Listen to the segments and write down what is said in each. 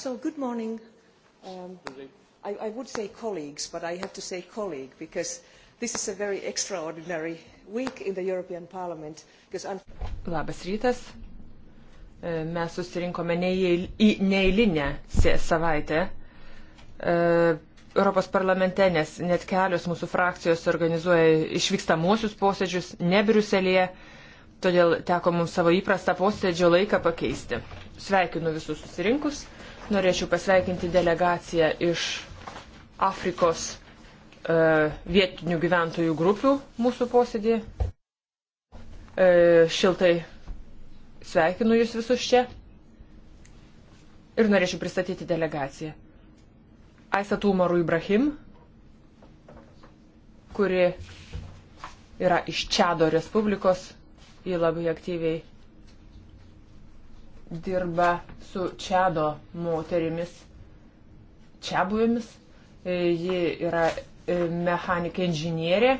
So, good morning. Um, I, I would say colleagues, but I have to say colleague because this is a very extraordinary week in the European Parliament. Labas rytas. E, mes susirinkome neįlinę savaitę e, Europos parlamente, nes net kelios mūsų frakcijos organizuoja išvykstamosius posėdžius ne Briuselėje, todėl teko mums savo įprastą posėdžio laiką pakeisti. Sveikinu visus susirinkus norėčiau pasveikinti delegaciją iš Afrikos e, vietinių gyventojų grupių mūsų posėdį. E, šiltai sveikinu jūs visus čia ir norėčiau pristatyti delegaciją. Aisat Umaru Ibrahim, kuri yra iš Čado Respublikos, ji labai aktyviai dirba su Čado moterimis, Čiabuvėmis. E, ji yra e, mechanikė inžinierė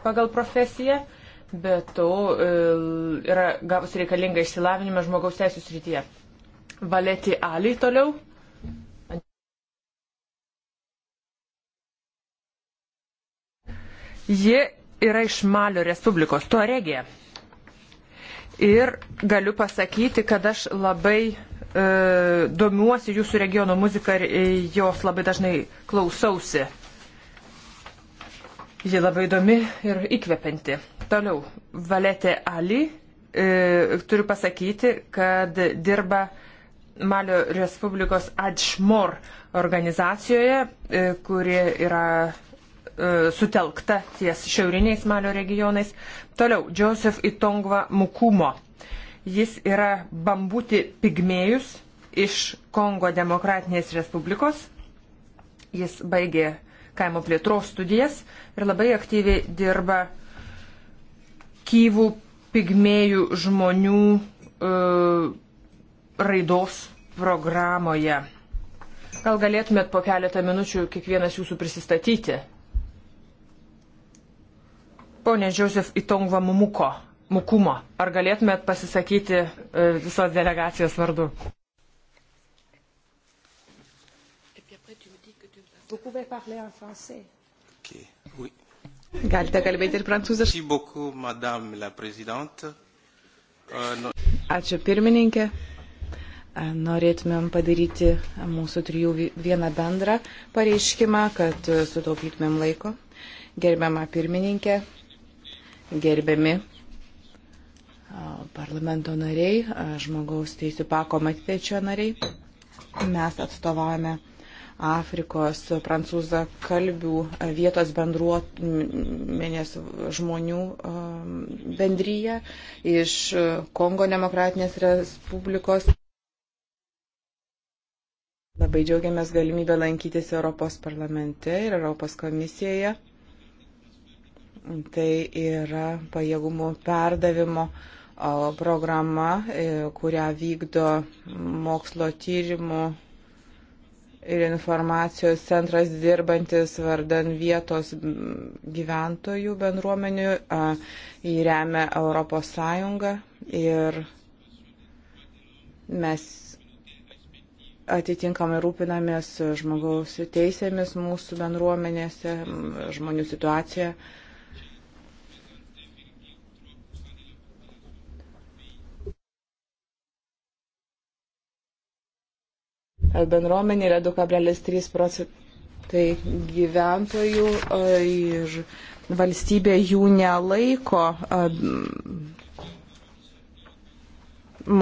pagal profesiją, bet to e, yra gavusi reikalingą išsilavinimą žmogaus teisų srityje. Valeti Ali toliau. Ji yra iš Malio Respublikos, Tuaregė. Ir galiu pasakyti, kad aš labai e, domiuosi jūsų regiono muzika ir e, jos labai dažnai klausausi. Ji labai įdomi ir įkvepianti. Toliau, Valetė Ali, e, turiu pasakyti, kad dirba Malio Respublikos Adšmor organizacijoje, e, kuri yra E, sutelkta ties šiauriniais Malio regionais. Toliau, Joseph Itongva Mukumo. Jis yra bambuti pigmėjus iš Kongo Demokratinės Respublikos. Jis baigė kaimo plėtros studijas ir labai aktyviai dirba Kyvų pigmėjų žmonių uh, raidos programoje. Gal galėtumėt po keletą minučių kiekvienas jūsų prisistatyti? Pone Džiausef Itongva Mumuko, Mukumo, ar galėtumėt pasisakyti e, visos delegacijos vardu? Galite kalbėti ir prancūziškai. Euh, Ačiū pirmininkė. Norėtumėm padaryti mūsų trijų vieną bendrą pareiškimą, kad sutaupytumėm laiko. Gerbiama pirmininkė, gerbiami parlamento nariai, žmogaus teisų pakomitečio nariai. Mes atstovaujame Afrikos prancūzą kalbių vietos bendruomenės žmonių bendryje iš Kongo demokratinės respublikos. Labai džiaugiamės galimybę lankytis Europos parlamente ir Europos komisijoje. Tai yra pajėgumų perdavimo programa, e, kurią vykdo mokslo tyrimų ir informacijos centras dirbantis vardan vietos gyventojų bendruomenių, įremia Europos Sąjungą ir mes atitinkamai rūpinamės žmogaus teisėmis mūsų bendruomenėse, žmonių situacijoje. bendruomenė yra 2,3 procentai gyventojų ir valstybė jų nelaiko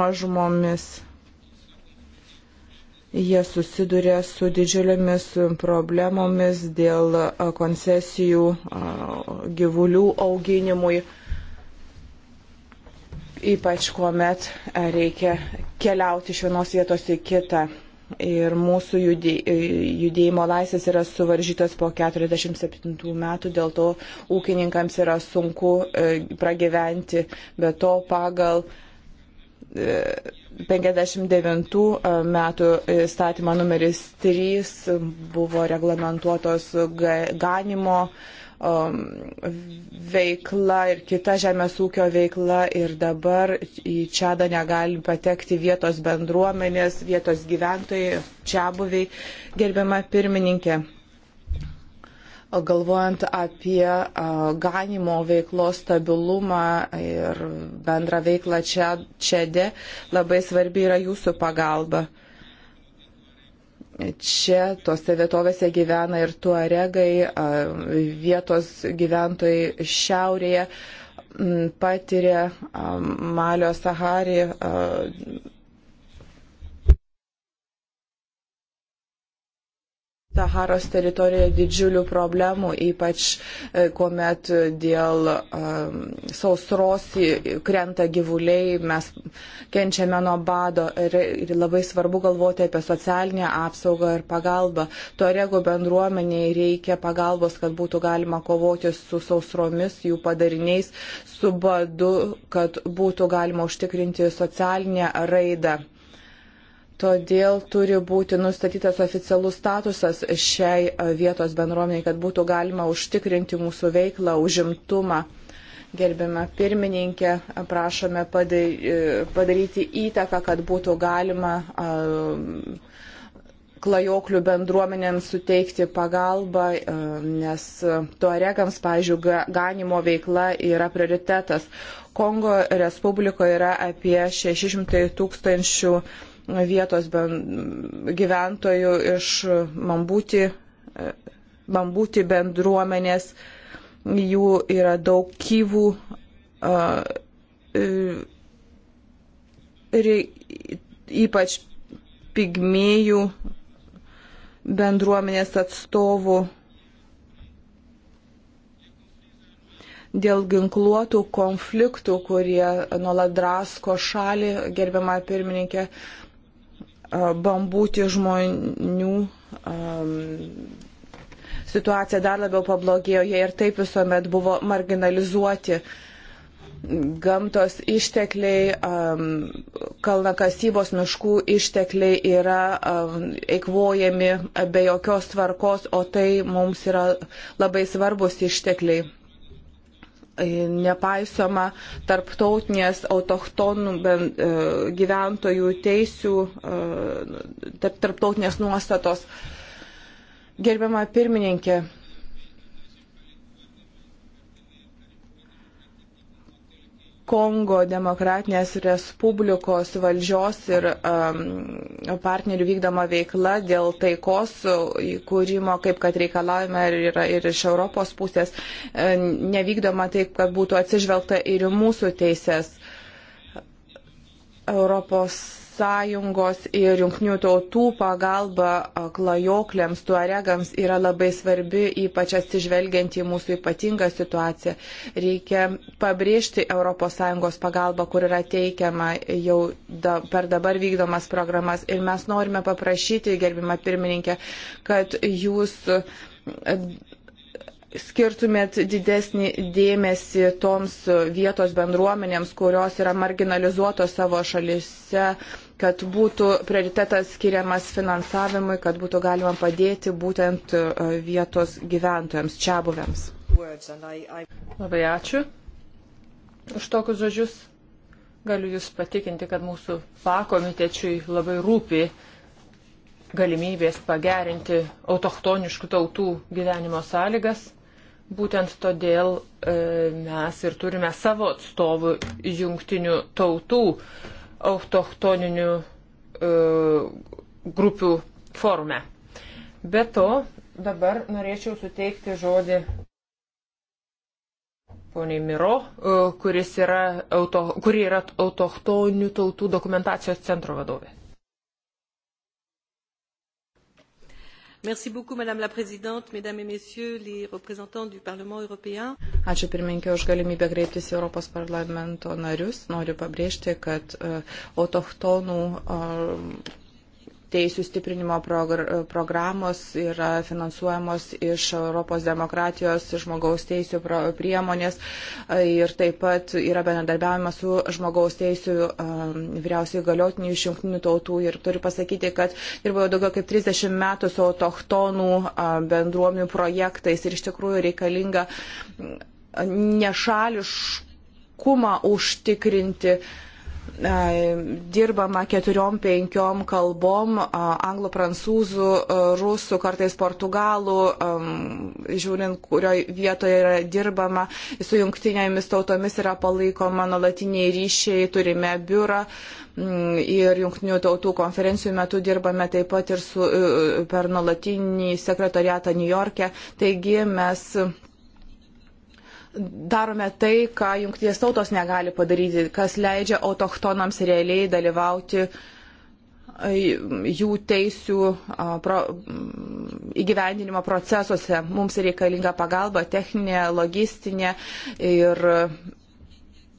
mažumomis. Jie susiduria su didžiulėmis problemomis dėl koncesijų gyvulių auginimui, ypač kuomet reikia keliauti iš vienos vietos į kitą ir mūsų judėjimo laisvės yra suvaržytos po 47 metų, dėl to ūkininkams yra sunku e, pragyventi, bet to pagal 59 e, e, metų statymą numeris 3 buvo reglamentuotos ganimo um, veikla ir kita žemės ūkio veikla ir dabar į Čadą negali patekti vietos bendruomenės, vietos gyventojai, čia buviai, gerbiama pirmininkė galvojant apie ganimo veiklos stabilumą ir bendrą veiklą čia, čia de, labai svarbi yra jūsų pagalba. Čia tose vietovėse gyvena ir tuaregai, vietos gyventojai šiaurėje patiria Malio Sahari Saharos teritorijoje didžiulių problemų, ypač e, kuomet dėl um, sausros krenta gyvuliai, mes kenčiame nuo bado ir, ir labai svarbu galvoti apie socialinę apsaugą ir pagalbą. Torego bendruomeniai reikia pagalbos, kad būtų galima kovoti su sausromis, jų padariniais, su badu, kad būtų galima užtikrinti socialinę raidą Todėl turi būti nustatytas oficialus statusas šiai e, vietos bendruomeniai, kad būtų galima užtikrinti mūsų veiklą, užimtumą. Gerbime pirmininkę, prašome e, padaryti įtaką, kad būtų galima e, klajoklių bendruomenėms suteikti pagalbą, nes tuaregams, pažiūrėjau, ganimo veikla yra prioritetas. Kongo Respublikoje yra apie 600 tūkstančių 000 vietos gyventojų iš Mambuti, Mambuti bendruomenės. Jų yra daug kyvų. Ir e, ypač pigmėjų bendruomenės atstovų dėl ginkluotų konfliktų, kurie nuolat drasko šalį, gerbiama pirmininkė, bambūti žmonių situacija dar labiau pablogėjo, jie ir taip visuomet buvo marginalizuoti gamtos ištekliai, kalnakasybos miškų ištekliai yra eikvojami be jokios tvarkos, o tai mums yra labai svarbus ištekliai. E, nepaisoma tarptautinės autochtonų e, gyventojų teisių, e, tarptautinės nuostatos. Gerbiama pirmininkė, Kongo demokratinės respublikos valdžios ir um, partnerių vykdoma veikla dėl taikos įkūrimo, kaip kad reikalavime ir, ir, ir iš Europos pusės, e, nevykdoma taip, kad būtų atsižvelgta ir į mūsų teises. Europos Sąjungos ir jungtinių tautų pagalba klajokliams, tuaregams yra labai svarbi, ypač atsižvelgiant į mūsų ypatingą situaciją. Reikia pabrėžti ES pagalbą, kur yra teikiama jau da, per dabar vykdomas programas. Ir mes norime paprašyti, gerbimą pirmininkę, kad jūs skirtumėt didesnį dėmesį toms vietos bendruomenėms, kurios yra marginalizuotos savo šalise, kad būtų prioritetas skiriamas finansavimui, kad būtų galima padėti būtent e, vietos gyventojams, čia buvėms. Labai ačiū už tokius žodžius. Galiu Jūs patikinti, kad mūsų pakomitečiui labai rūpi galimybės pagerinti autochtoniškų tautų gyvenimo sąlygas. Būtent todėl e, mes ir turime savo atstovų jungtinių tautų e, autochtoninių e, grupių forume. Be to, dabar norėčiau suteikti žodį poniai Miro, e, kuris yra auto, kuri yra autochtonių tautų dokumentacijos centro vadovė. Merci beaucoup, Madame la Présidente, Mesdames et Messieurs les représentants du Parlement européen. Ačiū pirmininkė už galimybę kreiptis į Europos parlamento narius. Noriu pabrėžti, kad uh, autochtonų uh, teisų stiprinimo programos yra finansuojamos iš Europos demokratijos žmogaus teisų priemonės e, ir taip pat yra bendradarbiavimas su žmogaus teisų vyriausiai galiotiniu iš jungtinių tautų. Ir turiu pasakyti, kad dirbau daugiau kaip 30 metų su autochtonų bendruomenių projektais ir iš tikrųjų reikalinga nešališkumą užtikrinti uh, dirbama keturiom, penkiom kalbom - anglų, prancūzų, rusų, kartais portugalų, žiūrint, kurioje vietoje yra dirbama, su jungtinėmis tautomis yra palaikoma nuolatiniai ryšiai, turime biurą ir jungtinių tautų konferencijų metu dirbame taip pat ir su, e, per nuolatinį sekretariatą Niujorke. Taigi mes darome tai, ką jungtinės tautos negali padaryti, kas leidžia autochtonams realiai dalyvauti e, jų teisių pro, įgyvendinimo procesuose. Mums reikalinga pagalba techninė, logistinė ir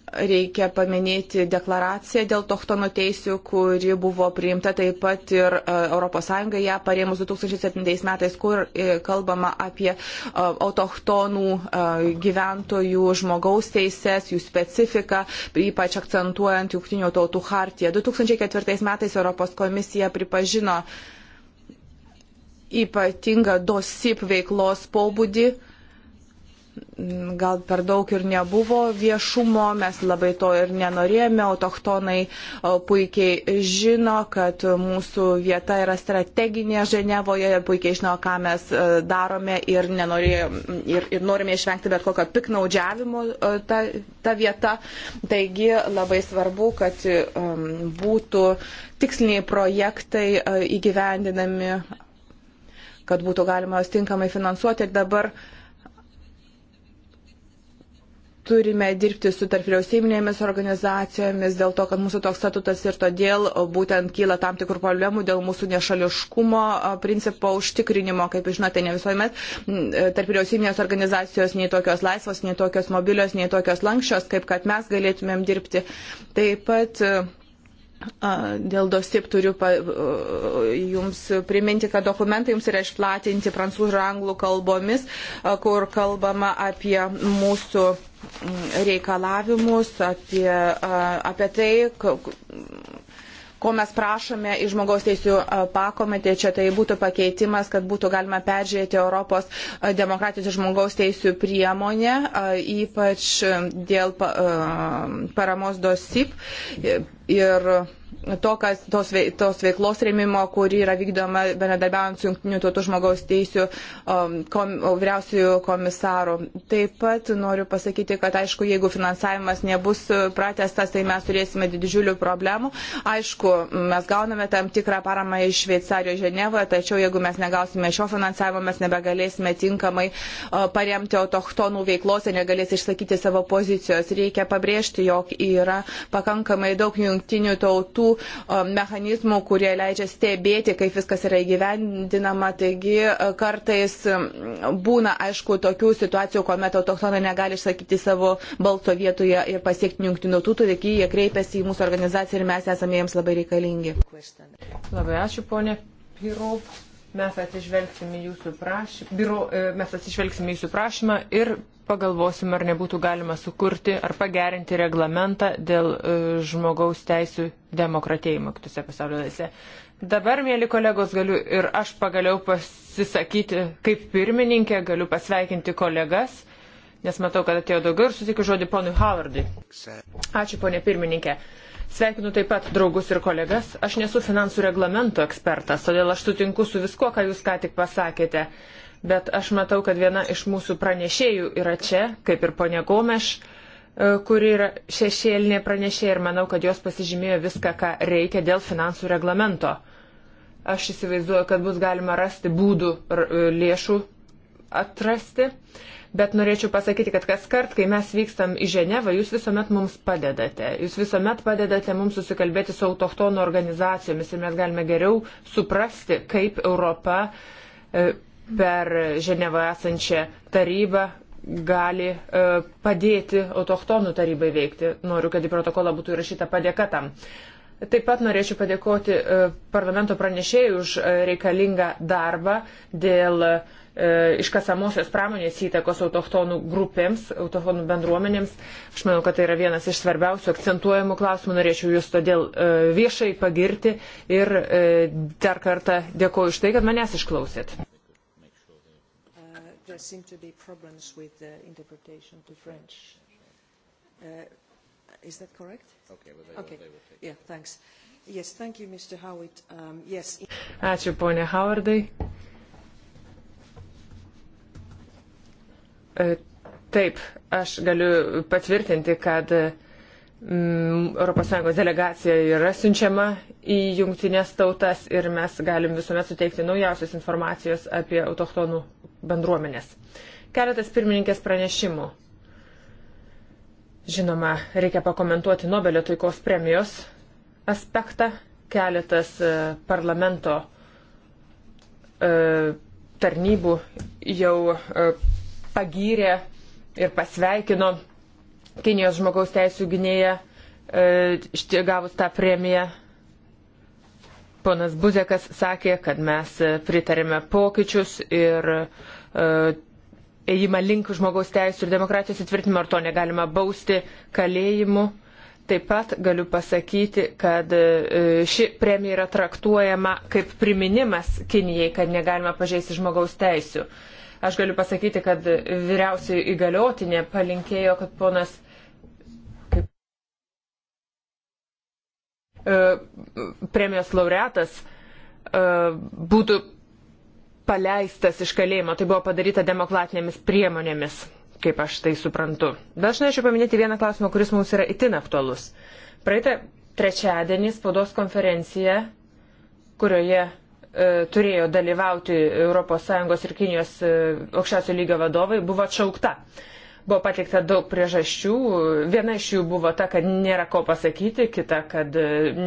reikia paminėti deklaraciją dėl tohtono teisių, kuri buvo priimta taip pat ir ES ją parėmus 2007 metais, kur e, kalbama apie e, autohtonų e, gyventojų žmogaus teises, jų specifiką, ypač akcentuojant jungtinių tautų hartiją. 2004 metais Europos komisija pripažino ypatingą DOSIP veiklos pobūdį gal per daug ir nebuvo viešumo, mes labai to ir nenorėjome, autochtonai puikiai žino, kad mūsų vieta yra strateginė Ženevoje, puikiai žino, ką mes e, darome ir, ir, ir norime išvengti bet kokio piknaudžiavimo e, ta, ta vieta. Taigi labai svarbu, kad um, būtų tiksliniai projektai uh, įgyvendinami kad būtų galima juos tinkamai finansuoti ir dabar uh, turime dirbti su tarpvyriausybinėmis organizacijomis dėl to, kad mūsų toks statutas ir todėl būtent kyla tam tikrų problemų dėl mūsų nešališkumo principo užtikrinimo. Kaip žinote, ne visuomet e, tarpvyriausybinės organizacijos nei tokios laisvos, nei tokios mobilios, nei tokios lankščios, kaip kad mes galėtumėm dirbti. Taip pat e, Dėl dosip turiu pa, jums priminti, kad dokumentai jums yra išplatinti prancūzų ir anglų kalbomis, kur kalbama apie mūsų reikalavimus, apie, apie tai, ko mes prašome iš žmogaus teisų pakomitečio, tai būtų pakeitimas, kad būtų galima peržiūrėti Europos demokratijos ir žmogaus teisų priemonę, ypač dėl paramos dosip. Ir to, kas, tos, tos veiklos remimo, kuri yra vykdoma bendradarbiaujant su Junktinių tautų žmogaus teisų um, kom, vyriausiųjų komisarų. Taip pat noriu pasakyti, kad aišku, jeigu finansavimas nebus pratestas, tai mes turėsime didžiulių problemų. Aišku, mes gauname tam tikrą paramą iš Šveicarijos Ženevoje, tačiau jeigu mes negausime šio finansavimo, mes nebegalėsime tinkamai uh, paremti autochtonų veiklos ir negalės išsakyti savo pozicijos. Reikia pabrėžti, jog yra pakankamai daug jungtinių tautų mechanizmų, kurie leidžia stebėti, kaip viskas yra įgyvendinama. Taigi e, kartais būna, aišku, tokių situacijų, kuomet autoktonai negali išsakyti savo balso vietoje ir pasiekti jungtinių tautų, taigi jie kreipiasi į mūsų organizaciją ir mes esame jiems labai reikalingi. Labai ačiū, ponė Pirov. Mes atsižvelgsime jūsų prašymą, biuro, e, mes atsižvelgsime jūsų prašymą ir pagalvosim, ar nebūtų galima sukurti ar pagerinti reglamentą dėl e, žmogaus teisų demokratėjimo kitose pasaulio dalyse. Dabar, mėly kolegos, galiu ir aš pagaliau pasisakyti kaip pirmininkė, galiu pasveikinti kolegas, nes matau, kad atėjo daugiau ir sutikiu žodį ponui Howardui. Ačiū, ponė pirmininkė. Sveikinu taip pat draugus ir kolegas. Aš nesu finansų reglamento ekspertas, todėl aš sutinku su viskuo, ką jūs ką tik pasakėte. Bet aš matau, kad viena iš mūsų pranešėjų yra čia, kaip ir ponia Gomeš, e, kuri yra šešėlinė pranešėja ir manau, kad jos pasižymėjo viską, ką reikia dėl finansų reglamento. Aš įsivaizduoju, kad bus galima rasti būdų e, lėšų atrasti bet norėčiau pasakyti, kad kas kart, kai mes vykstam į Ženevą, jūs visuomet mums padedate. Jūs visuomet padedate mums susikalbėti su autochtonų organizacijomis ir mes galime geriau suprasti, kaip Europa e, per Ženevą esančią tarybą gali e, padėti autochtonų tarybai veikti. Noriu, kad į protokolą būtų įrašyta padėka tam. Taip pat norėčiau padėkoti e, parlamento pranešėjai už reikalingą darbą dėl uh, E, iškasamosios pramonės įtakos autochtonų grupėms, autochtonų bendruomenėms. Aš manau, kad tai yra vienas iš svarbiausių akcentuojamų klausimų. Norėčiau jūs todėl e, viešai pagirti ir e, dar kartą dėkoju už tai, kad manęs išklausėt. Uh, there seem to be problems with the interpretation to French. Uh, is that correct? Okay, well, they, okay. Will, they will take yeah, thanks. Yes, thank you, Mr. Howitt. Um, yes. Ačiū, ponė Howardai. E, taip, aš galiu patvirtinti, kad mm, ES delegacija yra siunčiama į jungtinės tautas ir mes galim visuomet suteikti naujausios informacijos apie autochtonų bendruomenės. Keletas pirmininkės pranešimų. Žinoma, reikia pakomentuoti Nobelio taikos premijos aspektą. Keletas e, parlamento e, tarnybų jau pagyrė ir pasveikino Kinijos žmogaus teisų gynėją e, gavus tą premiją. Ponas Buzekas sakė, kad mes pritarėme pokyčius ir e, ėjimą link žmogaus teisų ir demokratijos įtvirtinimo, ar to negalima bausti kalėjimu. Taip pat galiu pasakyti, kad e, ši premija yra traktuojama kaip priminimas Kinijai, kad negalima pažeisti žmogaus teisų. Aš galiu pasakyti, kad vyriausiai įgaliotinė palinkėjo, kad ponas e, premijos laureatas e, būtų paleistas iš kalėjimo. Tai buvo padaryta demokratinėmis priemonėmis, kaip aš tai suprantu. Bet aš norėčiau paminėti vieną klausimą, kuris mums yra itin aktualus. Praeitą trečiadienį spaudos konferencija, kurioje E, turėjo dalyvauti ES ir Kinijos e, aukščiausio lygio vadovai, buvo atšaukta. Buvo pateikta daug priežasčių. Viena iš jų buvo ta, kad nėra ko pasakyti, kita, kad e,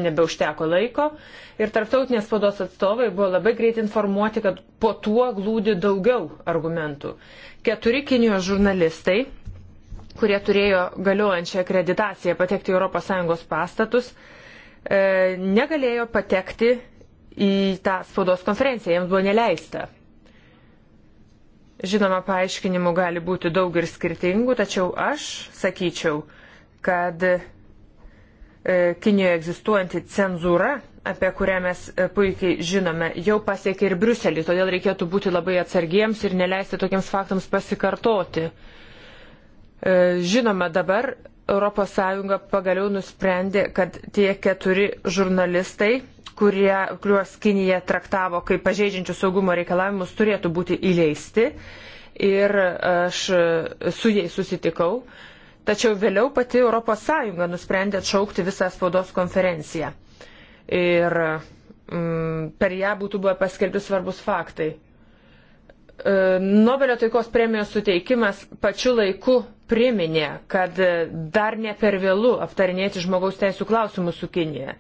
nebeužteko laiko. Ir tarptautinės spaudos atstovai buvo labai greit informuoti, kad po tuo glūdi daugiau argumentų. Keturi Kinijos žurnalistai, kurie turėjo galiojančią akreditaciją patekti į ES pastatus, negalėjo patekti į tą spaudos konferenciją, jiems buvo neleista. Žinoma, paaiškinimų gali būti daug ir skirtingų, tačiau aš sakyčiau, kad e, Kinijoje egzistuojanti cenzūra, apie kurią mes e, puikiai žinome, jau pasiekė ir Briuselį, todėl reikėtų būti labai atsargiems ir neleisti tokiems faktams pasikartoti. E, žinoma, dabar ES pagaliau nusprendė, kad tie keturi žurnalistai kurie, kuriuos Kinija traktavo kaip pažeidžiančių saugumo reikalavimus, turėtų būti įleisti. Ir aš su jais susitikau. Tačiau vėliau pati ES nusprendė atšaukti visą spaudos konferenciją. Ir mm, per ją būtų buvę paskelbti svarbus faktai. E, Nobelio taikos premijos suteikimas pačiu laiku priminė, kad dar ne per vėlų aptarinėti žmogaus teisų klausimus su Kinėje.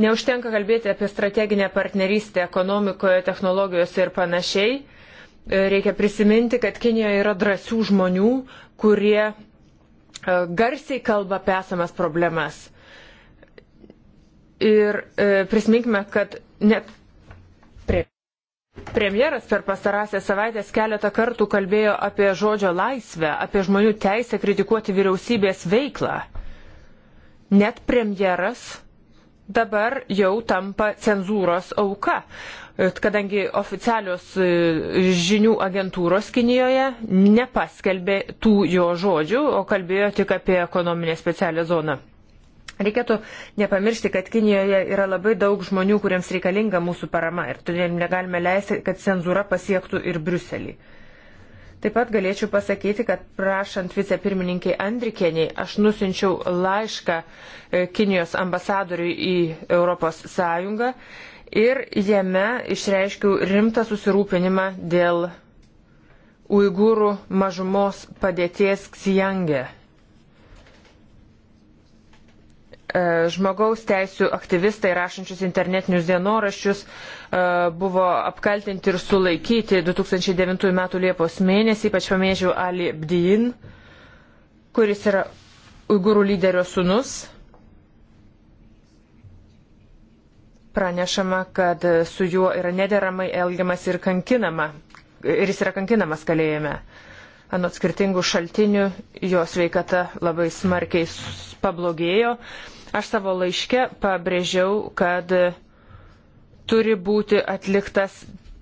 Neužtenka kalbėti apie strateginę partnerystę ekonomikoje, technologijose ir panašiai. Reikia prisiminti, kad Kinijoje yra drąsių žmonių, kurie e, garsiai kalba apie esamas problemas. Ir e, prisiminkime, kad net Premjeras per pastarąsią savaitę keletą kartų kalbėjo apie žodžio laisvę, apie žmonių teisę kritikuoti vyriausybės veiklą. Net premjeras dabar jau tampa cenzūros auka kadangi oficialios e, žinių agentūros Kinijoje nepaskelbė tų jo žodžių, o kalbėjo tik apie ekonominę specialią zoną. Reikėtų nepamiršti, kad Kinijoje yra labai daug žmonių, kuriems reikalinga mūsų parama ir todėl negalime leisti, kad cenzūra pasiektų ir Briuselį. Taip pat galėčiau pasakyti, kad prašant vicepirmininkiai Andrikieniai, aš nusinčiau laišką e, Kinijos ambasadoriui į ES ir jame išreiškiau rimtą susirūpinimą dėl uigūrų mažumos padėties Ksijangė. E, žmogaus teisų aktyvistai rašančius internetinius dienoraščius e, buvo apkaltinti ir sulaikyti 2009 m. Liepos mėnesį, ypač pamėžiau Ali Bdijin, kuris yra uigurų lyderio sunus. Pranešama, kad su juo yra nederamai elgiamas ir kankinama. Ir jis yra kankinamas kalėjime. Anot skirtingų šaltinių, jo sveikata labai smarkiai pablogėjo Aš savo laiške pabrėžiau, kad turi būti atliktas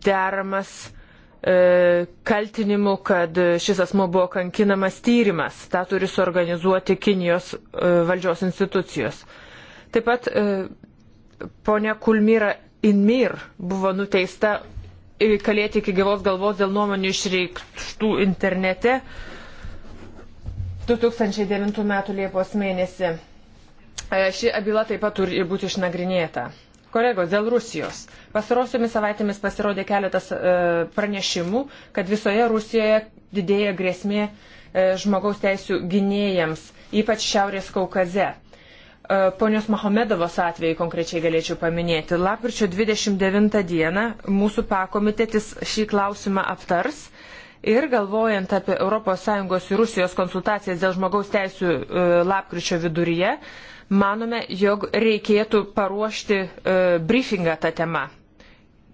deramas e, kaltinimu, kad šis asmo buvo kankinamas tyrimas. Ta turi suorganizuoti Kinijos e, valdžios institucijos. Taip pat e, ponia Kulmyra Inmir buvo nuteista e, kalėti iki gyvos galvos dėl nuomonių išreikštų internete 2009 m. Liepos mėnesį. Ši byla taip pat turi būti išnagrinėta. Kolegos, dėl Rusijos. Pastarosiomis savaitėmis pasirodė keletas e, pranešimų, kad visoje Rusijoje didėja grėsmė e, žmogaus teisų gynėjams, ypač Šiaurės Kaukaze. E, ponios Mahomedovos atvejai konkrečiai galėčiau paminėti. Lapkričio 29 dieną mūsų pakomitetis šį klausimą aptars. Ir galvojant apie ES ir Rusijos konsultacijas dėl žmogaus teisų e, lapkričio viduryje, manome, jog reikėtų paruošti e, briefingą tą temą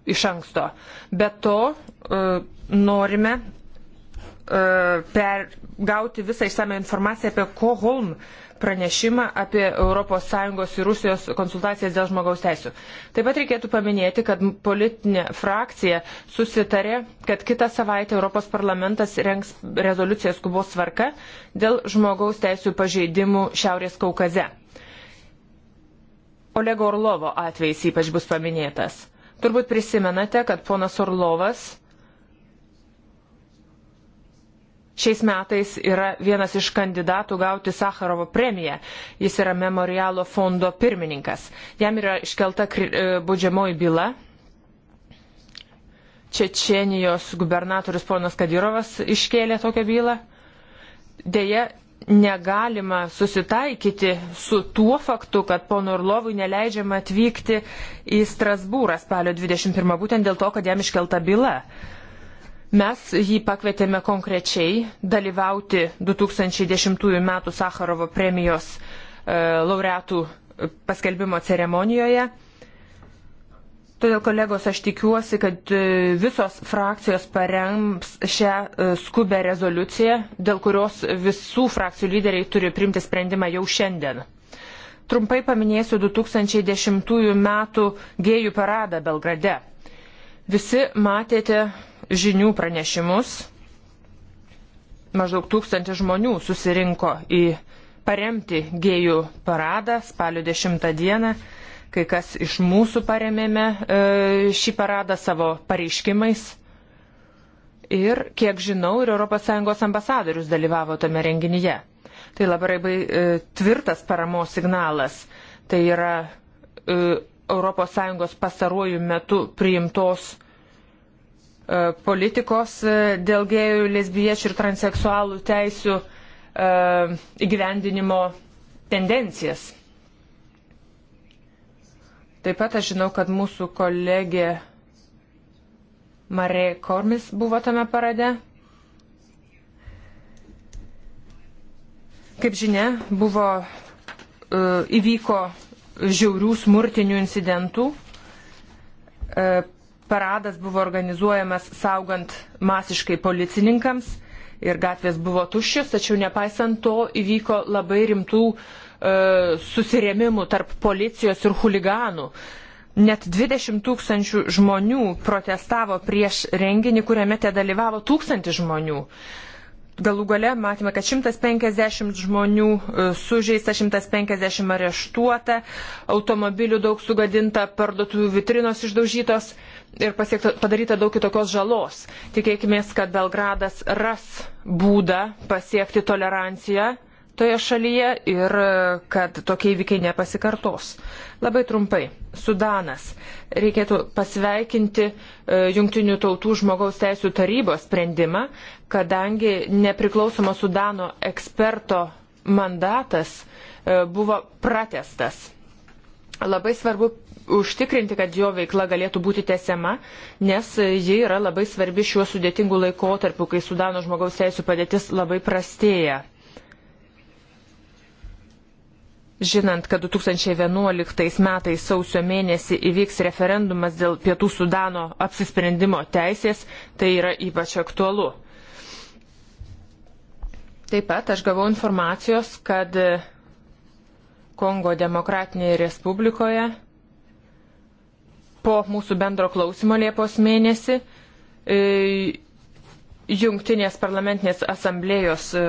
iš anksto. Be to e, norime e, per, gauti visą išsame informaciją apie Koholm pranešimą apie ES ir Rusijos konsultacijas dėl žmogaus teisų. Taip pat reikėtų paminėti, kad politinė frakcija susitarė, kad kitą savaitę Europos parlamentas rengs rezoliuciją skubos tvarka dėl žmogaus teisų pažeidimų Šiaurės Kaukaze. Olego Orlovo atvejs ypač bus paminėtas. Turbūt prisimenate, kad ponas Orlovas šiais metais yra vienas iš kandidatų gauti Sakarovo premiją. Jis yra memorialo fondo pirmininkas. Jam yra iškelta e, baudžiamoji byla. Čečenijos gubernatorius ponas Kadirovas iškėlė tokią bylą. Deja, negalima susitaikyti su tuo faktu, kad pono Orlovui neleidžiama atvykti į Strasbūrą spalio 21, būtent dėl to, kad jam iškelta byla. Mes jį pakvietėme konkrečiai dalyvauti 2010 m. Sakarovo premijos e, laureatų paskelbimo ceremonijoje. Todėl, kolegos, aš tikiuosi, kad e, visos frakcijos parems šią e, skubę rezoliuciją, dėl kurios visų frakcijų lyderiai turi primti sprendimą jau šiandien. Trumpai paminėsiu 2010 m. gėjų paradą Belgrade. Visi matėte žinių pranešimus. Maždaug tūkstantis žmonių susirinko į paremti gėjų paradą spalio 10 dieną kai kas iš mūsų paremėme e, šį paradą savo pareiškimais. Ir, kiek žinau, ir ES ambasadorius dalyvavo tame renginyje. Tai labai, labai e, tvirtas paramos signalas. Tai yra ES pastaruoju metu priimtos e, politikos dėl gėjų, lesbiečių ir transseksualų teisių įgyvendinimo tendencijas. Taip pat aš žinau, kad mūsų kolegė Marė Kormis buvo tame parade. Kaip žinia, buvo e, įvyko žiaurių smurtinių incidentų. E, paradas buvo organizuojamas saugant masiškai policininkams ir gatvės buvo tuščios, tačiau nepaisant to įvyko labai rimtų uh, E, susirėmimų tarp policijos ir huliganų. Net 20 tūkstančių žmonių protestavo prieš renginį, kuriame te dalyvavo tūkstantis žmonių. Galų gale matėme, kad 150 žmonių e, sužeista, 150 areštuota, automobilių daug sugadinta, parduotuvių vitrinos išdaužytos ir pasiekta, padaryta daug kitokios žalos. Tikėkime, kad Belgradas ras būdą pasiekti toleranciją toje šalyje ir e, kad tokie įvykiai nepasikartos. Labai trumpai, Sudanas. Reikėtų pasveikinti e, Junktinių tautų žmogaus teisų tarybos sprendimą, kadangi nepriklausomo Sudano eksperto mandatas e, buvo pratestas. Labai svarbu užtikrinti, kad jo veikla galėtų būti tesiama, nes ji yra labai svarbi šiuo sudėtingu laikotarpiu, kai Sudano žmogaus teisų padėtis labai prastėja žinant, kad 2011 metais sausio mėnesį įvyks referendumas dėl Pietų Sudano apsisprendimo teisės, tai yra ypač aktualu. Taip pat aš gavau informacijos, kad Kongo demokratinėje Respublikoje po mūsų bendro klausimo Liepos mėnesį e, Jungtinės parlamentinės asamblėjos e,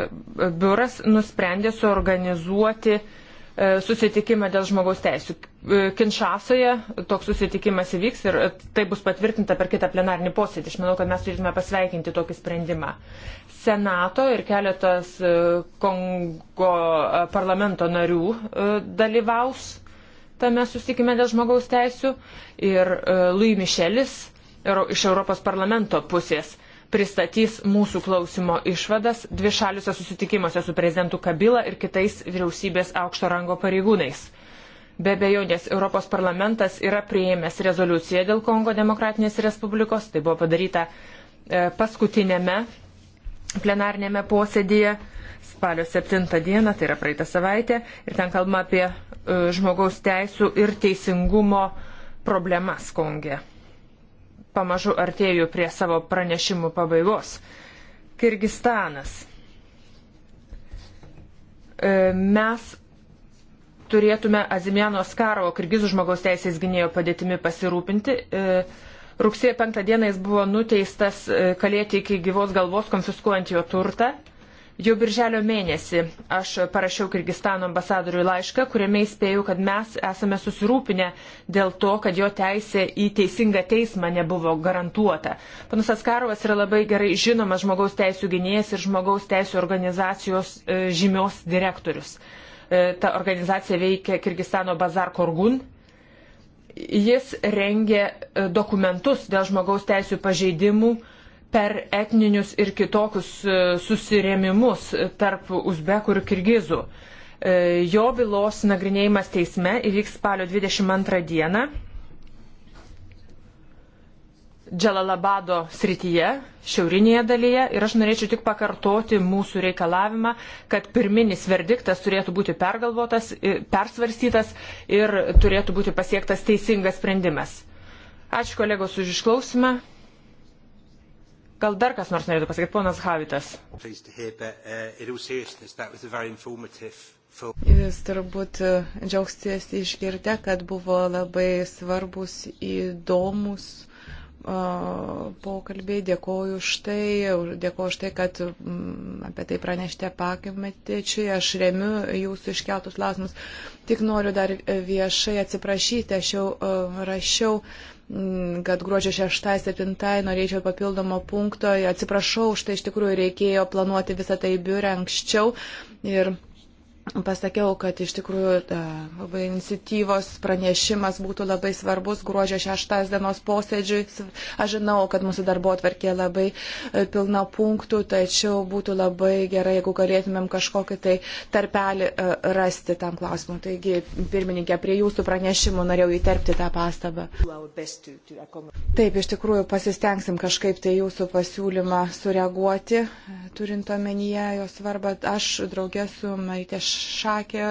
biuras nusprendė suorganizuoti uh, E, susitikimą dėl žmogaus teisų. E, Kinšasoje toks susitikimas įvyks ir tai bus patvirtinta per kitą plenarinį posėdį. Aš manau, kad mes turėtume pasveikinti tokį sprendimą. Senato ir keletas e, Kongo parlamento narių dalyvaus tame susitikime dėl žmogaus teisų ir Louis Michelis iš Europos parlamento pusės pristatys mūsų klausimo išvadas dvišaliuose susitikimuose su prezidentu Kabila ir kitais vyriausybės aukšto rango pareigūnais. Be bejonės, Europos parlamentas yra prieėmęs rezoliuciją dėl Kongo demokratinės respublikos, tai buvo padaryta e, paskutinėme plenarnėme posėdėje spalio 7 dieną, tai yra praeitą savaitę, ir ten kalbama apie e, žmogaus teisų ir teisingumo problemas Konge pamažu artėju prie savo pranešimų pabaigos. Kirgistanas. E, mes turėtume Azimjano Skarovo, kirgizų žmogaus teisės gynėjo padėtimi pasirūpinti. E, rugsėjo penktą dieną jis buvo nuteistas e, kalėti iki gyvos galvos, konfiskuojant jo turtą. Jau birželio mėnesį aš parašiau Kirgistano ambasadoriui laišką, kuriame įspėjau, kad mes esame susirūpinę dėl to, kad jo teisė į teisingą teismą nebuvo garantuota. Panus Askarovas yra labai gerai žinomas žmogaus teisų gynėjas ir žmogaus teisų organizacijos e, žymios direktorius. E, ta organizacija veikia Kirgistano Bazar Korgun. Jis rengė e, dokumentus dėl žmogaus teisų pažeidimų per etninius ir kitokius e, susirėmimus tarp uzbekų ir kirgizų. E, jo bylos nagrinėjimas teisme įvyks spalio 22 dieną Džalalabado srityje, šiaurinėje dalyje ir aš norėčiau tik pakartoti mūsų reikalavimą, kad pirminis verdiktas turėtų būti pergalvotas, e, persvarstytas ir turėtų būti pasiektas teisingas sprendimas. Ačiū kolegos už išklausimą. Gal dar kas nors norėtų pasakyti, ponas Havitas. Jūs uh, turbūt uh, džiaugsties išgirdę, kad buvo labai svarbus, įdomus uh, pokalbiai. Dėkoju už tai, dėkoju už tai, kad um, apie tai pranešite pakimetiečiui. Aš remiu jūsų iškeltus klausimus. Tik noriu dar e, viešai atsiprašyti, aš jau uh, rašiau. Uh, Mm, kad gruodžio 6-7 norėčiau papildomo punkto. Atsiprašau, štai iš tikrųjų reikėjo planuoti visą tai biurę anksčiau. Ir pasakiau, kad iš tikrųjų labai iniciatyvos pranešimas būtų labai svarbus gruodžio 6 dienos posėdžiui. Aš žinau, kad mūsų darbo atvarkė labai e, pilna punktų, tačiau būtų labai gerai, jeigu galėtumėm kažkokį tai tarpelį e, rasti tam klausimui. Taigi, pirmininkė, prie jūsų pranešimų norėjau įterpti tą pastabą. Taip, iš tikrųjų pasistengsim kažkaip tai jūsų pasiūlymą sureaguoti, turint omenyje jo svarbą. Aš draugė su Maritė Šalė. Šakė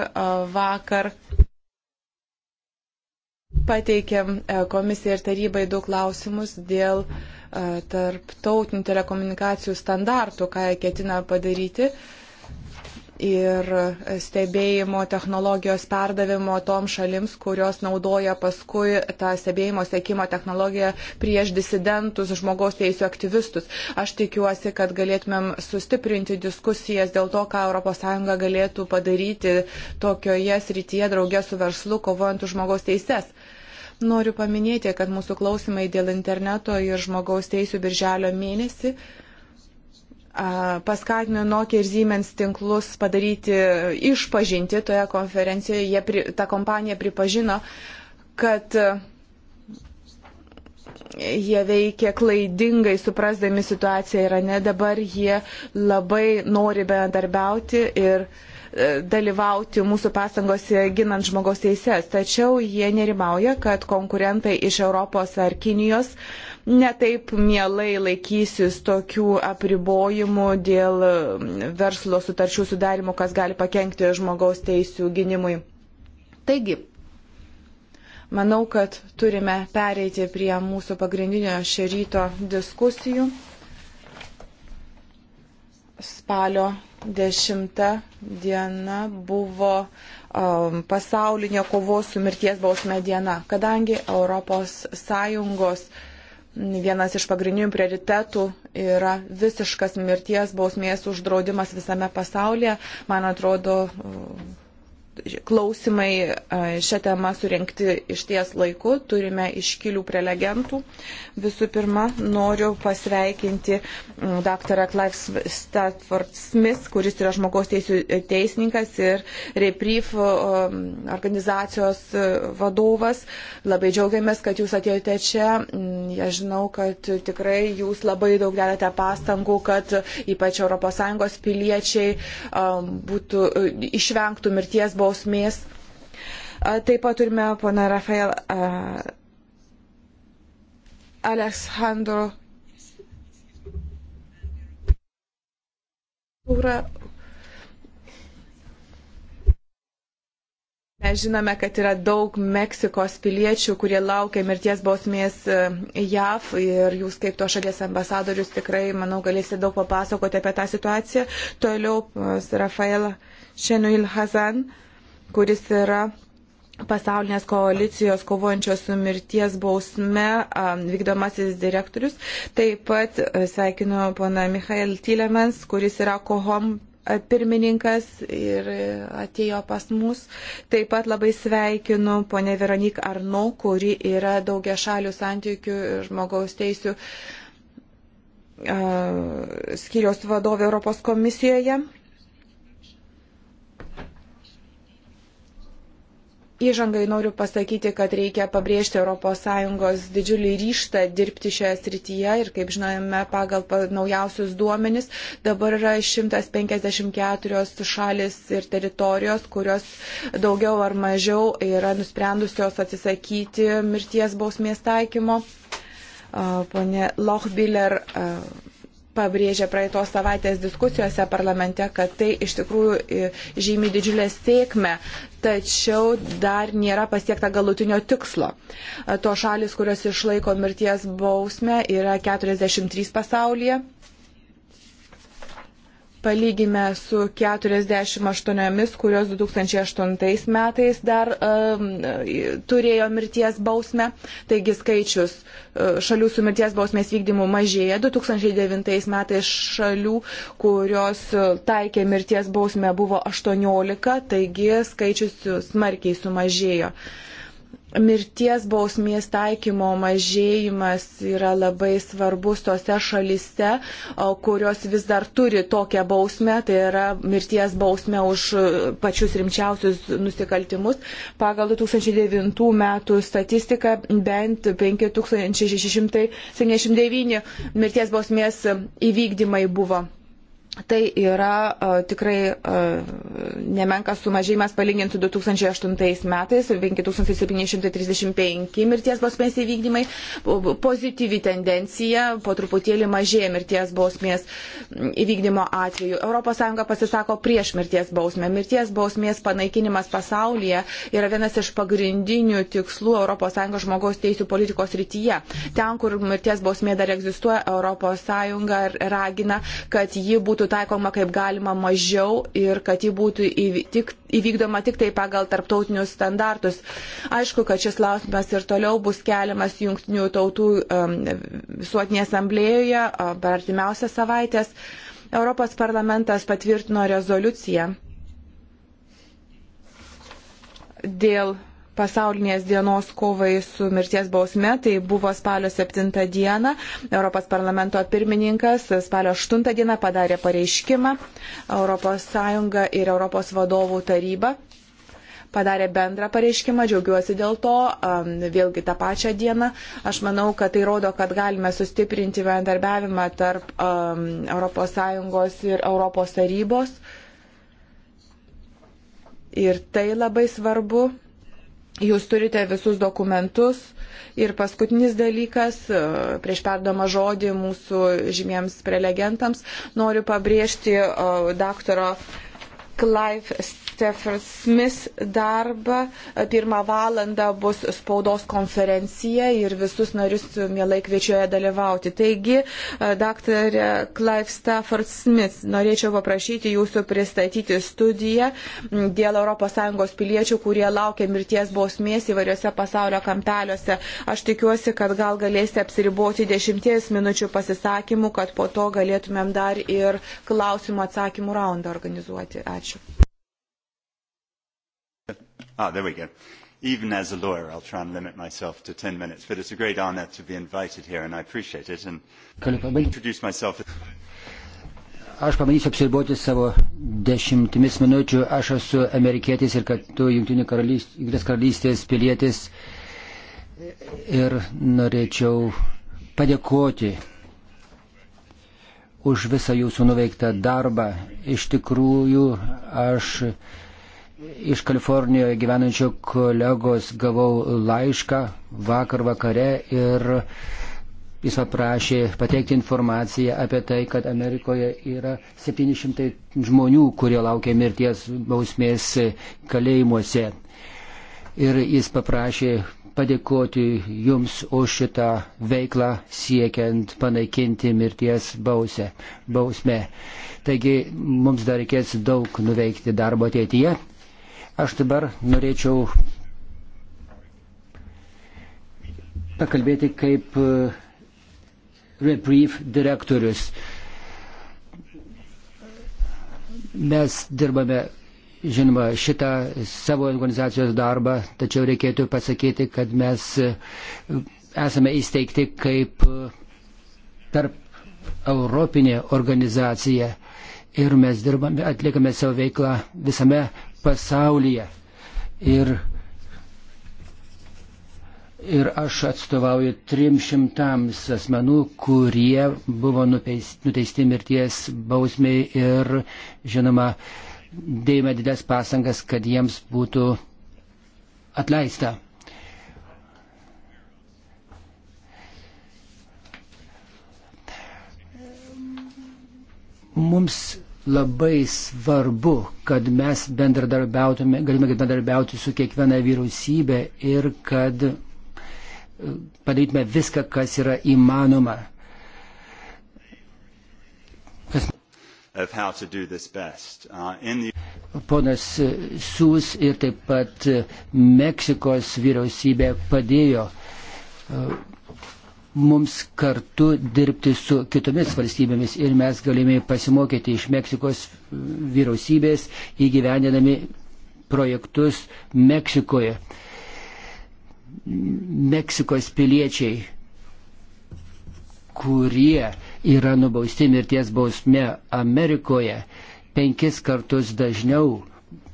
vakar pateikėm e, komisijai ir tarybai daug klausimus dėl tarptautinių telekomunikacijų standartų, ką jie ketina padaryti. Uh, ir stebėjimo technologijos perdavimo tom šalims, kurios naudoja paskui tą stebėjimo sekimo technologiją prieš disidentus, žmogaus teisų aktyvistus. Aš tikiuosi, kad galėtumėm sustiprinti diskusijas dėl to, ką ES galėtų padaryti tokioje srityje draugė su verslu, kovojant už žmogaus teises. Noriu paminėti, kad mūsų klausimai dėl interneto ir žmogaus teisų birželio mėnesį paskatino Nokia ir Siemens tinklus padaryti išpažinti toje konferencijoje. Jie, pri, ta kompanija pripažino, kad jie veikia klaidingai, suprasdami situaciją yra ne dabar, jie labai nori bendarbiauti ir dalyvauti mūsų pastangose ginant žmogaus teises. Tačiau jie nerimauja, kad konkurentai iš Europos ar Kinijos uh, netaip mielai laikysis tokių apribojimų dėl mm, verslo sutarčių sudarimo, kas gali pakengti žmogaus teisų gynimui. Taigi, manau, kad turime pereiti prie mūsų pagrindinio šio ryto diskusijų. Spalio 10 diena buvo um, pasaulinė kovos su mirties bausme diena, kadangi ES Vienas iš pagrindinių prioritetų yra visiškas mirties bausmės uždraudimas visame pasaulyje. Man atrodo, klausimai šią temą surinkti iš ties laiku. Turime iškilių prelegentų. Visų pirma, noriu pasveikinti dr. Clive Statford Smith, kuris yra žmogaus teisų e, teisininkas ir Reprief organizacijos e, vadovas. Labai džiaugiamės, kad jūs atėjote čia. Ja, žinau, kad tikrai jūs labai daug dedate pastangų, kad ypač ES piliečiai būtų, e, išvengtų mirties bausmės bausmės. Taip pat turime pana Rafael Aleksandro Ura. Mes žinome, kad yra daug Meksikos piliečių, kurie laukia mirties bausmės e, JAV ir jūs kaip to šalies ambasadorius tikrai, manau, galėsite daug papasakoti apie tą situaciją. Toliau Rafaela Šenuil Hazan. Uh, kuris yra pasaulinės koalicijos kovojančios su mirties bausme vykdomasis direktorius. Taip pat e, sveikinu pana Michael Tilemens, kuris yra kohom e, pirmininkas ir e, atėjo pas mus. Taip pat labai sveikinu ponę Veronik Arno, kuri yra daugia šalių santykių ir žmogaus teisų uh, skyriaus vadovė Europos komisijoje. Įžangai noriu pasakyti, kad reikia pabrėžti ES didžiulį ryštą dirbti šioje srityje ir, kaip žinome, pagal naujausius duomenis dabar yra 154 šalis ir teritorijos, kurios daugiau ar mažiau yra nusprendusios atsisakyti mirties bausmės taikymo. Pone Lochbiller pabrėžė praeitos savaitės diskusijose parlamente, kad tai iš tikrųjų žymi didžiulę sėkmę tačiau dar nėra pasiekta galutinio tikslo. E, to šalis, kurios išlaiko mirties bausmę, yra 43 pasaulyje palygime su 48, kurios 2008 metais dar um, turėjo mirties bausmę. Taigi skaičius e, šalių su mirties bausmės vykdymu mažėja. 2009 metais šalių, kurios e, taikė mirties bausmę, buvo 18, taigi skaičius smarkiai sumažėjo. Uh, mirties bausmės taikymo mažėjimas yra labai svarbus tose šalise, kurios vis dar turi tokią bausmę, tai yra mirties bausmę už pačius rimčiausius nusikaltimus. Pagal 2009 metų statistiką bent 5679 mirties bausmės įvykdymai buvo Tai yra o, e, tikrai o, e, nemenkas sumažėjimas palyginti su 2008 metais, 5735 mirties bausmės įvykdymai, pozityvi tendencija, po truputėlį mažėja mirties bausmės įvykdymo atveju. ES pasisako prieš mirties bausmę. Mirties bausmės panaikinimas pasaulyje yra vienas iš pagrindinių tikslų ES žmogaus teisų politikos rytyje. Ten, kur mirties bausmė dar egzistuoja, ES ragina, kad ji būtų būtų taikoma kaip galima mažiau ir kad ji būtų įvykdoma tik tai pagal tarptautinius standartus. Aišku, kad šis klausimas ir toliau bus keliamas Junktinių tautų um, visuotinėje um, asamblėjoje um, per artimiausias savaitės. Europos parlamentas patvirtino rezoliuciją dėl pasaulinės dienos kovai su mirties bausme, tai buvo spalio 7 dieną, Europos parlamento pirmininkas spalio 8 dieną padarė pareiškimą, ES ir Europos vadovų taryba padarė bendrą pareiškimą, džiaugiuosi dėl to, vėlgi tą pačią dieną. Aš manau, kad tai rodo, kad galime sustiprinti bendarbiavimą tarp ES ir ES tarybos. Ir tai labai svarbu Jūs turite visus dokumentus. Ir paskutinis dalykas, e, prieš perdama žodį mūsų žymiems prelegentams, noriu pabrėžti e, daktaro Clive Stephen Smith darbą. Pirmą valandą bus spaudos konferencija ir visus narius mielai kviečiuoja dalyvauti. Taigi, dr. Clive Stafford Smith, norėčiau paprašyti jūsų pristatyti studiją dėl ES piliečių, kurie laukia mirties bausmės įvairiose pasaulio kampeliuose. Aš tikiuosi, kad gal galėsite apsiriboti dešimties minučių pasisakymų, kad po to galėtumėm dar ir klausimų atsakymų raundą organizuoti. Ačiū. Ačiū. Ah, there we go. Even as a lawyer, I'll try and limit myself to 10 minutes, but it's a great honor to be invited here, and I appreciate it. And introduce myself. Aš pabandysiu apsiriboti savo dešimtimis minučių. Aš esu amerikietis ir kartu Junktinės karalystės, karalystės pilietis. Ir norėčiau padėkoti už visą jūsų nuveiktą darbą. Iš tikrųjų, aš iš Kalifornijoje gyvenančio kolegos gavau laišką vakar vakare ir jis paprašė pateikti informaciją apie tai, kad Amerikoje yra 700 žmonių, kurie laukia mirties bausmės kalėjimuose. Ir jis paprašė padėkoti Jums už šitą veiklą siekiant panaikinti mirties bausę, bausmę. Taigi mums dar reikės daug nuveikti darbo ateityje. Aš dabar norėčiau pakalbėti kaip e, Reprieve direktorius. Mes dirbame žinoma, šitą savo organizacijos darbą, tačiau reikėtų pasakyti, kad mes e, esame įsteigti kaip e, tarp Europinė organizacija ir mes dirbame, atliekame savo veiklą visame pasaulyje. Ir, ir aš atstovauju 300 asmenų, kurie buvo nuteisti mirties bausmiai ir, žinoma, dėjome didelės pasangas, kad jiems būtų atleista. Mums labai svarbu, kad mes bendradarbiautume, galime bendradarbiauti su kiekviena vyriausybė ir kad e, padarytume viską, kas yra įmanoma. Kas of how to do this best. Uh, in the Ponas Sūs ir taip pat uh, Meksikos vyriausybė padėjo uh, mums kartu dirbti su kitomis valstybėmis ir mes galime pasimokyti iš Meksikos uh, vyriausybės įgyvendinami projektus Meksikoje. Meksikos piliečiai, kurie yra nubausti mirties bausme Amerikoje penkis kartus dažniau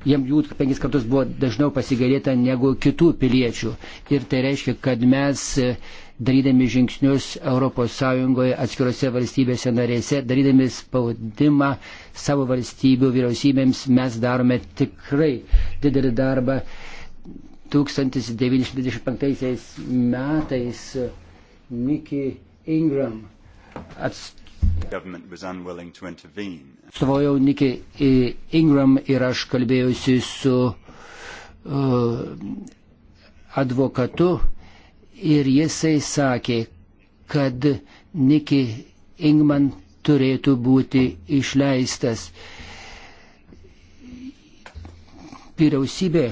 jiem jų penkis kartus buvo dažniau pasigailėta negu kitų piliečių. Ir tai reiškia, kad mes e, darydami žingsnius ES atskirose valstybėse narėse, darydami spaudimą savo valstybių vyriausybėms, mes darome tikrai didelį darbą. 1925 metais Mickey Ingram atstovojau Nikį Ingram ir aš kalbėjausi su uh, advokatu ir jisai sakė, kad Nikį Ingman turėtų būti išleistas. Vyriausybė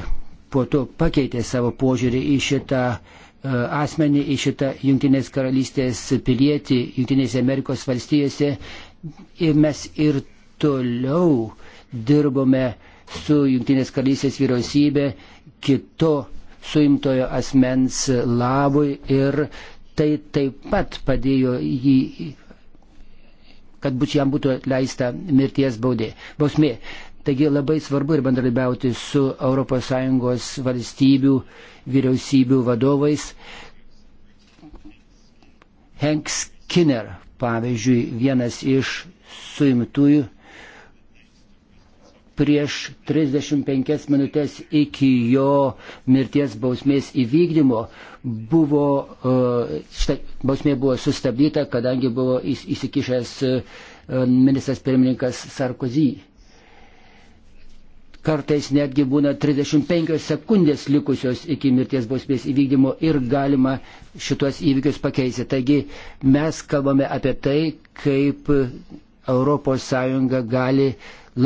po to pakeitė savo požiūrį į šitą uh, E, asmenį, į šitą Junktinės karalystės pilietį Junktinėse Amerikos valstijose. Ir mes ir toliau dirbome su Junktinės karalystės vyriausybė kito suimtojo asmens labui ir tai taip pat padėjo jį kad būtų jam būtų leista mirties baudė, bausmė. Taigi labai svarbu ir bendradarbiauti su ES valstybių, vyriausybių vadovais. Henk Skinner, pavyzdžiui, vienas iš suimtųjų prieš 35 minutės iki jo mirties bausmės įvykdymo buvo, e, šita bausmė buvo sustabdyta, kadangi buvo įsikišęs e, ministras pirmininkas Sarkozy kartais netgi būna 35 sekundės likusios iki mirties bausmės įvykdymo ir galima šitos įvykius pakeisti. Taigi mes kalbame apie tai, kaip ES gali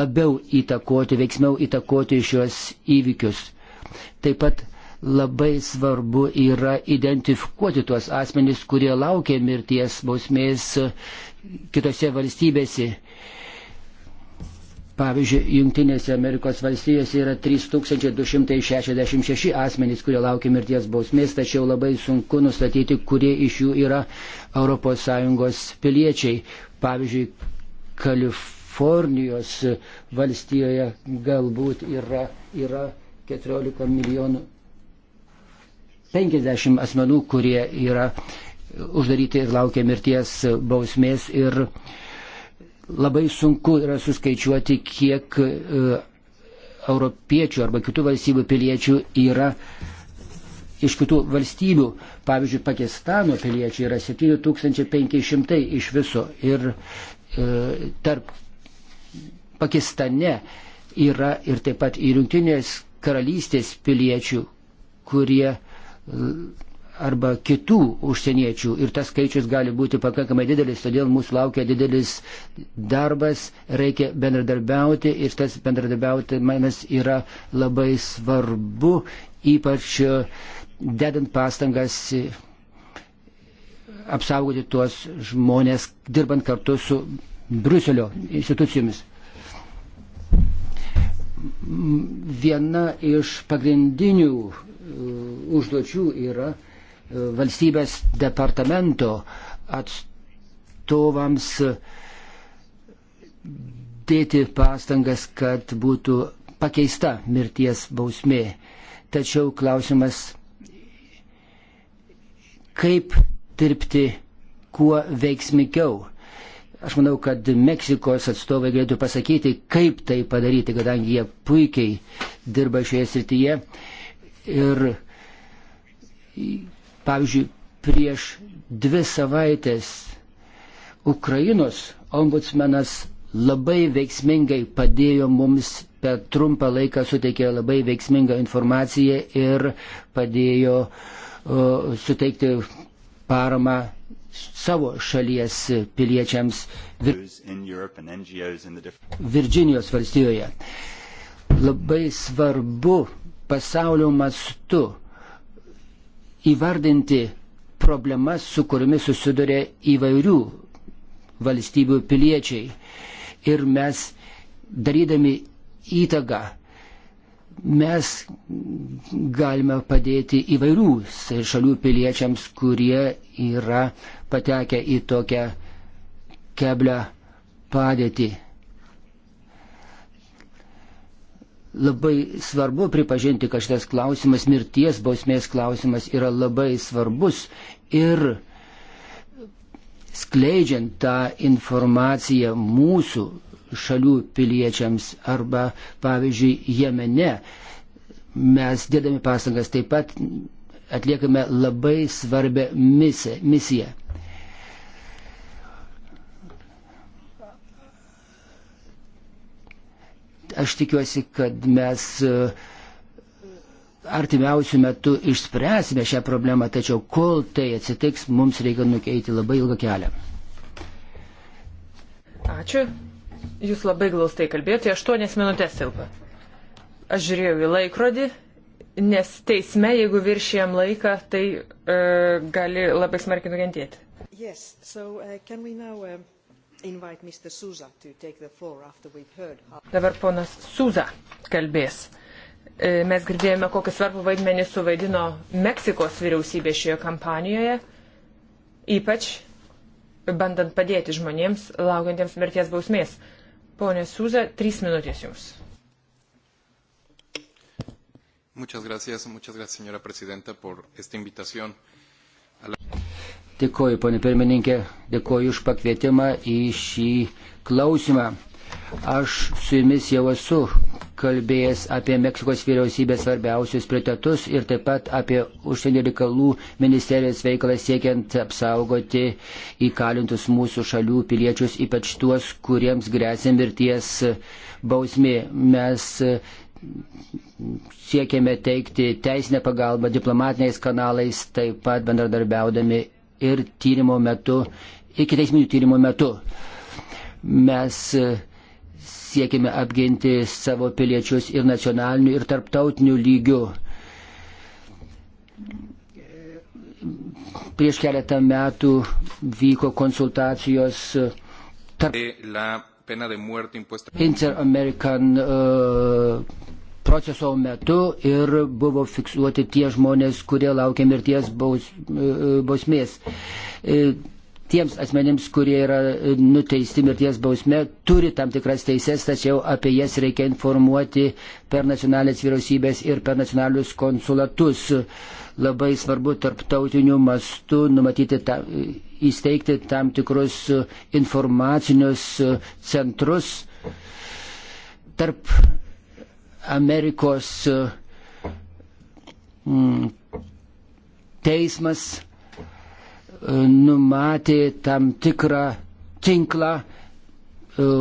labiau įtakoti, veiksmiau įtakoti šios įvykius. Taip pat labai svarbu yra identifikuoti tuos asmenys, kurie laukia mirties bausmės kitose valstybėse. Pavyzdžiui, Junktinėse Amerikos valstijose yra 3266 asmenys, kurie laukia mirties bausmės, tačiau labai sunku nustatyti, kurie iš jų yra ES piliečiai. Pavyzdžiui, Kalifornijos valstijoje galbūt yra, yra 14 milijonų 50 asmenų, kurie yra uždaryti ir laukia mirties bausmės ir uh, labai sunku yra suskaičiuoti, kiek e, europiečių arba kitų valstybių piliečių yra iš kitų valstybių. Pavyzdžiui, Pakistano piliečių yra 7500 iš viso ir e, tarp Pakistane yra ir taip pat ir jungtinės karalystės piliečių, kurie arba kitų užsieniečių ir tas skaičius gali būti pakankamai didelis, todėl mūsų laukia didelis darbas, reikia bendradarbiauti ir tas bendradarbiautimas yra labai svarbu, ypač dedant pastangas apsaugoti tuos žmonės, dirbant kartu su Bruselio institucijomis viena iš pagrindinių uh, užduočių yra valstybės departamento atstovams dėti pastangas, kad būtų pakeista mirties bausmė. Tačiau klausimas, kaip dirbti kuo veiksmikiau. Aš manau, kad Meksikos atstovai galėtų pasakyti, kaip tai padaryti, kadangi jie puikiai dirba šioje srityje. Ir Pavyzdžiui, prieš dvi savaitės Ukrainos ombudsmenas labai veiksmingai padėjo mums per trumpą laiką, suteikė labai veiksmingą informaciją ir padėjo uh, suteikti paramą savo šalies piliečiams Vir Virginijos valstijoje. Labai svarbu pasaulio mastu įvardinti problemas, su kuriomis susiduria įvairių valstybių piliečiai. Ir mes, darydami įtaką, mes galime padėti įvairių šalių piliečiams, kurie yra patekę į tokią keblę padėtį. Labai svarbu pripažinti, kad šitas klausimas, mirties bausmės klausimas yra labai svarbus ir skleidžiant tą informaciją mūsų šalių piliečiams arba, pavyzdžiui, Jemene, mes dėdami pastangas taip pat atliekame labai svarbę misiją. misiją. Aš tikiuosi, kad mes e, artimiausių metų išspręsime šią problemą, tačiau kol tai atsitiks, mums reikia nukeiti labai ilgą kelią. Ačiū. Jūs labai glaustai kalbėjote, 8 minutės ilga. Aš žiūrėjau į laikrodį, nes teisme, jeigu viršijam laiką, tai e, gali labai smarkiai nukentėti. Yes, so, uh, Dabar ponas Suza kalbės. E, mes girdėjome, kokį svarbų vaidmenį suvaidino Meksikos vyriausybė šioje kampanijoje, ypač bandant padėti žmonėms laukiantiems mirties bausmės. Pone Suza, trys minutės jums. Muchas gracias, muchas gracias, señora presidenta, por esta invitación. A la... Dėkoju, ponė pirmininkė, dėkoju už pakvietimą į šį klausimą. Aš su jumis jau esu kalbėjęs apie Meksikos vyriausybės svarbiausius prioritetus ir taip pat apie užsienio reikalų ministerijos veiklą siekiant apsaugoti įkalintus mūsų šalių piliečius, ypač tuos, kuriems grėsia mirties bausmė. Mes siekiame teikti teisinę pagalbą diplomatiniais kanalais, taip pat bendradarbiaudami ir tyrimo metu, iki teisminių tyrimo metu. Mes e, siekime apginti savo piliečius ir nacionaliniu, ir tarptautiniu lygiu. Prieš keletą metų vyko konsultacijos e, tarp Inter-American uh, proceso metu ir buvo fiksuoti tie žmonės, kurie laukia mirties baus, e, e, bausmės. E, tiems asmenims, kurie yra nuteisti mirties bausme, turi tam tikras teises, tačiau apie jas reikia informuoti per nacionalinės vyriausybės ir per nacionalius konsulatus. Labai svarbu tarptautiniu mastu numatyti tą, įsteigti tam tikrus informacinius centrus tarp Amerikos mm, teismas e, numatė tam tikrą tinklą e,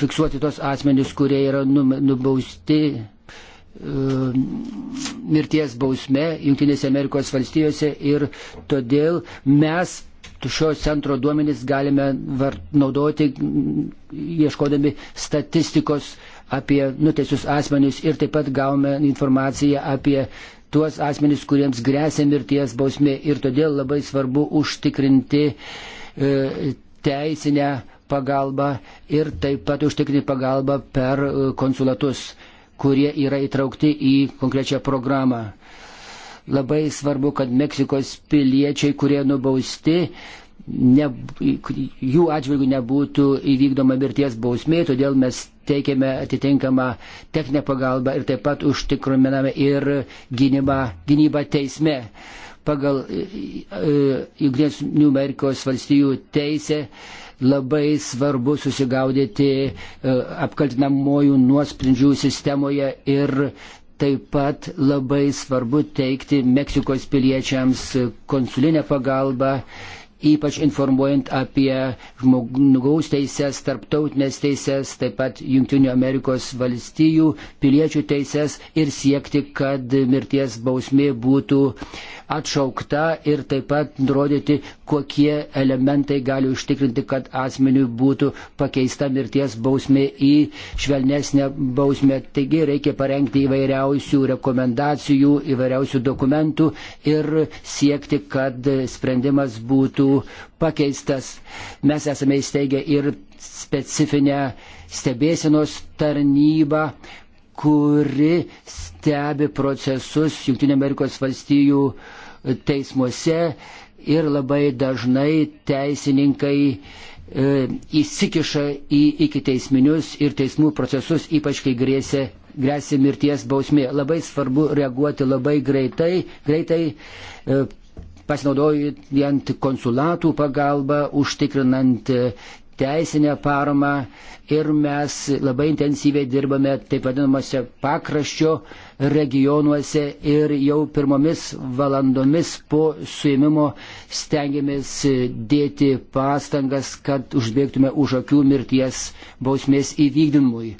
fiksuoti tos asmenys, kurie yra nubausti e, mirties bausme Junktinėse Amerikos valstijose ir todėl mes šio centro duomenys galime naudoti ieškodami statistikos uh, apie nuteisius asmenius ir taip pat gavome informaciją apie tuos asmenys, kuriems grėsia mirties bausmė ir todėl labai svarbu užtikrinti e, teisinę pagalbą ir taip pat užtikrinti pagalbą per e, konsulatus, kurie yra įtraukti į konkrečią programą. Labai svarbu, kad Meksikos piliečiai, kurie nubausti, ne, jų atžvilgių nebūtų įvykdoma mirties bausmė, todėl mes teikiame atitinkamą techninę pagalbą ir taip pat užtikriname ir gynybą, gynybą teisme. Pagal e, e, Junktinių Amerikos valstijų teisę labai svarbu susigaudyti e, apkaltinamojų nuosprendžių sistemoje ir taip pat labai svarbu teikti Meksikos piliečiams konsulinę pagalbą ypač informuojant apie žmogaus teises, tarptautinės teises, taip pat Junktinių Amerikos valstijų piliečių teises ir siekti, kad mirties bausmė būtų uh, atšaukta ir taip pat nurodyti, kokie elementai gali užtikrinti, kad asmeniui būtų pakeista mirties bausmė į švelnesnę bausmę. Taigi reikia parengti įvairiausių rekomendacijų, įvairiausių dokumentų ir siekti, kad sprendimas būtų pakeistas. Mes esame įsteigę ir specifinę stebėsienos tarnybą, kuri stebi procesus Junktinė Amerikos valstijų teismuose ir labai dažnai teisininkai e, įsikiša į ikiteisminius ir teismų procesus, ypač kai grėsia, grėsia mirties bausmė. Labai svarbu reaguoti labai greitai, greitai e, pasinaudojant konsulatų pagalbą, užtikrinant e, teisinę paramą, ir mes labai intensyviai dirbame taip vadinamuose pakraščio regionuose ir jau pirmomis valandomis po suėmimo stengiamės dėti pastangas, kad užbėgtume už akių mirties bausmės įvykdymui.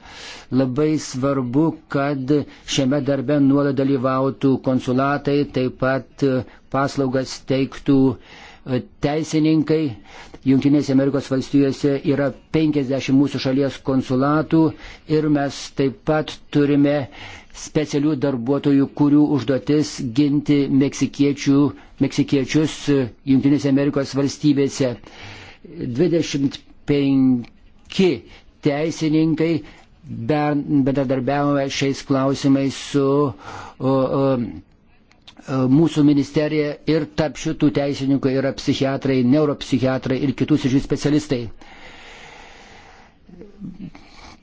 Labai svarbu, kad šiame darbe nuolat dalyvautų konsulatai, taip pat paslaugas teiktų teisininkai, Junktinėse Amerikos valstijose yra 50 mūsų šalies konsulatų ir mes taip pat turime specialių darbuotojų, kurių užduotis ginti meksikiečius e, Junktinėse Amerikos valstybėse. 25 teisininkai bendradarbiavome šiais klausimais su o, o, E, mūsų ministerija ir tarp šitų teisininkų yra psichiatrai, neuropsichiatrai ir kitų sričių specialistai.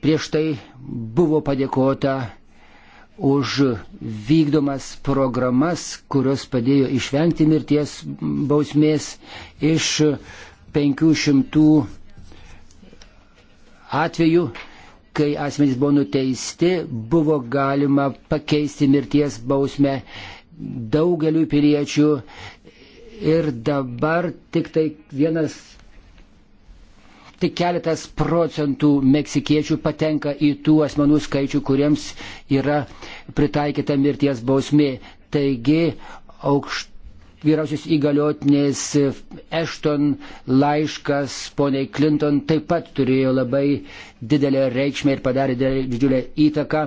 Prieš tai buvo padėkota už vykdomas programas, kurios padėjo išvengti mirties bausmės iš 500 atvejų kai asmenys buvo nuteisti, buvo galima pakeisti mirties bausmę daugeliu piliečių ir dabar tik tai vienas, tik keletas procentų meksikiečių patenka į tų asmenų skaičių, kuriems yra pritaikyta mirties bausmė. Taigi aukšt vyriausios įgaliotinės Ešton laiškas poniai Clinton taip pat turėjo labai didelę reikšmę ir padarė didžiulę įtaką,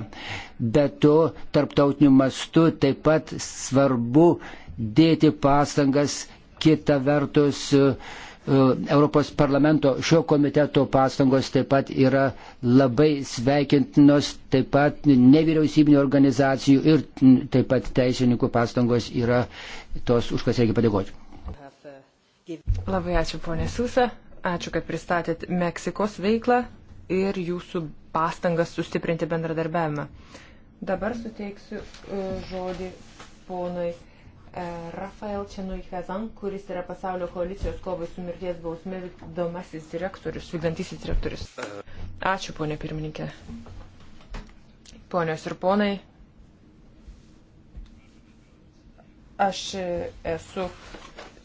bet to tarptautiniu mastu taip pat svarbu dėti pastangas, kita vertus E, Europos parlamento šio komiteto pastangos taip pat yra labai sveikintinos, taip pat nevyriausybinio organizacijų ir taip pat teisininkų pastangos yra tos, už kas reikia padėkoti. Labai ačiū, ponė Susa. Ačiū, kad pristatėt Meksikos veiklą ir jūsų pastangas sustiprinti bendradarbiavimą. Dabar suteiksiu e, žodį ponui. E, Rafael Čenui Kazan, kuris yra pasaulio koalicijos kovai su mirties bausme vykdomasis direktorius, vykdantisis direktorius. Ačiū, ponė pirmininkė. Ponios ir ponai, aš esu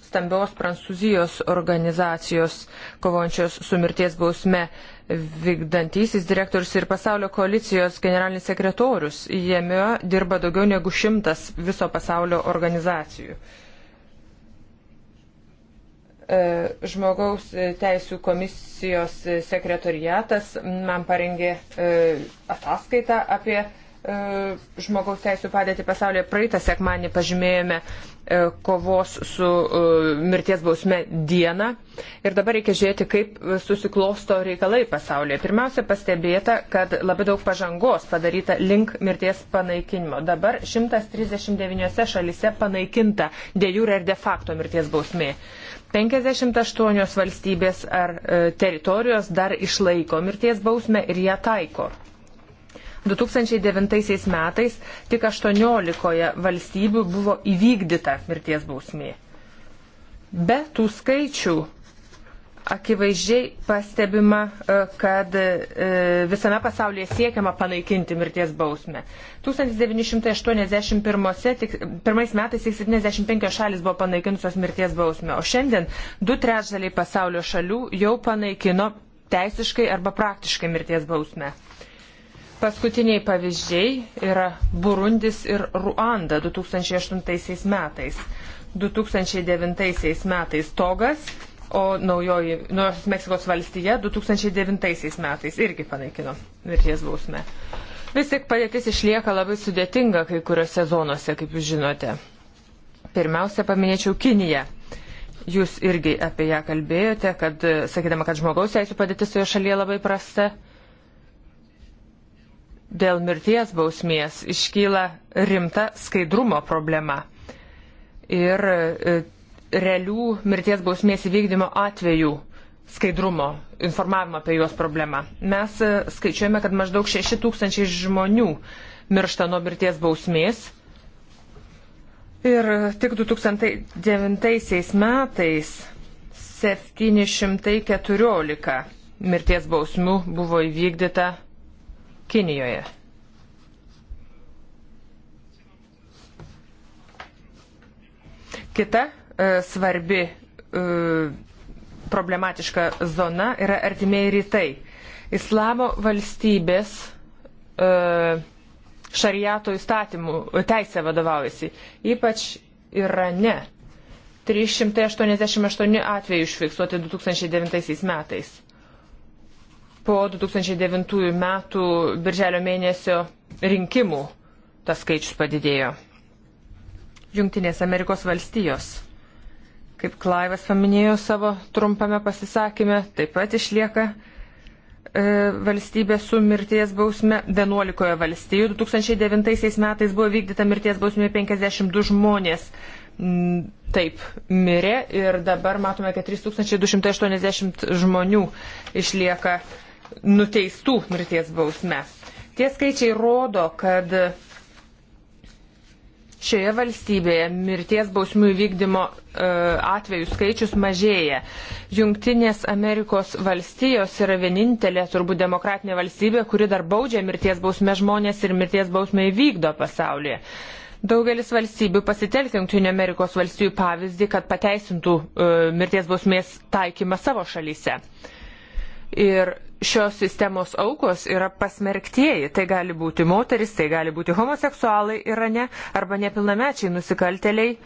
stambios prancūzijos organizacijos kovojančios su mirties bausme vykdantysis direktorius ir pasaulio koalicijos generalinis sekretorius. Jame dirba daugiau negu šimtas viso pasaulio organizacijų. E, žmogaus teisų komisijos sekretoriatas man parengė e, ataskaitą apie E, žmogaus teisų padėti pasaulyje. Praeitą sekmanį pažymėjome e, kovos su e, mirties bausme dieną. Ir dabar reikia žiūrėti, kaip susiklosto reikalai pasaulyje. Pirmiausia, pastebėta, kad labai daug pažangos padaryta link mirties panaikinimo. Dabar 139 šalise panaikinta de jure ir de facto mirties bausmė. 58 valstybės ar teritorijos dar išlaiko mirties bausmę ir ją taiko. 2009 metais tik 18 valstybių buvo įvykdyta mirties bausmė. Be tų skaičių akivaizdžiai pastebima, e, kad e, visame pasaulyje siekiama panaikinti mirties bausmę. 1981 metais tik 75 šalis buvo panaikinusios mirties bausmę, o šiandien du trečdaliai pasaulio šalių jau panaikino teisiškai arba praktiškai mirties bausmę. Paskutiniai pavyzdžiai yra Burundis ir Ruanda 2008 metais. 2009 metais Togas, o naujoji Naujosios Meksikos valstija 2009 metais irgi panaikino mirties bausmę. Vis tik padėtis išlieka labai sudėtinga kai kuriuose zonuose, kaip jūs žinote. Pirmiausia, paminėčiau Kiniją. Jūs irgi apie ją kalbėjote, kad, sakydama, kad žmogaus teisų padėtis toje šalyje labai prasta dėl mirties bausmės iškyla rimta skaidrumo problema. Ir e, realių mirties bausmės įvykdymo atvejų skaidrumo, informavimo apie juos problema. Mes e, skaičiuojame, kad maždaug 6 tūkstančiai žmonių miršta nuo mirties bausmės. Ir tik 2009 metais 714 mirties bausmių buvo įvykdyta Kinijoje. Kita e, svarbi e, problematiška zona yra artimiai rytai. Islamo valstybės e, šariato įstatymų e, teisė vadovaujasi, ypač Irane. 388 atvejų užfiksuoti 2009 metais po 2009 metų birželio mėnesio rinkimų tas skaičius padidėjo. Junktinės Amerikos valstijos, kaip Klaivas paminėjo savo trumpame pasisakymė, taip pat išlieka e, valstybė su mirties bausme 11 valstijų. 2009 metais buvo vykdyta mirties bausmė 52 žmonės. Taip, mirė ir dabar matome, kad 3280 žmonių išlieka nuteistų mirties bausme. Tie skaičiai rodo, kad šioje valstybėje mirties bausmių įvykdymo e, atvejų skaičius mažėja. Junktinės Amerikos valstijos yra vienintelė turbūt demokratinė valstybė, kuri dar baudžia mirties bausmę žmonės ir mirties bausmę įvykdo pasaulyje. Daugelis valstybių pasitelkia Junktinių Amerikos valstijų pavyzdį, kad pateisintų e, mirties bausmės taikymą savo šalyse. Ir šios sistemos aukos yra pasmerktieji. Tai gali būti moteris, tai gali būti homoseksualai Irane arba nepilnamečiai nusikalteliai.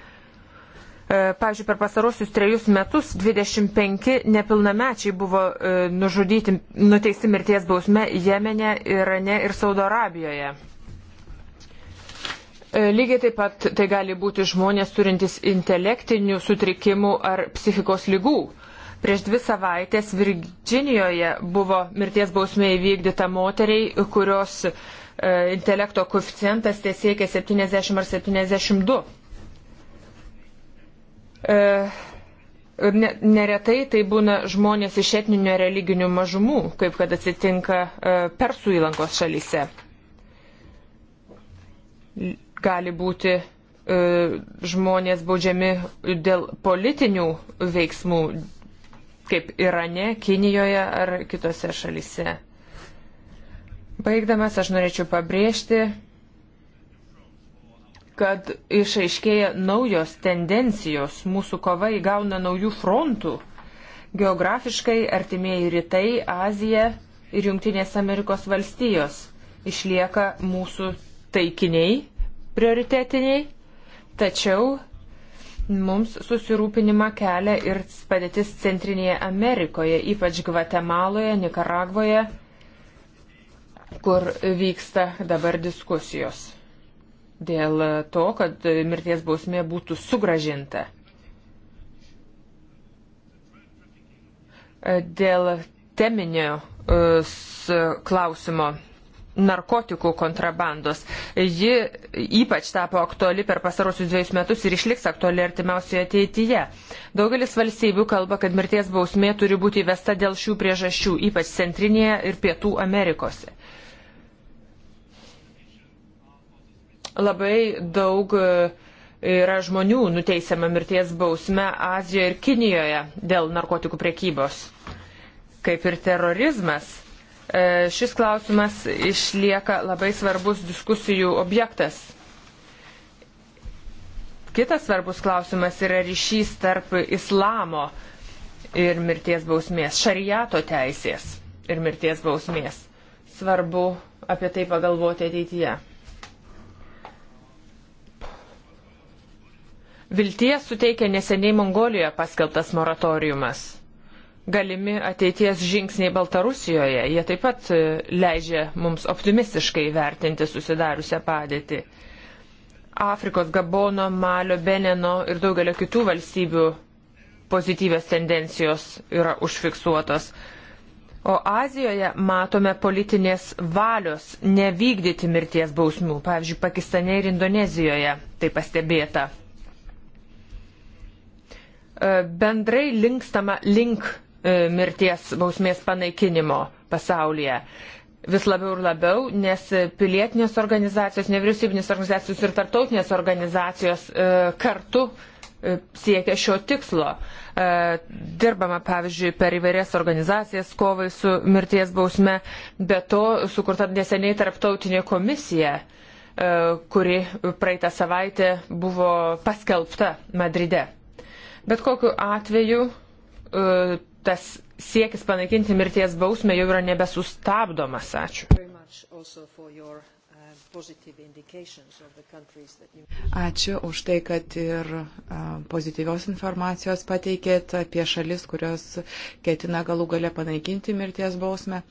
E, pavyzdžiui, per pastarosius trejus metus 25 nepilnamečiai buvo e, nužudyti, nuteisti mirties bausme Jemene, Irane ir Saudo Arabijoje. E, lygiai taip pat tai gali būti žmonės turintys intelektinių sutrikimų ar psichikos lygų Prieš dvi savaitės Virginijoje buvo mirties bausmė įvykdyta moteriai, kurios e, intelekto koficijantas tiesiekė 70 ar 72. E, neretai tai būna žmonės iš etninio religinių mažumų, kaip kad atsitinka e, Persų įlankos šalyse. Gali būti e, žmonės baudžiami dėl politinių veiksmų, kaip Irane, Kinijoje ar kitose šalise. Baigdamas aš norėčiau pabrėžti, kad išaiškėja naujos tendencijos, mūsų kova įgauna naujų frontų. Geografiškai artimieji rytai, Azija ir Junktinės Amerikos valstijos išlieka mūsų taikiniai prioritetiniai, tačiau Mums susirūpinimą kelia ir padėtis Centrinėje Amerikoje, ypač Gvatemaloje, Nikaragvoje, kur vyksta dabar diskusijos dėl to, kad mirties bausmė būtų sugražinta. Dėl teminio e, klausimo narkotikų kontrabandos. Ji ypač tapo aktuali per pasarosius dviejus metus ir išliks aktuali artimiausioje ateityje. Daugelis valstybių kalba, kad mirties bausmė turi būti įvesta dėl šių priežasčių, ypač Centrinėje ir Pietų Amerikose. Labai daug e, yra žmonių nuteisiama mirties bausme Azijoje ir Kinijoje dėl narkotikų priekybos. Kaip ir terorizmas E, šis klausimas išlieka labai svarbus diskusijų objektas. Kitas svarbus klausimas yra ryšys tarp islamo ir mirties bausmės, šariato teisės ir mirties bausmės. Svarbu apie tai pagalvoti ateityje. Vilties suteikia neseniai Mongolijoje paskeltas moratoriumas galimi ateities žingsniai Baltarusijoje. Jie taip pat e, leidžia mums optimistiškai vertinti susidariusią padėtį. Afrikos, Gabono, Malio, Beneno ir daugelio kitų valstybių pozityvios tendencijos yra užfiksuotos. O Azijoje matome politinės valios nevykdyti mirties bausmių, pavyzdžiui, Pakistane ir Indonezijoje tai pastebėta. E, bendrai linkstama link E, mirties bausmės panaikinimo pasaulyje. Vis labiau ir labiau, nes pilietinės organizacijos, nevyriausybinės organizacijos ir tartautinės organizacijos e, kartu e, siekia šio tikslo. Dirbama, pavyzdžiui, per įvairias organizacijas kovai su mirties bausme, be to sukurta neseniai tarptautinė komisija, kuri praeitą savaitę buvo paskelbta Madride. Bet kokiu atveju tas siekis panaikinti mirties bausmę jau yra nebesustabdomas. Ačiū. Ačiū už tai, kad ir pozityvios informacijos pateikėt apie šalis, kurios ketina galų gale panaikinti mirties bausmę.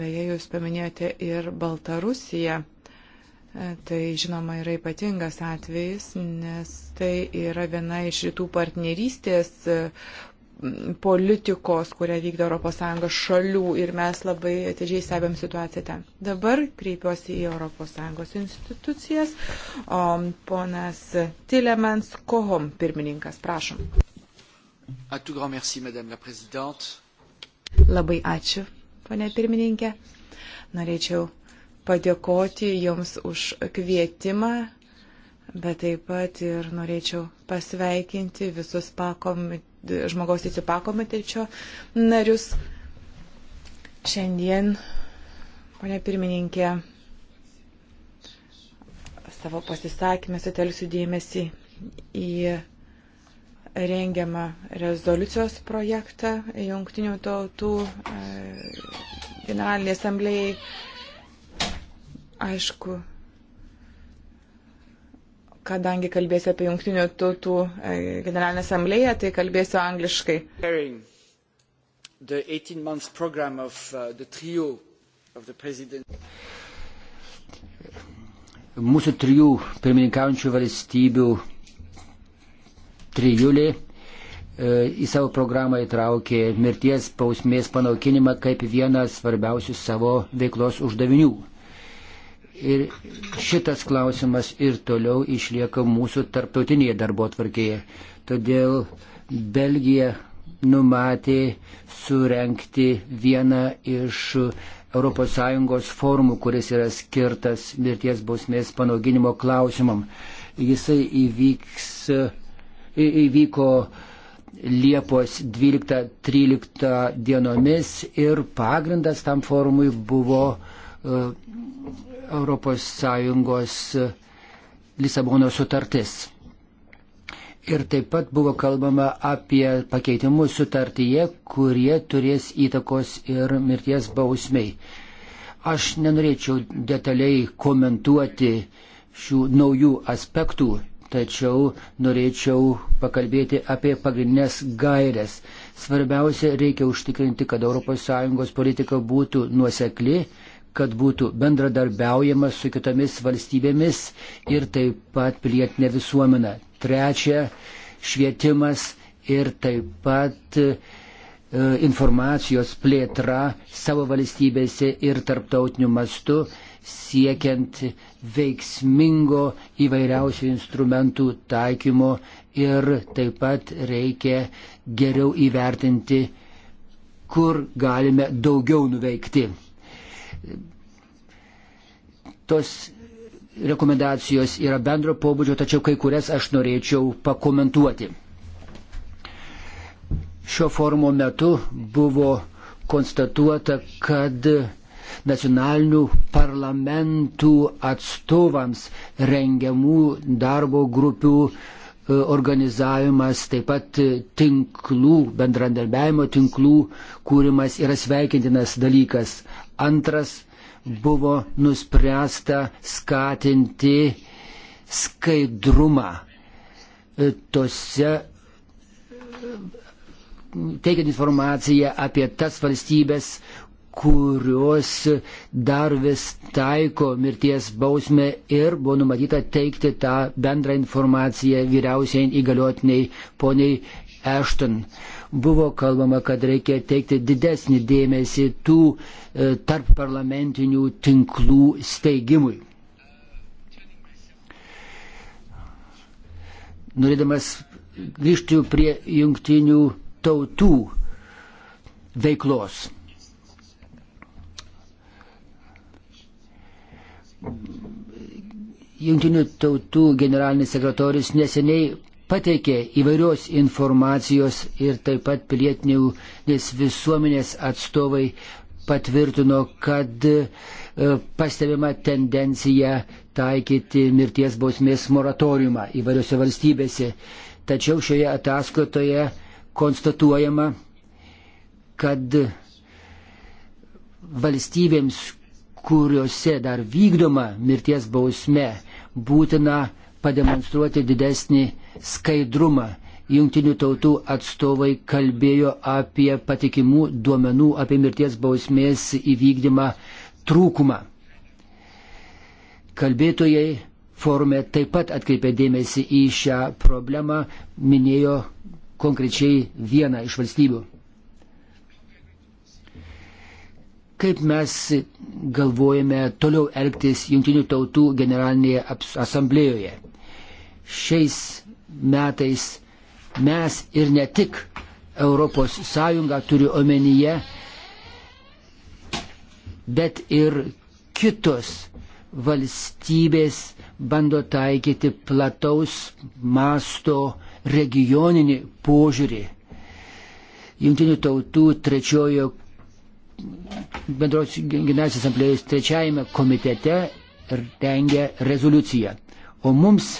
Beje, jūs paminėjote ir Baltarusiją. Tai žinoma yra ypatingas atvejis, nes tai yra viena iš rytų partnerystės politikos, kurią vykdo ES šalių ir mes labai atidžiai stebėm situaciją ten. Dabar kreipiuosi į ES institucijas. O, ponas Tilemans Kohom, pirmininkas, prašom. Merci, labai ačiū, ponė pirmininkė. Norėčiau padėkoti Jums už kvietimą bet taip pat ir norėčiau pasveikinti visus pakomit, žmogaus teisų pakomitečio narius. Šiandien, ponia pirmininkė, savo pasisakymę sutelsiu dėmesį į rengiamą rezoliucijos projektą Junktinių tautų e, generalinė asamblėjai. Aišku, kadangi kalbėsiu apie jungtinių tautų e, generalinę asamblėją, tai kalbėsiu angliškai. Uh, Mūsų trijų pirmininkaujančių valstybių trijulė e, į savo programą įtraukė mirties bausmės panaukinimą kaip vieną svarbiausių savo veiklos uždavinių. Ir šitas klausimas ir toliau išlieka mūsų tarptautinėje darbo tvarkėje. Todėl Belgija numatė surenkti vieną iš ES formų, kuris yra skirtas mirties bausmės panauginimo klausimam. Jisai įvyks, įvyko Liepos 12-13 dienomis ir pagrindas tam forumui buvo Uh, ES uh, Lisabono sutartis. Ir taip pat buvo kalbama apie pakeitimus sutartyje, kurie turės įtakos ir mirties bausmiai. Aš nenorėčiau detaliai komentuoti šių naujų aspektų, tačiau norėčiau pakalbėti apie pagrindinės gairias. Svarbiausia, reikia užtikrinti, kad ES politika būtų nuosekli, kad būtų bendradarbiaujama su kitomis valstybėmis ir taip pat pilietinė visuomenė. Trečia, švietimas ir taip pat e, informacijos plėtra savo valstybėse ir tarptautiniu mastu siekiant veiksmingo įvairiausių instrumentų taikymo ir taip pat reikia geriau įvertinti, kur galime daugiau nuveikti tos rekomendacijos yra bendro pobūdžio, tačiau kai kurias aš norėčiau pakomentuoti. Šio forumo metu buvo konstatuota, kad nacionalinių parlamentų atstovams rengiamų darbo grupių e, organizavimas, taip pat tinklų, bendradarbiavimo tinklų kūrimas yra sveikintinas dalykas. Antras buvo nuspręsta skatinti skaidrumą e, tose teikiant informaciją apie tas valstybės, kurios dar vis taiko mirties bausmę ir buvo numatyta teikti tą bendrą informaciją vyriausiai įgaliotiniai poniai Ešton buvo kalbama, kad reikia teikti didesnį dėmesį tų e, tarp parlamentinių tinklų steigimui. Norėdamas grįžti prie jungtinių tautų veiklos. Jungtinių tautų generalinis sekretorius neseniai pateikė įvairios informacijos ir taip pat pilietinės visuomenės atstovai patvirtino, kad e, pastebima tendencija taikyti mirties bausmės moratoriumą įvairiose valstybėse. Tačiau šioje ataskaitoje konstatuojama, kad valstybėms, kuriuose dar vykdoma mirties bausmė, būtina pademonstruoti didesnį skaidrumą. Jungtinių tautų atstovai kalbėjo apie patikimų duomenų apie mirties bausmės įvykdymą trūkumą. Kalbėtojai forume taip pat atkreipė dėmesį į šią problemą, minėjo konkrečiai vieną iš valstybių. Kaip mes galvojame toliau elgtis Junktinių tautų generalinėje asamblėjoje? Šiais metais mes ir ne tik ES turi omenyje, bet ir kitos valstybės bando taikyti plataus masto regioninį požiūrį. Junktinių tautų trečiojo bendros gimnasijos asamblėjos trečiajame komitete rengia rezoliuciją. O mums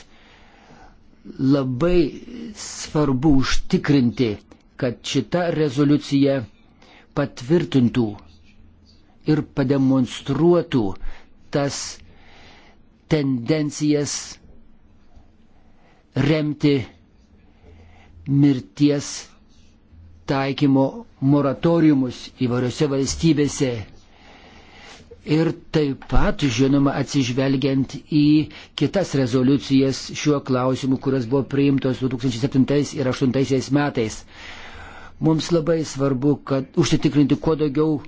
labai svarbu užtikrinti, kad šita rezoliucija patvirtintų ir pademonstruotų tas tendencijas remti mirties taikymo moratoriumus įvairiose valstybėse ir taip pat, žinoma, atsižvelgiant į kitas rezoliucijas šiuo klausimu, kurios buvo priimtos 2007 ir 2008 metais. Mums labai svarbu, kad užsitikrinti kuo daugiau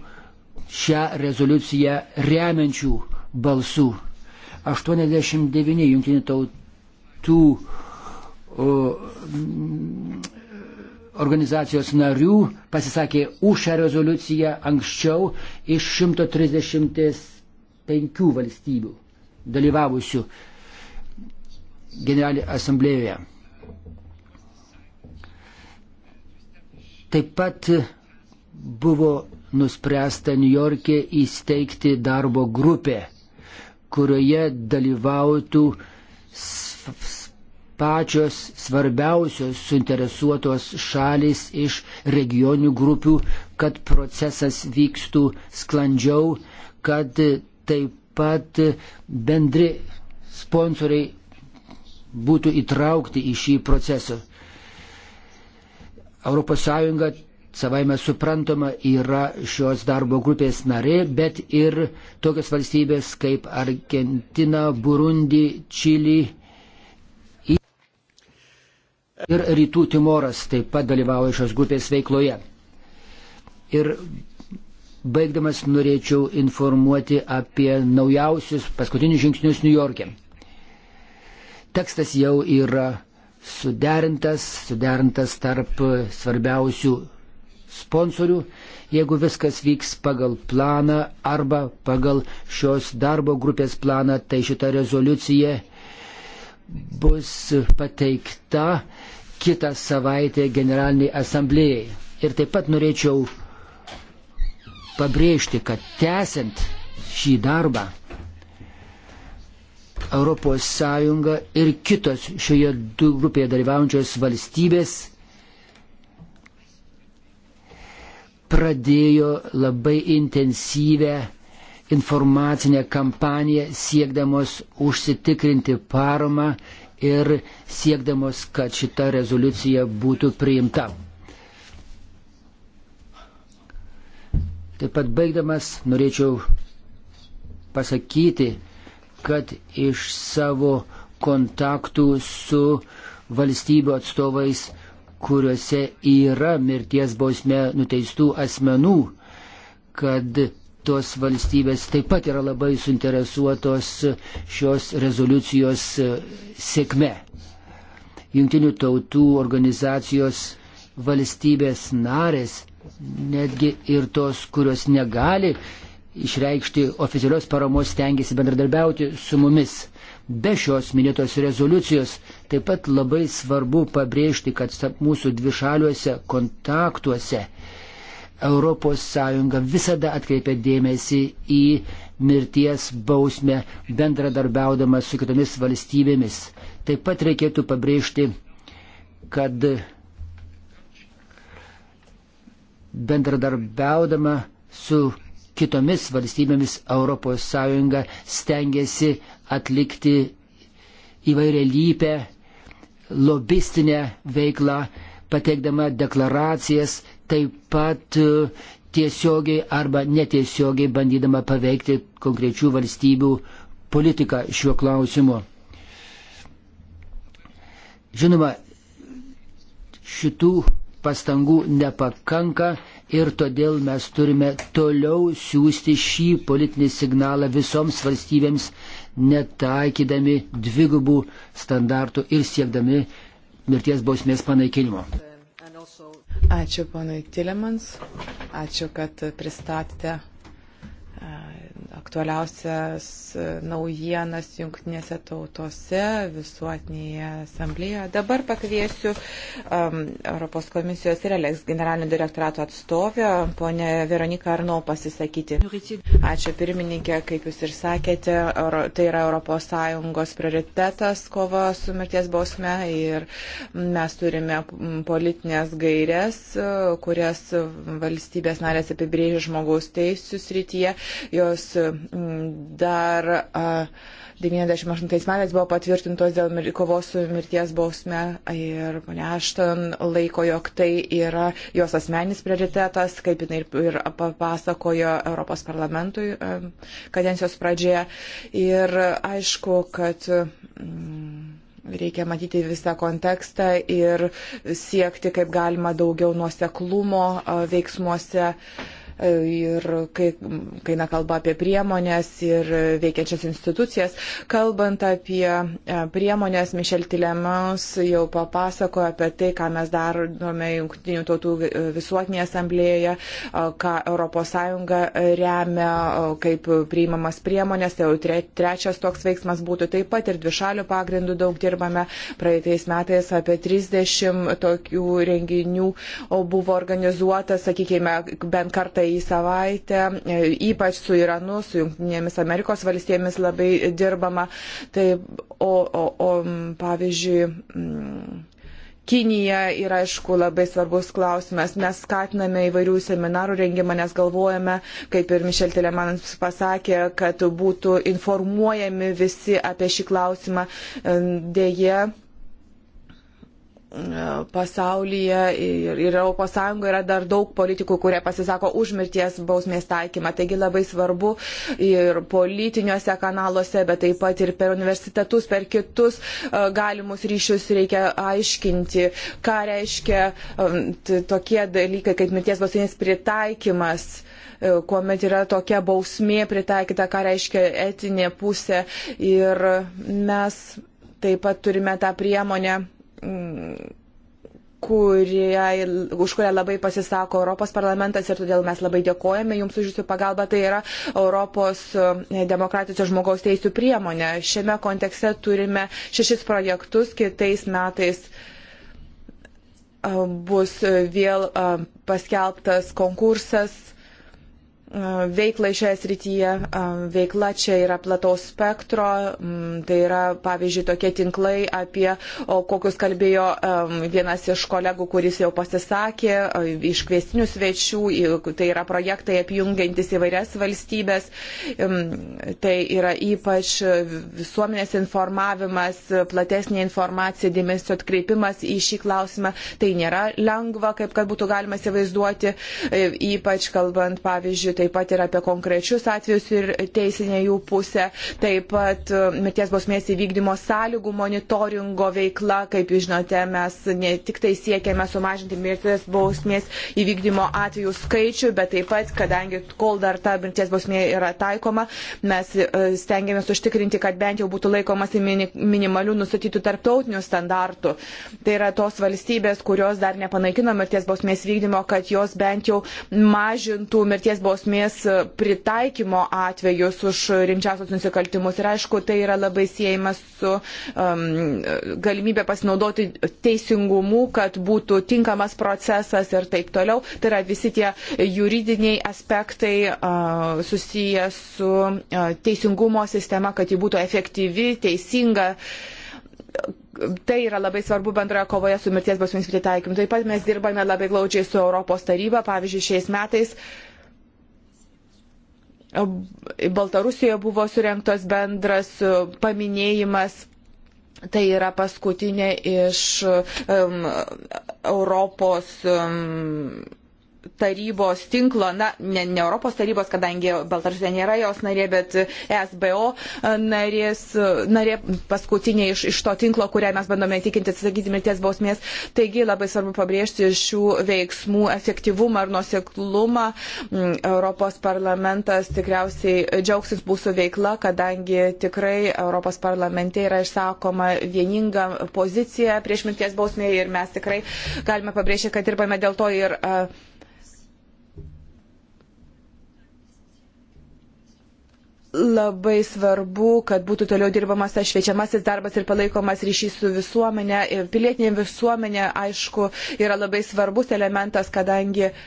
šią rezoliuciją remiančių balsų. 89 jungtinių tautų o, organizacijos narių pasisakė už šią rezoliuciją anksčiau iš 135 valstybių dalyvavusių Generalinėje asamblėjoje. Taip pat buvo nuspręsta New York'e įsteigti darbo grupę, kurioje dalyvautų pačios svarbiausios suinteresuotos šalis iš regionių grupių, kad procesas vykstų sklandžiau, kad taip pat bendri sponsoriai būtų įtraukti į šį procesą. ES savaime suprantama yra šios darbo grupės narė, bet ir tokios valstybės kaip Argentina, Burundi, Čili, Ir Rytų Timoras taip pat dalyvauja šios grupės veikloje. Ir baigdamas norėčiau informuoti apie naujausius paskutinius žingsnius New York'e. Tekstas jau yra suderintas, suderintas tarp svarbiausių sponsorių, jeigu viskas vyks pagal planą arba pagal šios darbo grupės planą, tai šita rezoliucija bus pateikta kitą savaitę Generaliniai asamblėjai. Ir taip pat norėčiau pabrėžti, kad tęsiant šį darbą ES ir kitos šioje grupėje dalyvaujančios valstybės pradėjo labai intensyvę informacinę kampaniją siekdamos užsitikrinti paramą ir siekdamos, kad šita rezoliucija būtų priimta. Taip pat baigdamas norėčiau pasakyti, kad iš savo kontaktų su valstybių atstovais, kuriuose yra mirties bausmė nuteistų asmenų, kad tos valstybės taip pat yra labai suinteresuotos šios rezoliucijos e, sėkme. Junktinių tautų organizacijos valstybės narės, netgi ir tos, kurios negali išreikšti oficialios paramos, tengiasi bendradarbiauti su mumis. Be šios minėtos rezoliucijos taip pat labai svarbu pabrėžti, kad mūsų dvišaliuose kontaktuose ES visada atkreipia dėmesį į mirties bausmę bendradarbiaudama su kitomis valstybėmis. Taip pat reikėtų pabrėžti, kad bendradarbiaudama su kitomis valstybėmis ES stengiasi atlikti įvairialypę lobistinę veiklą, pateikdama deklaracijas, taip pat e, tiesiogiai arba netiesiogiai bandydama paveikti konkrečių valstybių politiką šiuo klausimu. Žinoma, šitų pastangų nepakanka ir todėl mes turime toliau siūsti šį politinį signalą visoms valstybėms, netaikydami dvigubų standartų ir siekdami mirties bausmės panaikinimo. Ačiū ponui Tilemans, ačiū, kad pristatėte aktualiausias naujienas jungtinėse tautose, visuotinėje asamblėje. Dabar pakviesiu um, Europos komisijos ir Eleks generalinio direktorato atstovę, ponė Veronika Arnau, pasisakyti. Ačiū pirmininkė, kaip jūs ir sakėte, tai yra ES prioritetas kova su mirties bausme ir mes turime politinės gairias, kurias valstybės narės apibrėžia žmogaus teisų srityje jos dar 98 metais buvo patvirtintos dėl kovos su mirties bausme ir ponia Ašton laiko, jog tai yra jos asmenis prioritetas, kaip jinai ir papasakojo Europos parlamentui kadencijos pradžioje. Ir aišku, kad. Mm, Reikia matyti visą kontekstą ir siekti kaip galima daugiau nuoseklumo veiksmuose. Uh, ir kai, kai na, kalba apie priemonės ir veikiančias institucijas. Kalbant apie e, priemonės, Mišel Tilemos jau papasakojo apie tai, ką mes darome Junktinių tautų visuotinėje asamblėje, e, ką ES remia, e, kaip priimamas priemonės, tai jau tre, trečias toks veiksmas būtų taip pat ir dvišalių pagrindų daug dirbame. Praeitais metais apie 30 tokių renginių buvo organizuota, sakykime, bent kartą į savaitę, e, ypač su Iranu, su Junktinėmis Amerikos valstybėmis labai dirbama. Tai, o, o, o pavyzdžiui, Kinija yra, aišku, labai svarbus klausimas. Mes skatiname įvairių seminarų rengimą, nes galvojame, kaip ir Mišel Telemanas pasakė, kad būtų informuojami visi apie šį klausimą. Deja, pasaulyje ir, ir ES yra dar daug politikų, kurie pasisako už mirties bausmės taikymą. Taigi labai svarbu ir politiniuose kanaluose, bet taip pat ir per universitetus, per kitus e, galimus ryšius reikia aiškinti, ką reiškia um, tokie dalykai kaip mirties bausmės pritaikymas e, kuomet yra tokia bausmė pritaikyta, ką reiškia etinė pusė. Ir mes taip pat turime tą priemonę kuriai, už kurią labai pasisako Europos parlamentas ir todėl mes labai dėkojame Jums už Jūsų pagalbą. Tai yra Europos e, demokratijos ir žmogaus teisų priemonė. Šiame kontekste turime šešis projektus kitais metais e, bus vėl e, paskelbtas konkursas veiklai šioje srityje. Veikla čia yra plataus spektro, mm, tai yra pavyzdžiui tokie tinklai, apie kokius kalbėjo vienas iš kolegų, kuris jau pasisakė, iš kvestinių svečių, tai yra projektai apjungiantis įvairias valstybės, tai yra ypač visuomenės informavimas, platesnė informacija, dėmesio atkreipimas į šį klausimą. Tai nėra lengva, kaip kad būtų galima įsivaizduoti, e, ypač kalbant, pavyzdžiui, taip pat ir apie konkrečius atvejus ir teisinę jų pusę, taip pat e, mirties bausmės įvykdymo sąlygų monitoringo veikla, kaip jūs žinote, mes ne tik tai siekiame sumažinti mirties bausmės įvykdymo atvejų skaičių, bet taip pat, kadangi kol dar ta mirties bausmė yra taikoma, mes e, stengiamės užtikrinti, kad bent jau būtų laikomasi minimalių nustatytų tarptautinių standartų. Tai yra tos valstybės, kurios dar nepanaikino mirties bausmės vykdymo, kad jos bent jau mažintų mirties bausmės bausmės pritaikymo atvejus už rimčiausius nusikaltimus. Ir aišku, tai yra labai siejamas su um, galimybė pasinaudoti teisingumu, kad būtų tinkamas procesas ir taip toliau. Tai yra visi tie juridiniai aspektai uh, susiję su uh, teisingumo sistema, kad ji būtų efektyvi, teisinga. Tai yra labai svarbu bendroje kovoje su mirties bausmės pritaikymu. Taip pat mes dirbame labai glaudžiai su Europos taryba, pavyzdžiui, šiais metais uh, Baltarusijoje buvo surinktos bendras e, paminėjimas Tai yra paskutinė iš um, Europos um, tarybos tinklo, na, ne, ne Europos tarybos, kadangi Baltarusija nėra jos narė, bet SBO e, narės, e, narė paskutinė iš, iš to tinklo, kurią mes bandome įtikinti atsisakyti mirties bausmės. Taigi labai svarbu pabrėžti šių veiksmų efektyvumą ir nuseklumą. Mm, Europos parlamentas tikriausiai džiaugsis mūsų veikla, kadangi tikrai Europos parlamente yra išsakoma vieninga pozicija prieš mirties bausmė ir mes tikrai galime pabrėžti, kad dirbame dėl to ir uh, labai svarbu, kad būtų toliau dirbamas tas šviečiamasis darbas ir palaikomas ryšys su visuomenė. Pilietinė visuomenė, aišku, yra labai svarbus elementas, kadangi uh,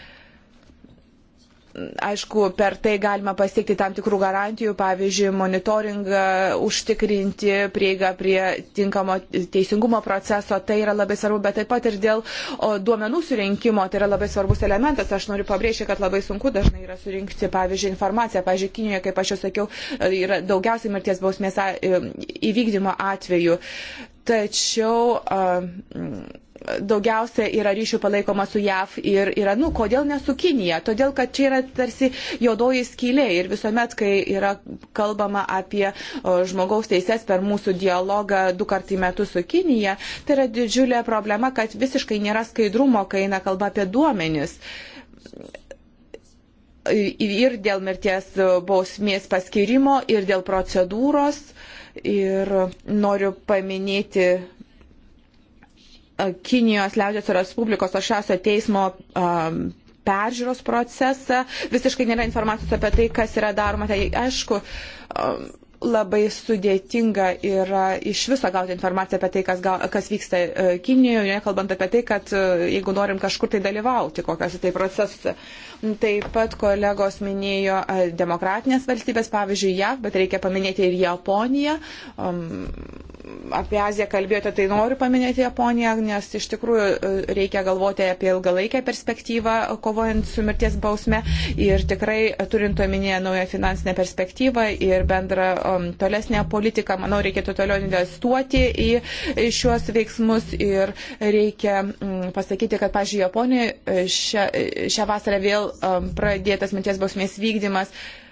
aišku, per tai galima pasiekti tam tikrų garantijų, pavyzdžiui, monitoringą, e, užtikrinti prieigą prie tinkamo teisingumo proceso, tai yra labai svarbu, bet taip pat ir dėl duomenų surinkimo, tai yra labai svarbus elementas. Aš noriu pabrėžti, kad labai sunku dažnai yra surinkti, pavyzdžiui, informaciją. Pavyzdžiui, Kinijoje, kaip aš jau sakiau, e, yra daugiausiai mirties bausmės e, įvykdymo atveju. Tačiau daugiausia yra ryšių palaikoma su JAV ir Iranu. Kodėl ne su Kinija? Todėl, kad čia yra tarsi jodoji skylė ir visuomet, kai yra kalbama apie žmogaus teises per mūsų dialogą du kartai metus su Kinija, tai yra didžiulė problema, kad visiškai nėra skaidrumo, kai eina kalba apie duomenis ir dėl mirties bausmės paskirimo, ir dėl procedūros. Ir noriu paminėti Kinijos liaudės Respublikos ašasio teismo um, peržiūros procesą. Visiškai nėra informacijos apie tai, kas yra daroma. Tai aišku, um, labai sudėtinga yra iš viso gauti informaciją apie tai, kas, gal, kas vyksta e, Kinijoje, nekalbant apie tai, kad e, jeigu norim kažkur tai dalyvauti, kokiuose tai procesuose. Taip pat kolegos minėjo e, demokratinės valstybės, pavyzdžiui, JAV, bet reikia paminėti ir Japoniją. Um, apie Aziją kalbėjote, tai noriu paminėti Japoniją, nes iš tikrųjų e, reikia galvoti apie ilgalaikę perspektyvą, kovojant su mirties bausme ir tikrai e, turint omenyje naują finansinę perspektyvą ir bendrą um, tolesnę politiką, manau, reikėtų toliau investuoti į, į šiuos veiksmus ir reikia um, pasakyti, kad, pažiūrėjau, Japonijoje e, šią, šią vasarą vėl um, pradėtas mirties bausmės vykdymas. Uh,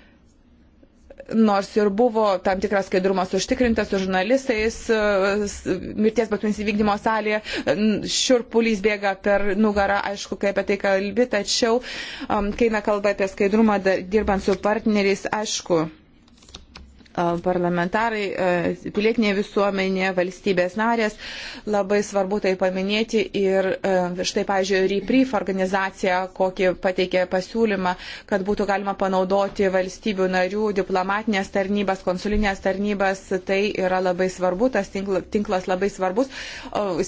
nors ir buvo tam tikras skaidrumas užtikrintas su žurnalistais e, mirties bausmės įvykdymo salėje, šiurpulys bėga per nugarą, aišku, kai apie tai kalbi, tačiau, kai nekalba apie skaidrumą dirbant su partneriais, aišku, parlamentarai, pilietinė visuomenė, valstybės narės. Labai svarbu tai paminėti ir štai, pažiūrėjau, RIPRIF organizacija, kokį pateikė pasiūlymą, kad būtų galima panaudoti valstybių narių diplomatinės tarnybas, konsulinės tarnybas. Tai yra labai svarbu, tas tinklas labai svarbus,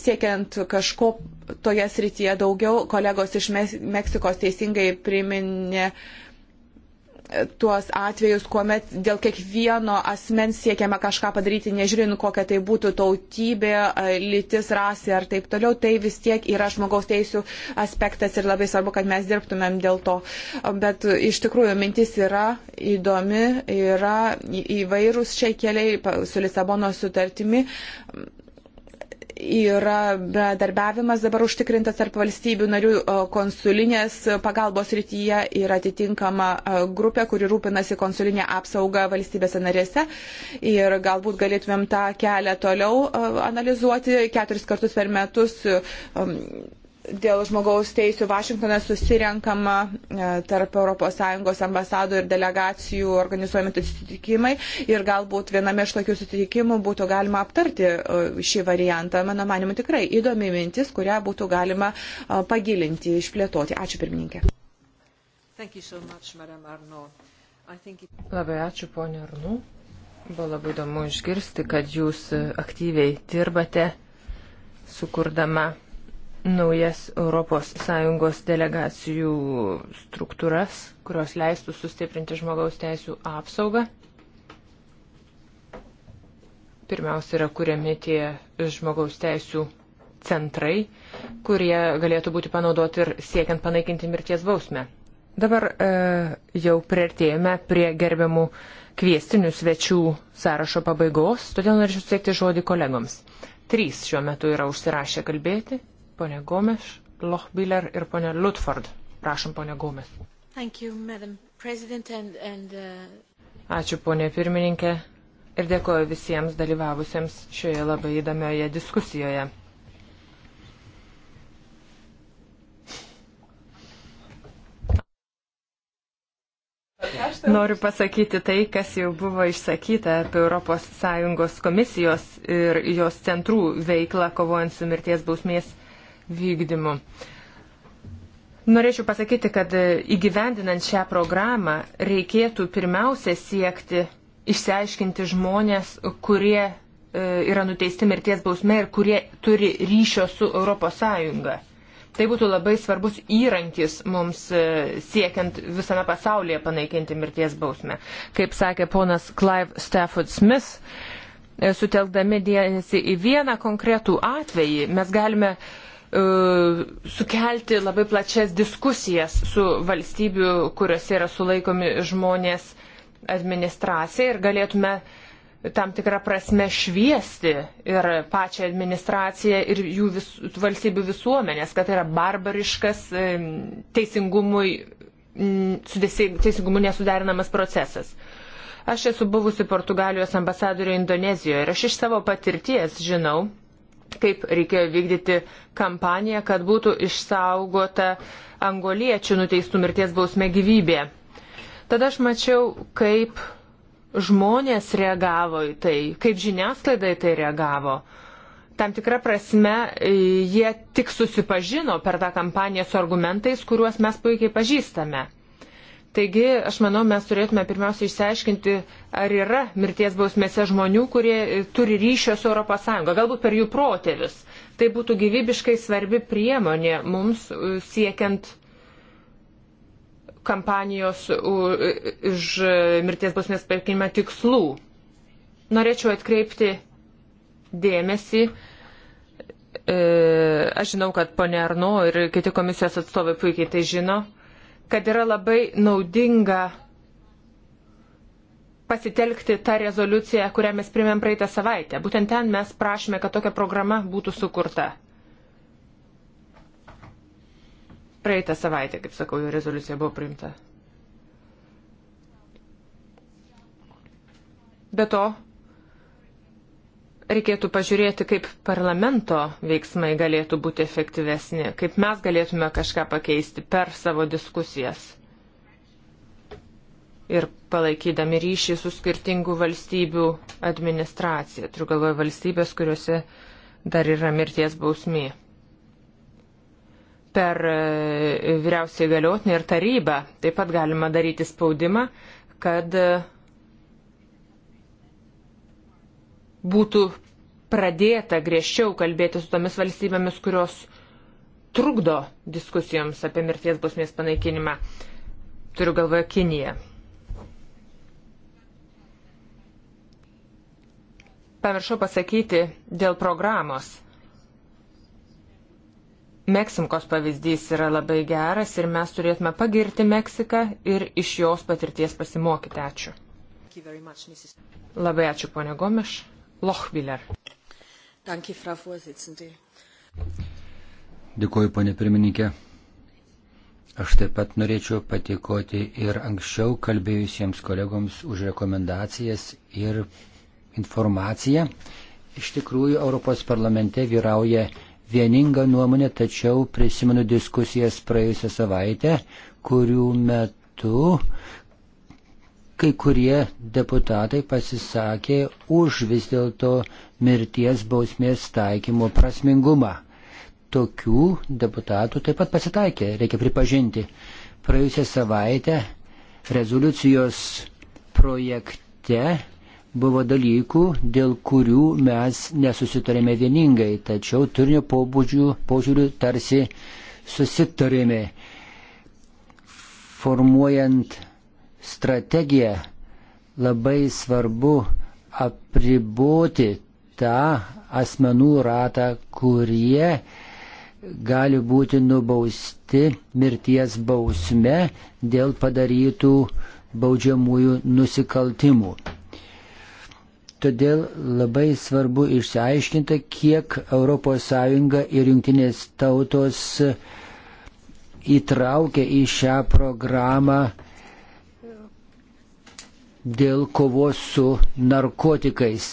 siekiant kažko toje srityje daugiau. Kolegos iš Meksikos teisingai priminė, tuos atvejus, kuomet dėl kiekvieno asmens siekiama kažką padaryti, nežiūrint kokia tai būtų tautybė, lytis, rasė ar taip toliau, tai vis tiek yra žmogaus teisų aspektas ir labai svarbu, kad mes dirbtumėm dėl to. Bet iš tikrųjų mintis yra įdomi, yra įvairūs šiai keliai su Lisabono sutartimi yra bendarbiavimas dabar užtikrintas tarp valstybių narių konsulinės pagalbos rytyje ir atitinkama grupė, kuri rūpinasi konsulinė apsauga valstybėse narėse. Ir galbūt galėtumėm tą kelią toliau analizuoti keturis kartus per metus dėl žmogaus teisų Vašingtone susirenkama e, tarp ES ambasadų ir delegacijų organizuojami tai susitikimai ir galbūt viename iš tokių susitikimų būtų galima aptarti e, šį variantą. Mano manimu, tikrai įdomi mintis, kurią būtų galima e, pagilinti, išplėtoti. Ačiū pirmininkė. So much, it... Labai ačiū, ponė Arnu. Buvo labai įdomu išgirsti, kad jūs aktyviai dirbate sukurdama naujas ES delegacijų struktūras, kurios leistų sustiprinti žmogaus teisų apsaugą. Pirmiausia, yra kuriami tie žmogaus teisų centrai, kurie galėtų būti panaudoti ir siekiant panaikinti mirties bausmę. Dabar e, jau prieartėjome prie gerbiamų kviestinių svečių sąrašo pabaigos, todėl norėčiau suteikti žodį kolegoms. Trys šiuo metu yra užsirašę kalbėti ponė Gomes, Lochbiller ir ponė Lutford. Prašom, ponė Gomes. You, and, and, uh... Ačiū, ponė pirmininkė, ir dėkoju visiems dalyvavusiems šioje labai įdomioje diskusijoje. Noriu pasakyti tai, kas jau buvo išsakyta apie ES komisijos ir jos centrų veiklą kovojant su mirties bausmės vykdymu. Norėčiau pasakyti, kad įgyvendinant šią programą reikėtų pirmiausia siekti išsiaiškinti žmonės, kurie e, yra nuteisti mirties bausme ir kurie turi ryšio su ES. Tai būtų labai svarbus įrankis mums e, siekiant visame pasaulyje panaikinti mirties bausmę. Kaip sakė ponas Clive Stafford Smith, e, sutelkdami dėmesį į vieną konkretų atvejį, mes galime uh, E, sukelti labai plačias diskusijas su valstybių, kuriuose yra sulaikomi žmonės administracija ir galėtume tam tikrą prasme šviesti ir pačią administraciją ir jų vis, valstybių visuomenės, kad tai yra barbariškas e, teisingumui, teisingumui nesuderinamas procesas. Aš esu buvusi Portugalijos ambasadorių Indonezijoje ir aš iš savo patirties žinau, kaip reikėjo vykdyti kampaniją, kad būtų išsaugota angoliečių nuteistų mirties bausmė gyvybė. Tada aš mačiau, kaip žmonės reagavo į tai, kaip žiniasklaida į tai reagavo. Tam tikra prasme, jie tik susipažino per tą kampaniją su argumentais, kuriuos mes puikiai pažįstame. Taigi, aš manau, mes turėtume pirmiausia išsiaiškinti, ar yra mirties bausmėse žmonių, kurie e, turi ryšio su ES, galbūt per jų protėvius. Tai būtų gyvybiškai svarbi priemonė mums e, siekiant kampanijos e, už mirties bausmės perkinimą tikslų. Norėčiau atkreipti dėmesį, aš žinau, kad ponė Arno ir kiti komisijos atstovai puikiai tai žino, kad yra labai naudinga pasitelkti tą rezoliuciją, kurią mes primėm praeitą savaitę. Būtent ten mes prašome, kad tokia programa būtų sukurta. Praeitą savaitę, kaip sakau, jo rezoliucija buvo priimta. Be to, reikėtų pažiūrėti, kaip parlamento veiksmai galėtų būti efektyvesni, kaip mes galėtume kažką pakeisti per savo diskusijas. Ir palaikydami ryšį su skirtingų valstybių administracija, turiu galvoje valstybės, kuriuose dar yra mirties bausmė. Per e, vyriausiai galiotinį ir tarybą taip pat galima daryti spaudimą, kad e, būtų pradėta griežčiau kalbėti su tomis valstybėmis, kurios trukdo diskusijoms apie mirties bausmės panaikinimą. Turiu galvoje Kiniją. Pamiršau pasakyti dėl programos. Meksimkos pavyzdys yra labai geras ir mes turėtume pagirti Meksiką ir iš jos patirties pasimokyti. Ačiū. Labai ačiū, ponė Gomiš. Lochbiller. Danke, Frau Vorsitzende. Dėkuoju, ponė pirmininkė. Aš taip pat norėčiau patikoti ir anksčiau kalbėjusiems kolegoms už rekomendacijas ir informaciją. Iš tikrųjų, Europos parlamente vyrauja vieninga nuomonė, tačiau prisimenu diskusijas praėjusią savaitę, kurių metu kai kurie deputatai pasisakė už vis dėlto mirties bausmės taikymo prasmingumą. Tokių deputatų taip pat pasitaikė, reikia pripažinti. Praėjusią savaitę rezoliucijos projekte buvo dalykų, dėl kurių mes nesusitarėme vieningai, tačiau turinio pobūdžių, požiūrių tarsi susitarėme. Formuojant strategiją labai svarbu apriboti tą asmenų ratą, kurie gali būti nubausti mirties bausme dėl padarytų baudžiamųjų nusikaltimų. Todėl labai svarbu išsiaiškinti, kiek ES ir jungtinės tautos įtraukia į šią programą dėl kovos su narkotikais.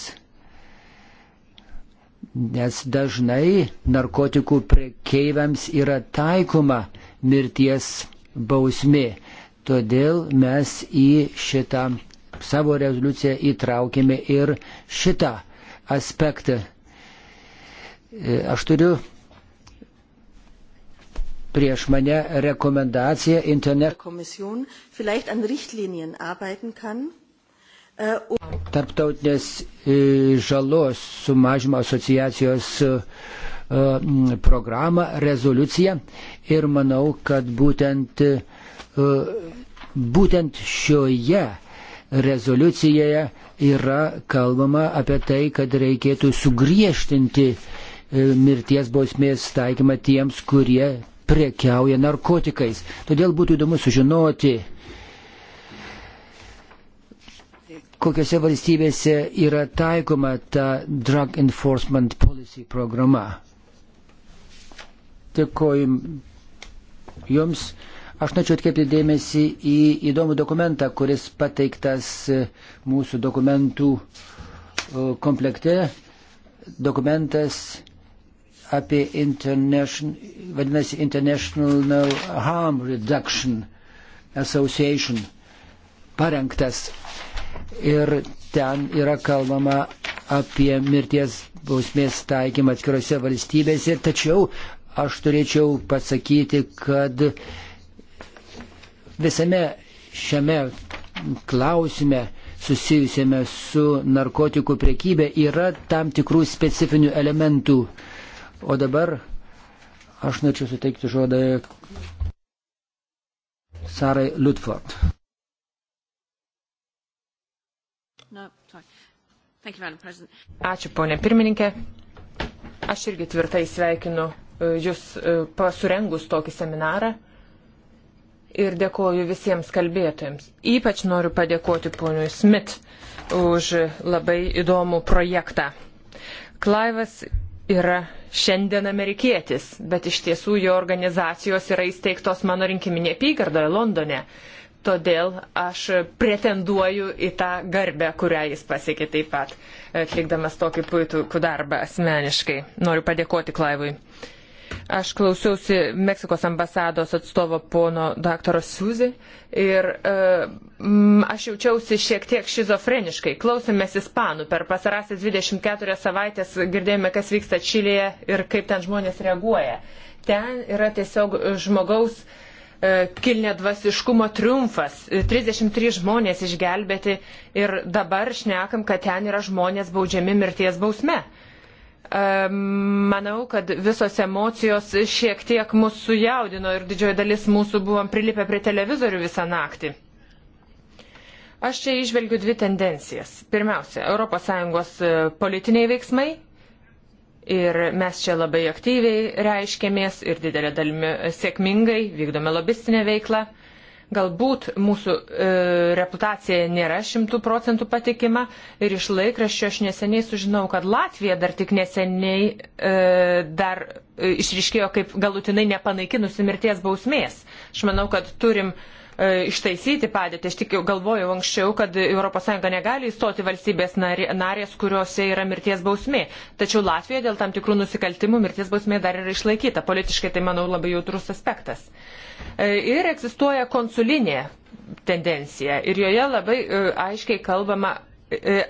Nes dažnai narkotikų prekeiviams yra taikoma mirties bausmė. Todėl mes į šitą savo rezoliuciją įtraukėme ir šitą aspektą. E, aš turiu prieš mane rekomendaciją internet. Komisijon vielleicht an Richtlinien arbeiten kann Tarptautinės e, žalos sumažimo asociacijos e, e, programą, rezoliuciją ir manau, kad būtent, būtent šioje rezoliucijoje yra kalbama apie tai, kad reikėtų sugriežtinti mirties bausmės taikymą tiems, kurie prekiauja narkotikais. Todėl būtų įdomu sužinoti, kokiose valstybėse yra taikoma ta Drug Enforcement Policy programa. Dėkoju Jums. Aš norėčiau atkreipti dėmesį į įdomų dokumentą, kuris pateiktas mūsų dokumentų komplekte. Dokumentas apie international, vadinasi International Harm Reduction Association parengtas ir ten yra kalbama apie mirties bausmės taikymą atskirose valstybėse, tačiau aš turėčiau pasakyti, kad visame šiame klausime susijusiame su narkotikų priekybė yra tam tikrų specifinių elementų. O dabar aš norėčiau suteikti žodą Sarai Lutford. Ačiū, ponė pirmininkė. Aš irgi tvirtai sveikinu e, Jūs e, pasurengus tokį seminarą ir dėkoju visiems kalbėtojams. Ypač noriu padėkoti poniui Smith už labai įdomų projektą. Klaivas yra šiandien amerikietis, bet iš tiesų jo organizacijos yra įsteigtos mano rinkiminė apygardoje Londone todėl aš pretenduoju į tą garbę, kurią jis pasiekė taip pat, atlikdamas tokį puitų darbą asmeniškai. Noriu padėkoti Klaivui. Aš klausiausi Meksikos ambasados atstovo pono dr. Suzy ir e, m, aš jaučiausi šiek tiek šizofreniškai. Klausėmės ispanų. Per pasarasias 24 savaitės girdėjome, kas vyksta Čilėje ir kaip ten žmonės reaguoja. Ten yra tiesiog žmogaus e, E, kilnė dvasiškumo triumfas. 33 e, žmonės išgelbėti ir dabar šnekam, kad ten yra žmonės baudžiami mirties bausme. E, manau, kad visos emocijos šiek tiek mus sujaudino ir didžioji dalis mūsų buvom prilipę prie televizorių visą naktį. Aš čia išvelgiu dvi tendencijas. Pirmiausia, ES politiniai veiksmai Ir mes čia labai aktyviai reiškėmės ir didelė dalimi sėkmingai vykdome lobistinę veiklą. Galbūt mūsų e, reputacija nėra šimtų procentų patikima ir iš laikraščio aš neseniai sužinau, kad Latvija dar tik neseniai e, dar e, išriškėjo kaip galutinai nepanaikinusi mirties bausmės. Aš manau, kad turim e, E, ištaisyti padėtį. Aš tik galvojau anksčiau, kad ES negali įstoti valstybės narės, kuriuose yra mirties bausmė. Tačiau Latvijoje dėl tam tikrų nusikaltimų mirties bausmė dar yra išlaikyta. Politiškai tai, manau, labai jautrus aspektas. E, ir egzistuoja konsulinė tendencija. Ir joje labai e, aiškiai kalbama,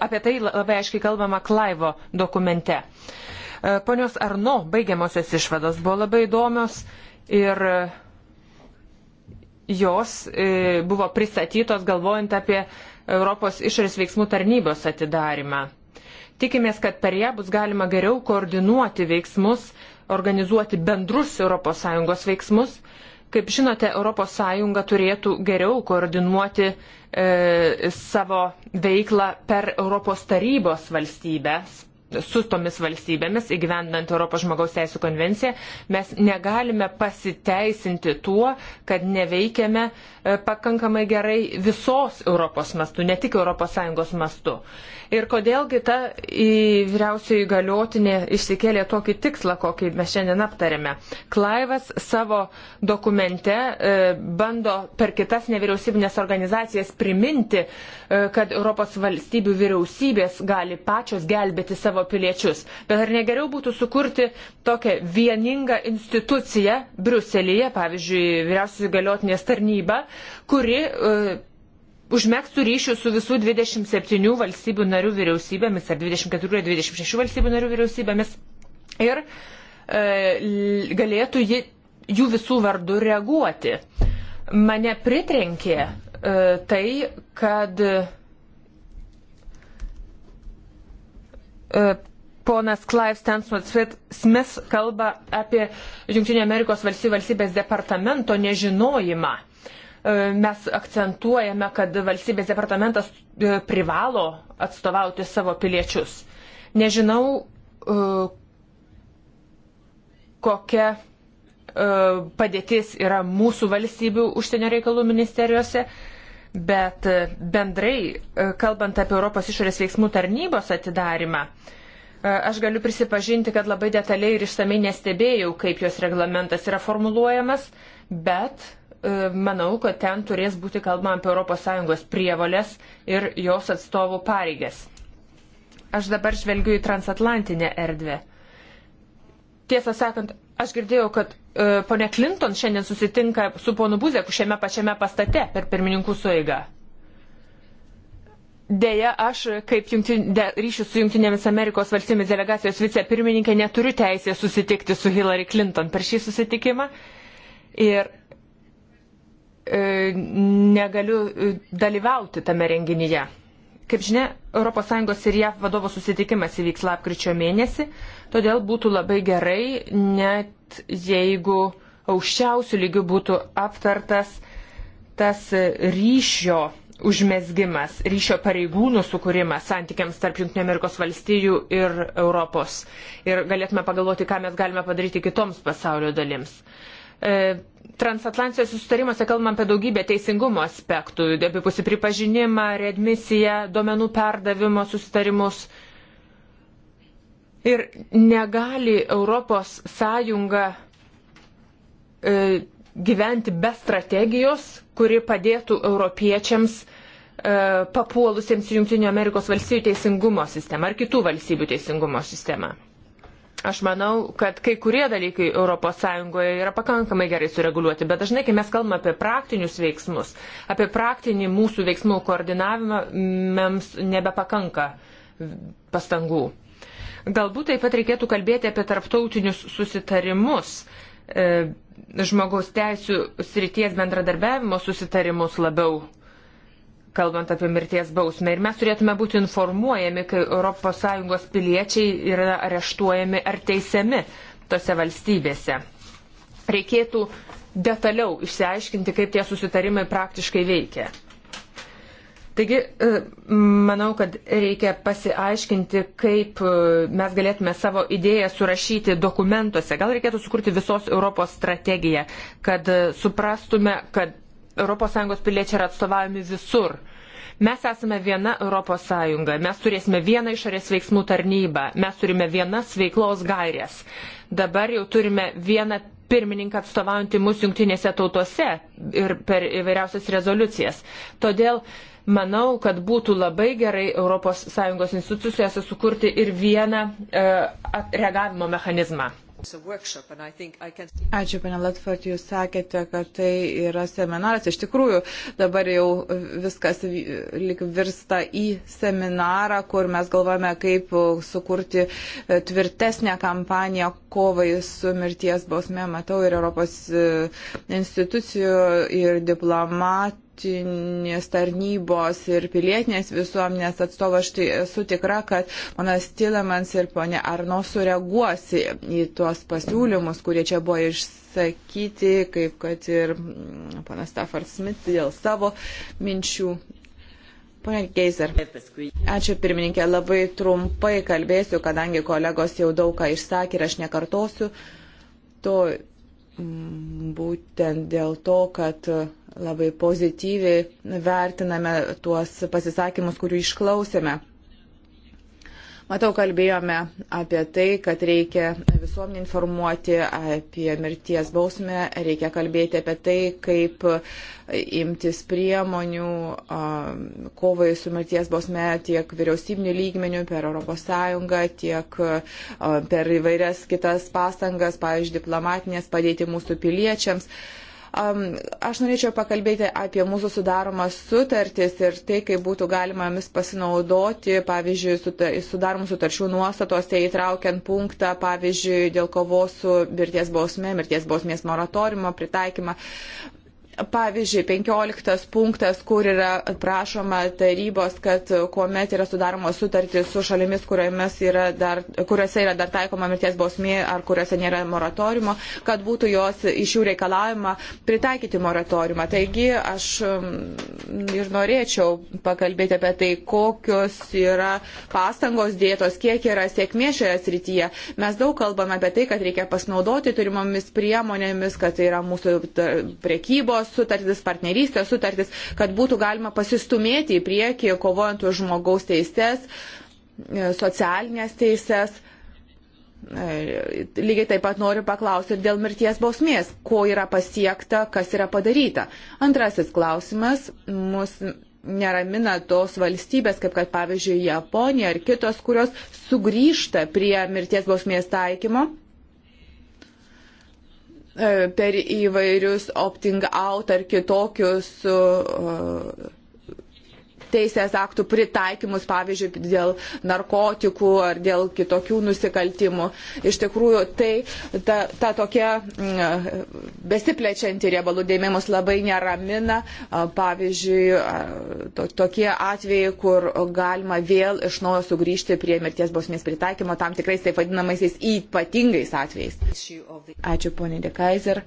apie tai labai aiškiai kalbama Klaivo dokumente. Ponios Arno baigiamosios išvados buvo labai įdomios ir jos e, buvo pristatytos galvojant apie Europos išorės veiksmų tarnybos atidarimą. Tikimės, kad per ją bus galima geriau koordinuoti veiksmus, organizuoti bendrus ES veiksmus. Kaip žinote, ES turėtų geriau koordinuoti e, savo veiklą per Europos tarybos valstybės su tomis valstybėmis, įgyvendant Europos žmogaus teisų konvenciją, mes negalime pasiteisinti tuo, kad neveikiame e, pakankamai gerai visos Europos mastu, ne tik ES mastu. Ir kodėlgi ta vyriausioji galiotinė išsikėlė tokį tikslą, kokį mes šiandien aptarėme. Klaivas savo dokumente e, bando per kitas nevyriausybinės organizacijas priminti, e, kad Europos valstybių vyriausybės gali pačios gelbėti savo savo piliečius. Bet ar negeriau būtų sukurti tokią vieningą instituciją Briuselėje, pavyzdžiui, vyriausios galiotinės tarnybą, kuri uh, e, užmėgstų ryšių su visų 27 valstybių narių vyriausybėmis ar 24 ar 26 valstybių narių vyriausybėmis ir e, galėtų ji, jų visų vardų reaguoti. Mane pritrenkė e, tai, kad e, E, ponas Clive Stansford Smith kalba apie Junktinio Amerikos valstybių valstybės departamento nežinojimą. E, mes akcentuojame, kad valstybės departamentas e, privalo atstovauti savo piliečius. Nežinau, kokia padėtis yra mūsų valstybių užsienio reikalų ministerijose. Bet e, bendrai, e, kalbant apie Europos išorės veiksmų tarnybos atidarimą, e, aš galiu prisipažinti, kad labai detaliai ir išsamei nestebėjau, kaip jos reglamentas yra formuluojamas, bet manau, kad ten turės būti kalbama apie ES prievolės ir jos atstovų pareigas. Aš dabar žvelgiu į transatlantinę erdvę. Tiesą sakant, aš girdėjau, kad E, Pone Clinton šiandien susitinka su ponu Buzeku šiame pačiame pastate per pirmininkų sueigą. Deja, aš kaip jungtin, de, ryšių su Junktinėmis Amerikos valstybėmis delegacijos vicepirmininkė neturiu teisės susitikti su Hillary Clinton per šį susitikimą ir e, negaliu e, dalyvauti tame renginyje. Kaip žinia, ES ir JAV vadovo susitikimas įvyks lapkričio mėnesį. Todėl būtų labai gerai, net jeigu aukščiausių lygių būtų aptartas tas ryšio užmesgimas, ryšio pareigūnų sukūrimas santykiams tarp JAV ir Europos. Ir galėtume pagalvoti, ką mes galime padaryti kitoms pasaulio dalims. E, transatlancijos sustarimuose kalbam apie daugybę teisingumo aspektų, abipusį pripažinimą, readmisiją, duomenų perdavimo sustarimus. Ir negali Europos Sąjunga e, gyventi be strategijos, kuri padėtų europiečiams e, papuolusiems Junktinių Amerikos valstybių teisingumo sistemą ar kitų valstybių teisingumo sistemą. Aš manau, kad kai kurie dalykai ES yra pakankamai gerai sureguliuoti, bet dažnai, kai mes kalbame apie praktinius veiksmus, apie praktinį mūsų veiksmų koordinavimą, mums nebepakanka pastangų. Galbūt taip pat reikėtų kalbėti apie tarptautinius susitarimus, e, žmogaus teisų srities bendradarbiavimo susitarimus labiau, kalbant apie mirties bausmę. Ir mes turėtume būti informuojami, kai ES piliečiai yra areštuojami ar teisiami tose valstybėse. Reikėtų detaliau išsiaiškinti, kaip tie susitarimai praktiškai veikia. Taigi, e, manau, kad reikia pasiaiškinti, kaip e, mes galėtume savo idėją surašyti dokumentuose. Gal reikėtų sukurti visos Europos strategiją, kad e, suprastume, kad ES piliečiai yra atstovaujami visur. Mes esame viena ES, mes turėsime vieną išorės veiksmų tarnybą, mes turime vienas veiklos gairias. Dabar jau turime vieną pirmininką atstovaujantį mūsų jungtinėse tautose ir per įvairiausias rezoliucijas. Todėl manau, kad būtų labai gerai ES institucijose sukurti ir vieną e, reagavimo mechanizmą. Ačiū, panė Latford, jūs sakėte, kad tai yra seminaras. Iš tikrųjų, dabar jau viskas lik virsta į seminarą, kur mes galvojame, kaip sukurti e, tvirtesnę kampaniją kovai su mirties bausmė. Matau ir Europos e, institucijų, ir diplomatų tarptautinės tarnybos ir pilietinės visuomenės atstovas, aš tai esu tikra, kad ponas Tilemans ir ponė Arno sureaguos į tuos pasiūlymus, kurie čia buvo išsakyti, kaip kad ir mm, ponas Stafford Smith dėl savo minčių Pane Geiser, ačiū pirmininkė, labai trumpai kalbėsiu, kadangi kolegos jau daug ką išsakė ir aš nekartosiu to, būtent dėl to, kad labai pozityviai vertiname tuos pasisakymus, kurių išklausėme. Matau, kalbėjome apie tai, kad reikia visuomenį informuoti apie mirties bausmę, reikia kalbėti apie tai, kaip imtis priemonių kovai su mirties bausme tiek vyriausybinių lygmenių per ES, tiek per įvairias kitas pastangas, pavyzdžiui, diplomatinės padėti mūsų piliečiams. Aš norėčiau pakalbėti apie mūsų sudaromas sutartis ir tai, kaip būtų galima jomis pasinaudoti, pavyzdžiui, sudaromų sutarčių nuostatose įtraukiant punktą, pavyzdžiui, dėl kovos su mirties bausmė, mirties bausmės moratoriumo pritaikymą. Pavyzdžiui, 15 punktas, kur yra prašoma tarybos, kad kuomet yra sudaromos sutartys su šalimis, yra dar, kuriuose yra dar taikoma mirties bausmė ar kuriuose nėra moratoriumo, kad būtų jos iš jų reikalavimą pritaikyti moratoriumą. Taigi aš ir norėčiau pakalbėti apie tai, kokios yra pastangos dėtos, kiek yra sėkmė šioje srityje. Mes daug kalbame apie tai, kad reikia pasinaudoti turimomis priemonėmis, kad tai yra mūsų prekybos prekybos sutartis, partnerystės sutartis, kad būtų galima pasistumėti į priekį, kovojant už žmogaus teises, e, socialinės teises. E, lygiai taip pat noriu paklausti ir dėl mirties bausmės, ko yra pasiekta, kas yra padaryta. Antrasis klausimas mus neramina tos valstybės, kaip kad pavyzdžiui Japonija ar kitos, kurios sugrįžta prie mirties bausmės taikymo per įvairius opting out ar kitokius uh, teisės aktų pritaikymus, pavyzdžiui, dėl narkotikų ar dėl kitokių nusikaltimų. Iš tikrųjų, tai ta, ta tokia mm, besiplečianti riebalų dėmė mus labai neramina. Pavyzdžiui, to, tokie atvejai, kur galima vėl iš naujo sugrįžti prie mirties bausmės pritaikymo tam tikrais taip vadinamaisiais ypatingais atvejais. Ačiū, ponė Dekaiser.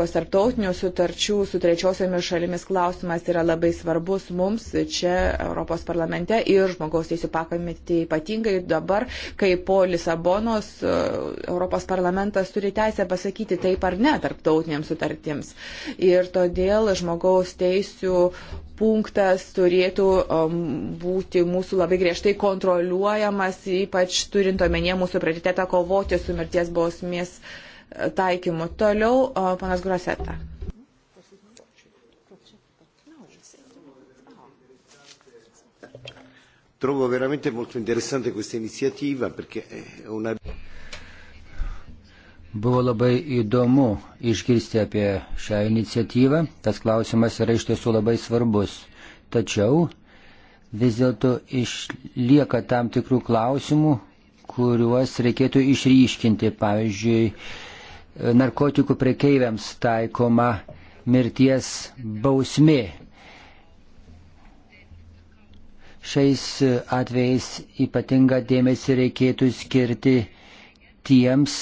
ES tarptautinių sutarčių su trečiosiomis šalimis klausimas yra labai svarbus mums čia Europos parlamente ir žmogaus teisų pakamitė ypatingai dabar, kai po Lisabonos e, Europos parlamentas turi teisę pasakyti taip ar ne tarptautinėms sutartims. Ir todėl žmogaus teisų punktas turėtų um, būti mūsų labai griežtai kontroliuojamas, ypač turint omenyje mūsų prioritetą kovoti su mirties bausmės. Uh, taikymu. Toliau, panas Groseta. Trovo veramente molto interessante questa iniziativa perché è una. Buvo labai įdomu išgirsti apie šią iniciatyvą. Tas klausimas yra iš tiesų labai svarbus. Tačiau vis dėlto išlieka tam tikrų klausimų, kuriuos reikėtų išryškinti. Pavyzdžiui, narkotikų prekeiviams taikoma mirties bausmė. Šiais atvejais ypatingą dėmesį reikėtų skirti tiems,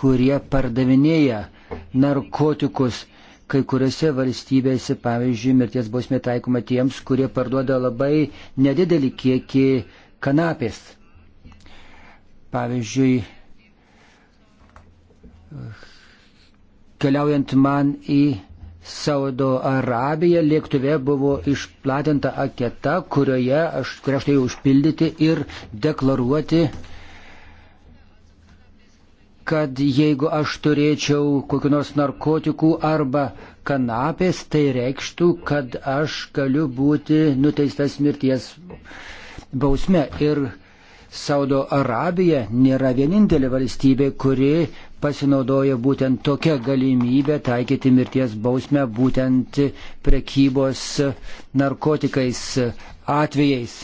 kurie pardavinėja narkotikus. Kai kuriuose valstybėse, pavyzdžiui, mirties bausmė taikoma tiems, kurie parduoda labai nedidelį kiekį kanapės. Pavyzdžiui, keliaujant man į Saudo Arabiją lėktuve buvo išplatinta aketa, kurioje aš, kurią aš turėjau užpildyti ir deklaruoti, kad jeigu aš turėčiau kokiu nors narkotikų arba kanapės, tai reikštų, kad aš galiu būti nuteistas mirties bausme. Ir Saudo Arabija nėra vienintelė valstybė, kuri pasinaudoja būtent tokią galimybę taikyti mirties bausmę būtent prekybos narkotikais atvejais.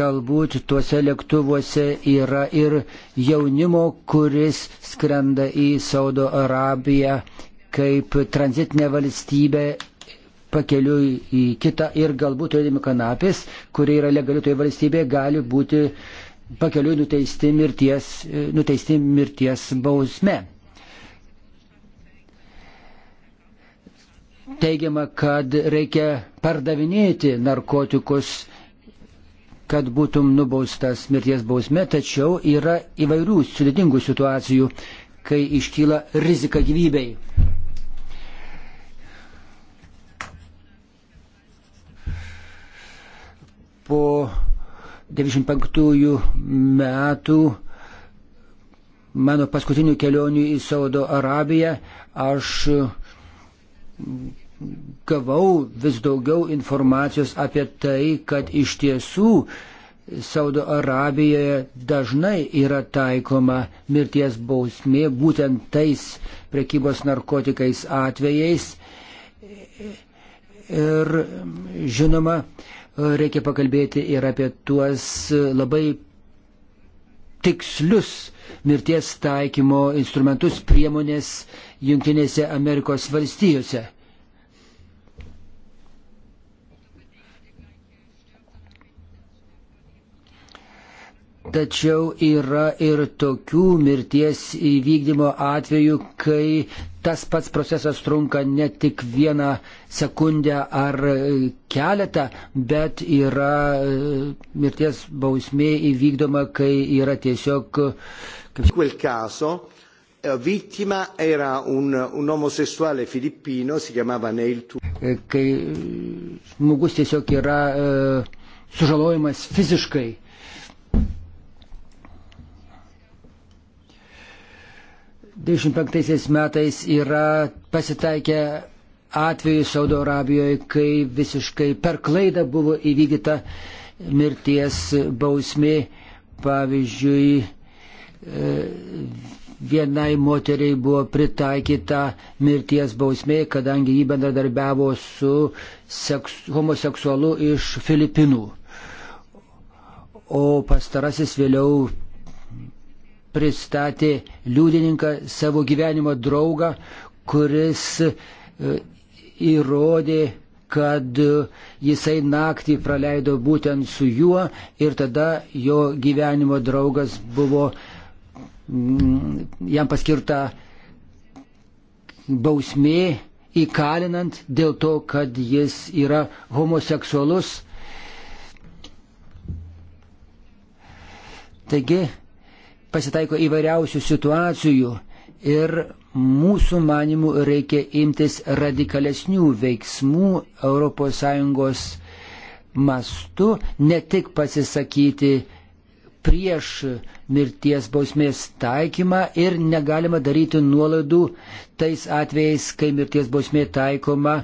Galbūt tuose lėktuvuose yra ir jaunimo, kuris skrenda į Saudo Arabiją kaip tranzitinė valstybė pakeliui į kitą ir galbūt turėdami kanapės, kurie yra legalių toje valstybėje, gali būti uh, pakeliu nuteisti mirties, e, nuteisti mirties bausme. Teigiama, kad reikia pardavinėti narkotikus, kad būtum nubaustas mirties bausme, tačiau yra įvairių sudėtingų situacijų, kai iškyla rizika gyvybei. Po 95 metų mano paskutinių kelionių į Saudo Arabiją aš gavau vis daugiau informacijos apie tai, kad iš tiesų Saudo Arabijoje dažnai yra taikoma mirties bausmė būtent tais prekybos narkotikais atvejais. Ir žinoma, reikia pakalbėti ir apie tuos labai tikslius mirties taikymo instrumentus priemonės Junktinėse Amerikos valstijose. Tačiau yra ir tokių mirties įvykdymo atvejų, kai tas pats procesas trunka ne tik vieną sekundę ar keletą, bet yra e, mirties bausmė įvykdoma, kai yra tiesiog. Quel caso eh, vittima era un, un omosessuale filippino, si chiamava Neil Tu. E, kai e, žmogus tiesiog yra e, sužalojimas fiziškai 25 metais yra pasitaikę atvejų Saudo Arabijoje, kai visiškai per klaidą buvo įvykdyta mirties bausmė. Pavyzdžiui, e, vienai moteriai buvo pritaikyta mirties bausmė, kadangi jį bendradarbiavo su seks, homoseksualu iš Filipinų. O pastarasis vėliau pristatė liudininką, savo gyvenimo draugą, kuris e, įrodė, kad e, jisai naktį praleido būtent su juo ir tada jo gyvenimo draugas buvo mm, jam paskirta bausmė įkalinant dėl to, kad jis yra homoseksualus. Taigi pasitaiko įvairiausių situacijų ir mūsų manimų reikia imtis radikalesnių veiksmų ES mastu, ne tik pasisakyti prieš mirties bausmės taikymą ir negalima daryti nuolaidų tais atvejais, kai mirties bausmė taikoma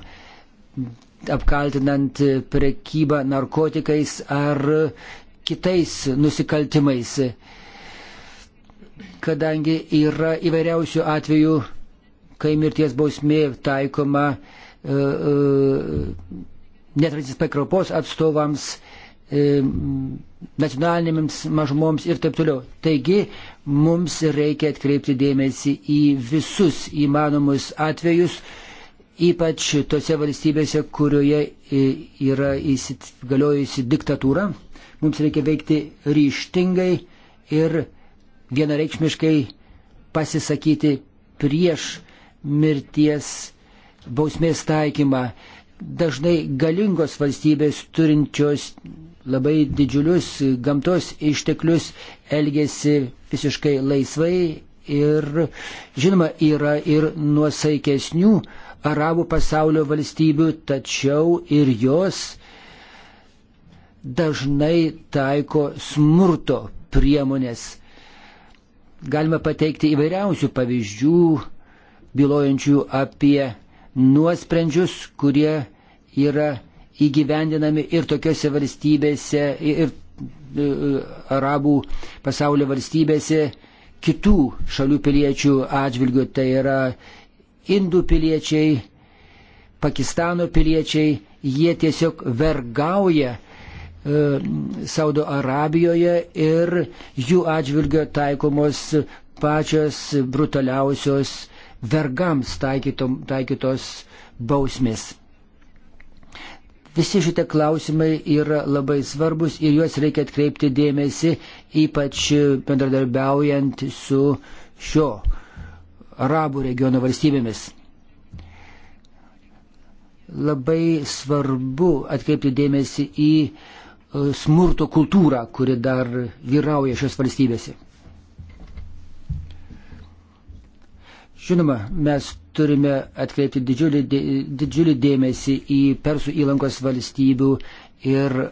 apkaltinant prekybą narkotikais ar kitais nusikaltimais kadangi yra įvairiausių atvejų, kai mirties bausmė taikoma e, e, netradicinės pakraupos atstovams, e, nacionalinėms mažumoms ir taip toliau. Taigi mums reikia atkreipti dėmesį į visus įmanomus atvejus, ypač tose valstybėse, kurioje e, yra įsigaliojusi diktatūra. Mums reikia veikti ryštingai ir vienareikšmiškai pasisakyti prieš mirties bausmės taikymą. Dažnai galingos valstybės turinčios labai didžiulius gamtos išteklius elgesi visiškai laisvai ir žinoma yra ir nuosaikesnių arabų pasaulio valstybių, tačiau ir jos dažnai taiko smurto priemonės galime pateikti įvairiausių pavyzdžių, bylojančių apie nuosprendžius, kurie yra įgyvendinami ir tokiose valstybėse, ir, ir arabų pasaulio valstybėse kitų šalių piliečių atžvilgių. Tai yra indų piliečiai, Pakistano piliečiai, jie tiesiog vergauja E, Saudo Arabijoje ir jų atžvilgio taikomos pačios brutaliausios vergams taikytom, taikytos bausmės. Visi šitie klausimai yra labai svarbus ir juos reikia atkreipti dėmesį, ypač bendradarbiaujant su šio arabų regiono valstybėmis. Labai svarbu atkreipti dėmesį į uh, smurto kultūrą, kuri dar vyrauja šios valstybėse. Žinoma, mes turime atkreipti didžiulį, didžiulį dėmesį į Persų įlankos valstybių ir e,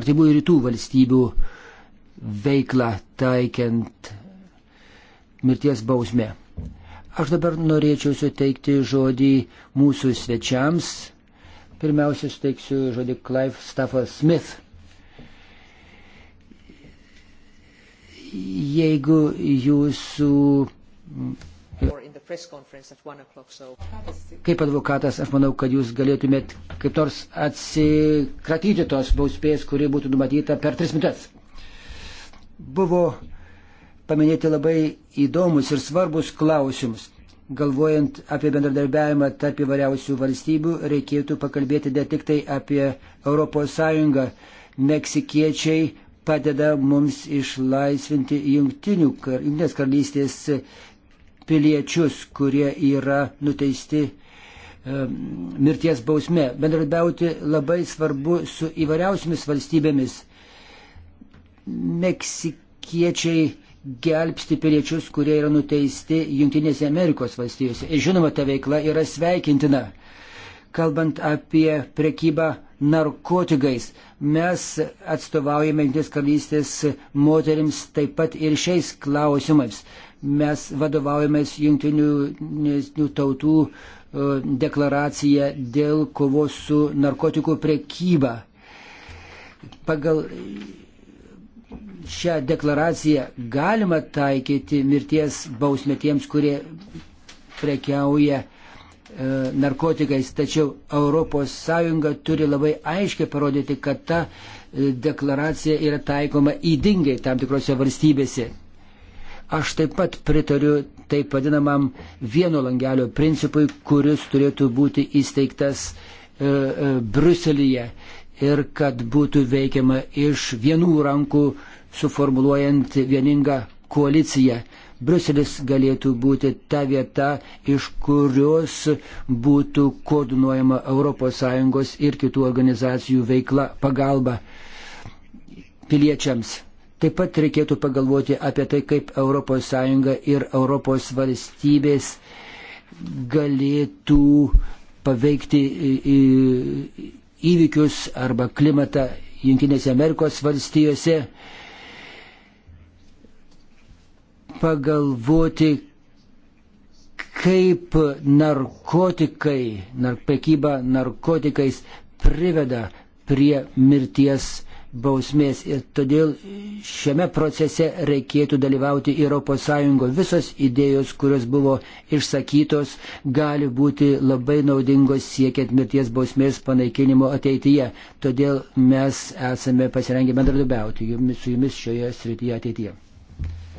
artimųjų rytų valstybių veiklą taikiant mirties bausmę. Aš dabar norėčiau suteikti žodį mūsų svečiams, Pirmiausia, steiksiu žodį Clive Staffas Smith. Jeigu jūsų Kaip advokatas, aš manau, kad jūs galėtumėt kaip nors atsikratyti tos bausmės, kuri būtų numatyta per tris minutės. Buvo paminėti labai įdomus ir svarbus klausimus galvojant apie bendradarbiavimą tarp įvairiausių valstybių, reikėtų pakalbėti ne tik tai apie ES. Meksikiečiai padeda mums išlaisvinti jungtinės karalystės piliečius, kurie yra nuteisti mirties bausme. Bendradarbiauti labai svarbu su įvairiausiamis valstybėmis. Meksikiečiai gelbsti piliečius, kurie yra nuteisti Junktinėse Amerikos valstijose. Ir žinoma, ta veikla yra sveikintina. Kalbant apie prekybą narkotikais, mes atstovaujame Junktinės karalystės moterims taip pat ir šiais klausimais. Mes vadovaujamės Junktinių tautų e, deklaraciją dėl kovos su narkotikų prekyba. Pagal šią deklaraciją galima taikyti mirties bausmę tiems, kurie prekiauja e, narkotikais, tačiau ES turi labai aiškiai parodyti, kad ta e, deklaracija yra taikoma įdingai tam tikrose valstybėse. Aš taip pat pritariu taip vadinamam vieno langelio principui, kuris turėtų būti įsteigtas e, e, Bruselėje ir kad būtų veikiama iš vienų rankų e, suformuluojant vieningą koaliciją. Bruselis galėtų būti ta vieta, iš kurios būtų koordinuojama ES ir kitų organizacijų veikla pagalba piliečiams. Taip pat reikėtų pagalvoti apie tai, kaip ES ir Europos valstybės galėtų paveikti įvykius arba klimatą Junktinėse Amerikos valstijose. pagalvoti, kaip narkotikai, narpekyba narkotikais priveda prie mirties bausmės. Ir todėl šiame procese reikėtų dalyvauti ES. Visos idėjos, kurios buvo išsakytos, gali būti labai naudingos siekiant mirties bausmės panaikinimo ateityje. Todėl mes esame pasirengę bendradarbiauti su jumis šioje srityje ateityje.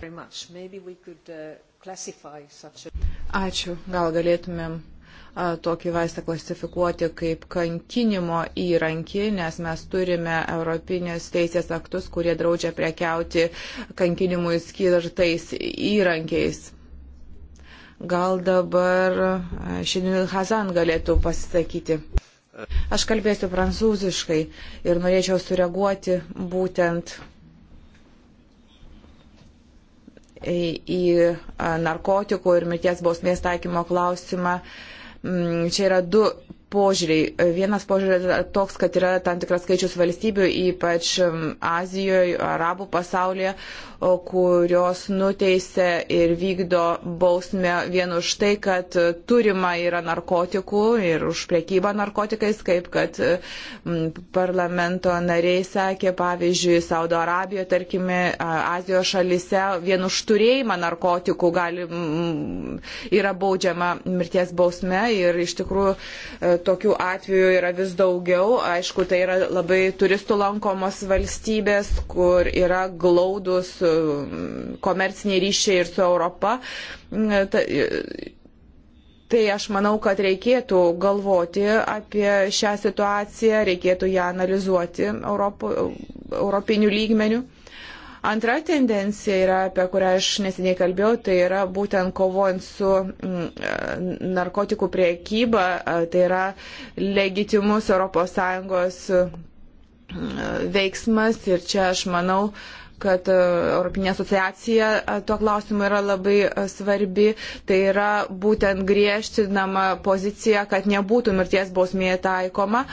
Uh, Ačiū. Gal galėtumėm tokį vaistą klasifikuoti kaip kankinimo įrankį, nes mes turime Europinės teisės aktus, kurie draudžia prekiauti kankinimui skirtais įrankiais. Gal dabar šiandien Hazan galėtų pasisakyti. Aš kalbėsiu prancūziškai ir norėčiau sureaguoti būtent į narkotikų ir mirties bausmės taikymo klausimą. Mm, čia yra du požiūriai. Vienas požiūris yra toks, kad yra tam tikras skaičius valstybių, ypač mm, Azijoje, Arabų pasaulyje, kurios nuteisė ir vykdo bausmę vien už tai, kad turima yra narkotikų ir už priekybą narkotikais, kaip kad mm, parlamento nariai sakė, pavyzdžiui, Saudo Arabijoje, tarkime, Azijos šalise vien už turėjimą narkotikų gali, mm, yra baudžiama mirties bausme ir iš tikrųjų e, tokių atvejų yra vis daugiau. Aišku, tai yra labai turistų lankomos valstybės, kur yra glaudus komerciniai ryšiai ir su Europa. Mm, ta, Tai aš manau, kad reikėtų galvoti apie šią situaciją, reikėtų ją analizuoti Europo, europinių lygmenių. Antra tendencija yra, apie kurią aš neseniai kalbėjau, tai yra būtent kovojant su mm, narkotikų priekyba, tai yra legitimus ES mm, veiksmas ir čia aš manau, uh, kad e, Europinė asociacija e, tuo klausimu yra labai e, svarbi. Tai yra būtent griežtinama pozicija, kad nebūtų mirties bausmė taikoma,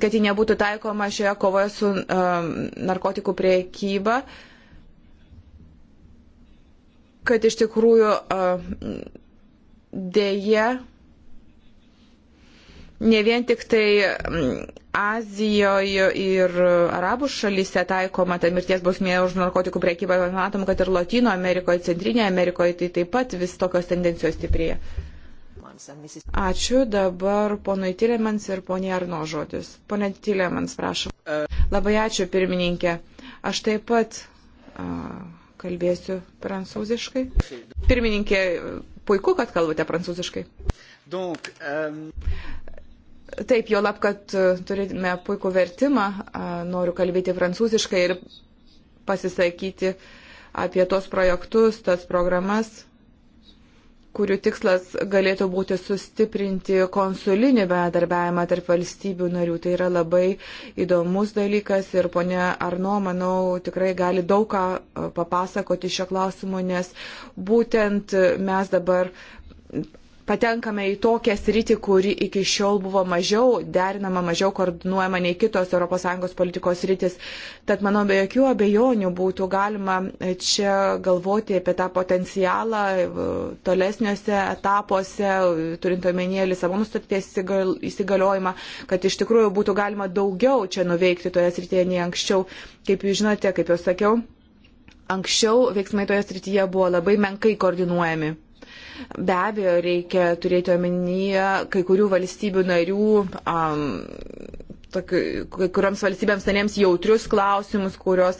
kad ji nebūtų taikoma šioje kovoje su um, narkotikų priekyba, kad iš tikrųjų um, dėje ne vien tik tai mm, Azijoje ir Arabų šalyse taikoma ta mirties bausmė už narkotikų priekybą, bet matom, kad ir Latino Amerikoje, Centrinėje Amerikoje tai taip pat vis tokios tendencijos stiprėja. Ačiū dabar ponui Tilemans ir poniai Arno žodis. Pone Tilemans, prašom. Labai ačiū, pirmininkė. Aš taip pat uh, kalbėsiu prancūziškai. Pirmininkė, puiku, kad kalbate prancūziškai. Donc, um... Taip, jo lab, kad e, turime puikų vertimą, noriu kalbėti prancūziškai ir pasisakyti apie tos projektus, tas programas, kurių tikslas galėtų būti sustiprinti konsulinį bendarbiavimą tarp valstybių narių. Tai yra labai įdomus dalykas ir ponia Arno, manau, tikrai gali daug ką e, papasakoti šio klausimu, nes būtent e, mes dabar patenkame į tokią sritį, kuri iki šiol buvo mažiau derinama, mažiau koordinuojama nei kitos ES politikos sritis. Tad, manau, be jokių abejonių būtų galima čia galvoti apie tą potencialą e, tolesniuose etapuose, turint omenyje Lisabonos sutarties įsigaliojimą, kad iš tikrųjų būtų galima daugiau čia nuveikti toje srityje nei anksčiau. Kaip jūs žinote, kaip jau sakiau, anksčiau veiksmai toje srityje buvo labai menkai koordinuojami. Be abejo, reikia turėti omenyje kai kurių valstybių narių. Um, kai kuriams valstybėms narėms jautrius klausimus, kurios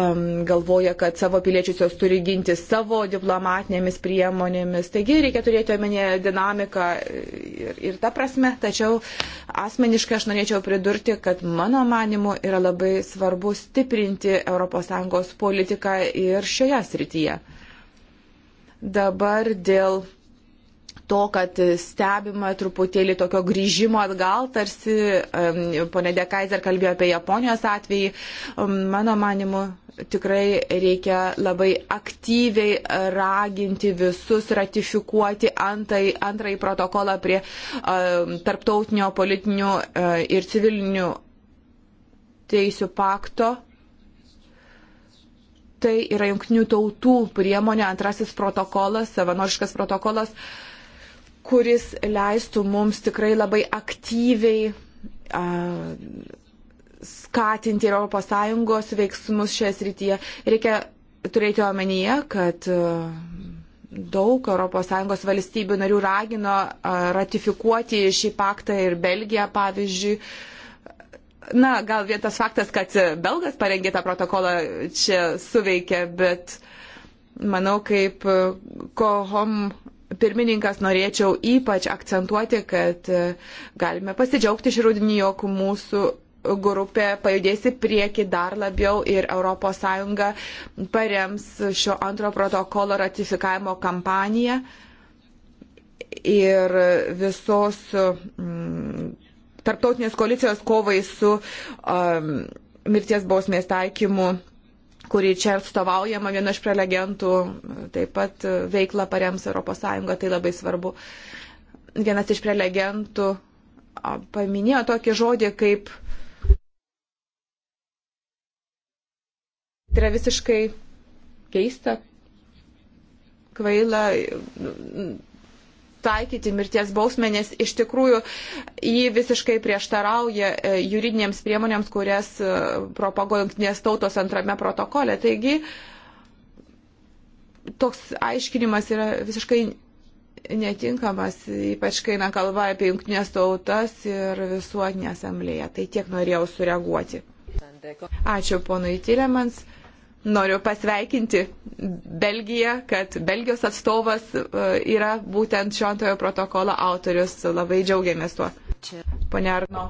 um, galvoja, kad savo piliečius jos turi ginti savo diplomatinėmis priemonėmis. Taigi reikia turėti omenyje dinamiką ir, ir tą prasme. Tačiau asmeniškai aš norėčiau pridurti, kad mano manimu yra labai svarbu stiprinti ES politiką ir šioje srityje. Dabar dėl to, kad stebima truputėlį tokio grįžimo atgal, tarsi ponė Dekaiser kalbėjo apie Japonijos atvejį, mano manimu, tikrai reikia labai aktyviai raginti visus ratifikuoti antai, antrąjį protokolą prie uh, tarptautinio politinių uh, ir civilinių teisių pakto Tai yra jungtinių tautų priemonė, antrasis protokolas, savanoriškas protokolas, kuris leistų mums tikrai labai aktyviai a, skatinti ES veiksmus šioje srityje. Reikia turėti omenyje, kad daug ES valstybių narių ragino ratifikuoti šį paktą ir Belgija, pavyzdžiui, Na, gal vietas faktas, kad belgas parengė tą protokolą, čia suveikė, bet manau, kaip kohom pirmininkas norėčiau ypač akcentuoti, kad galime pasidžiaugti šį rudinį, jog mūsų grupė pajudės į priekį dar labiau ir ES parems šio antro protokolo ratifikavimo kampaniją ir visos mm, tarptautinės koalicijos kovai su um, mirties bausmės taikymu kuri čia atstovaujama viena iš prelegentų, taip pat veikla parems ES, tai labai svarbu. Vienas iš prelegentų paminėjo tokį žodį kaip tai yra visiškai keista, kvaila, taikyti mirties bausmę, nes iš tikrųjų jį visiškai prieštarauja e, juridinėms priemonėms, kurias e, propaguoja jungtinės tautos antrame protokole. Taigi toks aiškinimas yra visiškai netinkamas, ypač kai na kalba apie jungtinės tautas ir visuotinę asamblėją. Tai tiek norėjau sureaguoti. Ačiū ponui Tilemans. Noriu pasveikinti Belgiją, kad Belgijos atstovas e, yra būtent šio antrojo protokolo autorius. Labai džiaugiamės tuo. Pone Arno.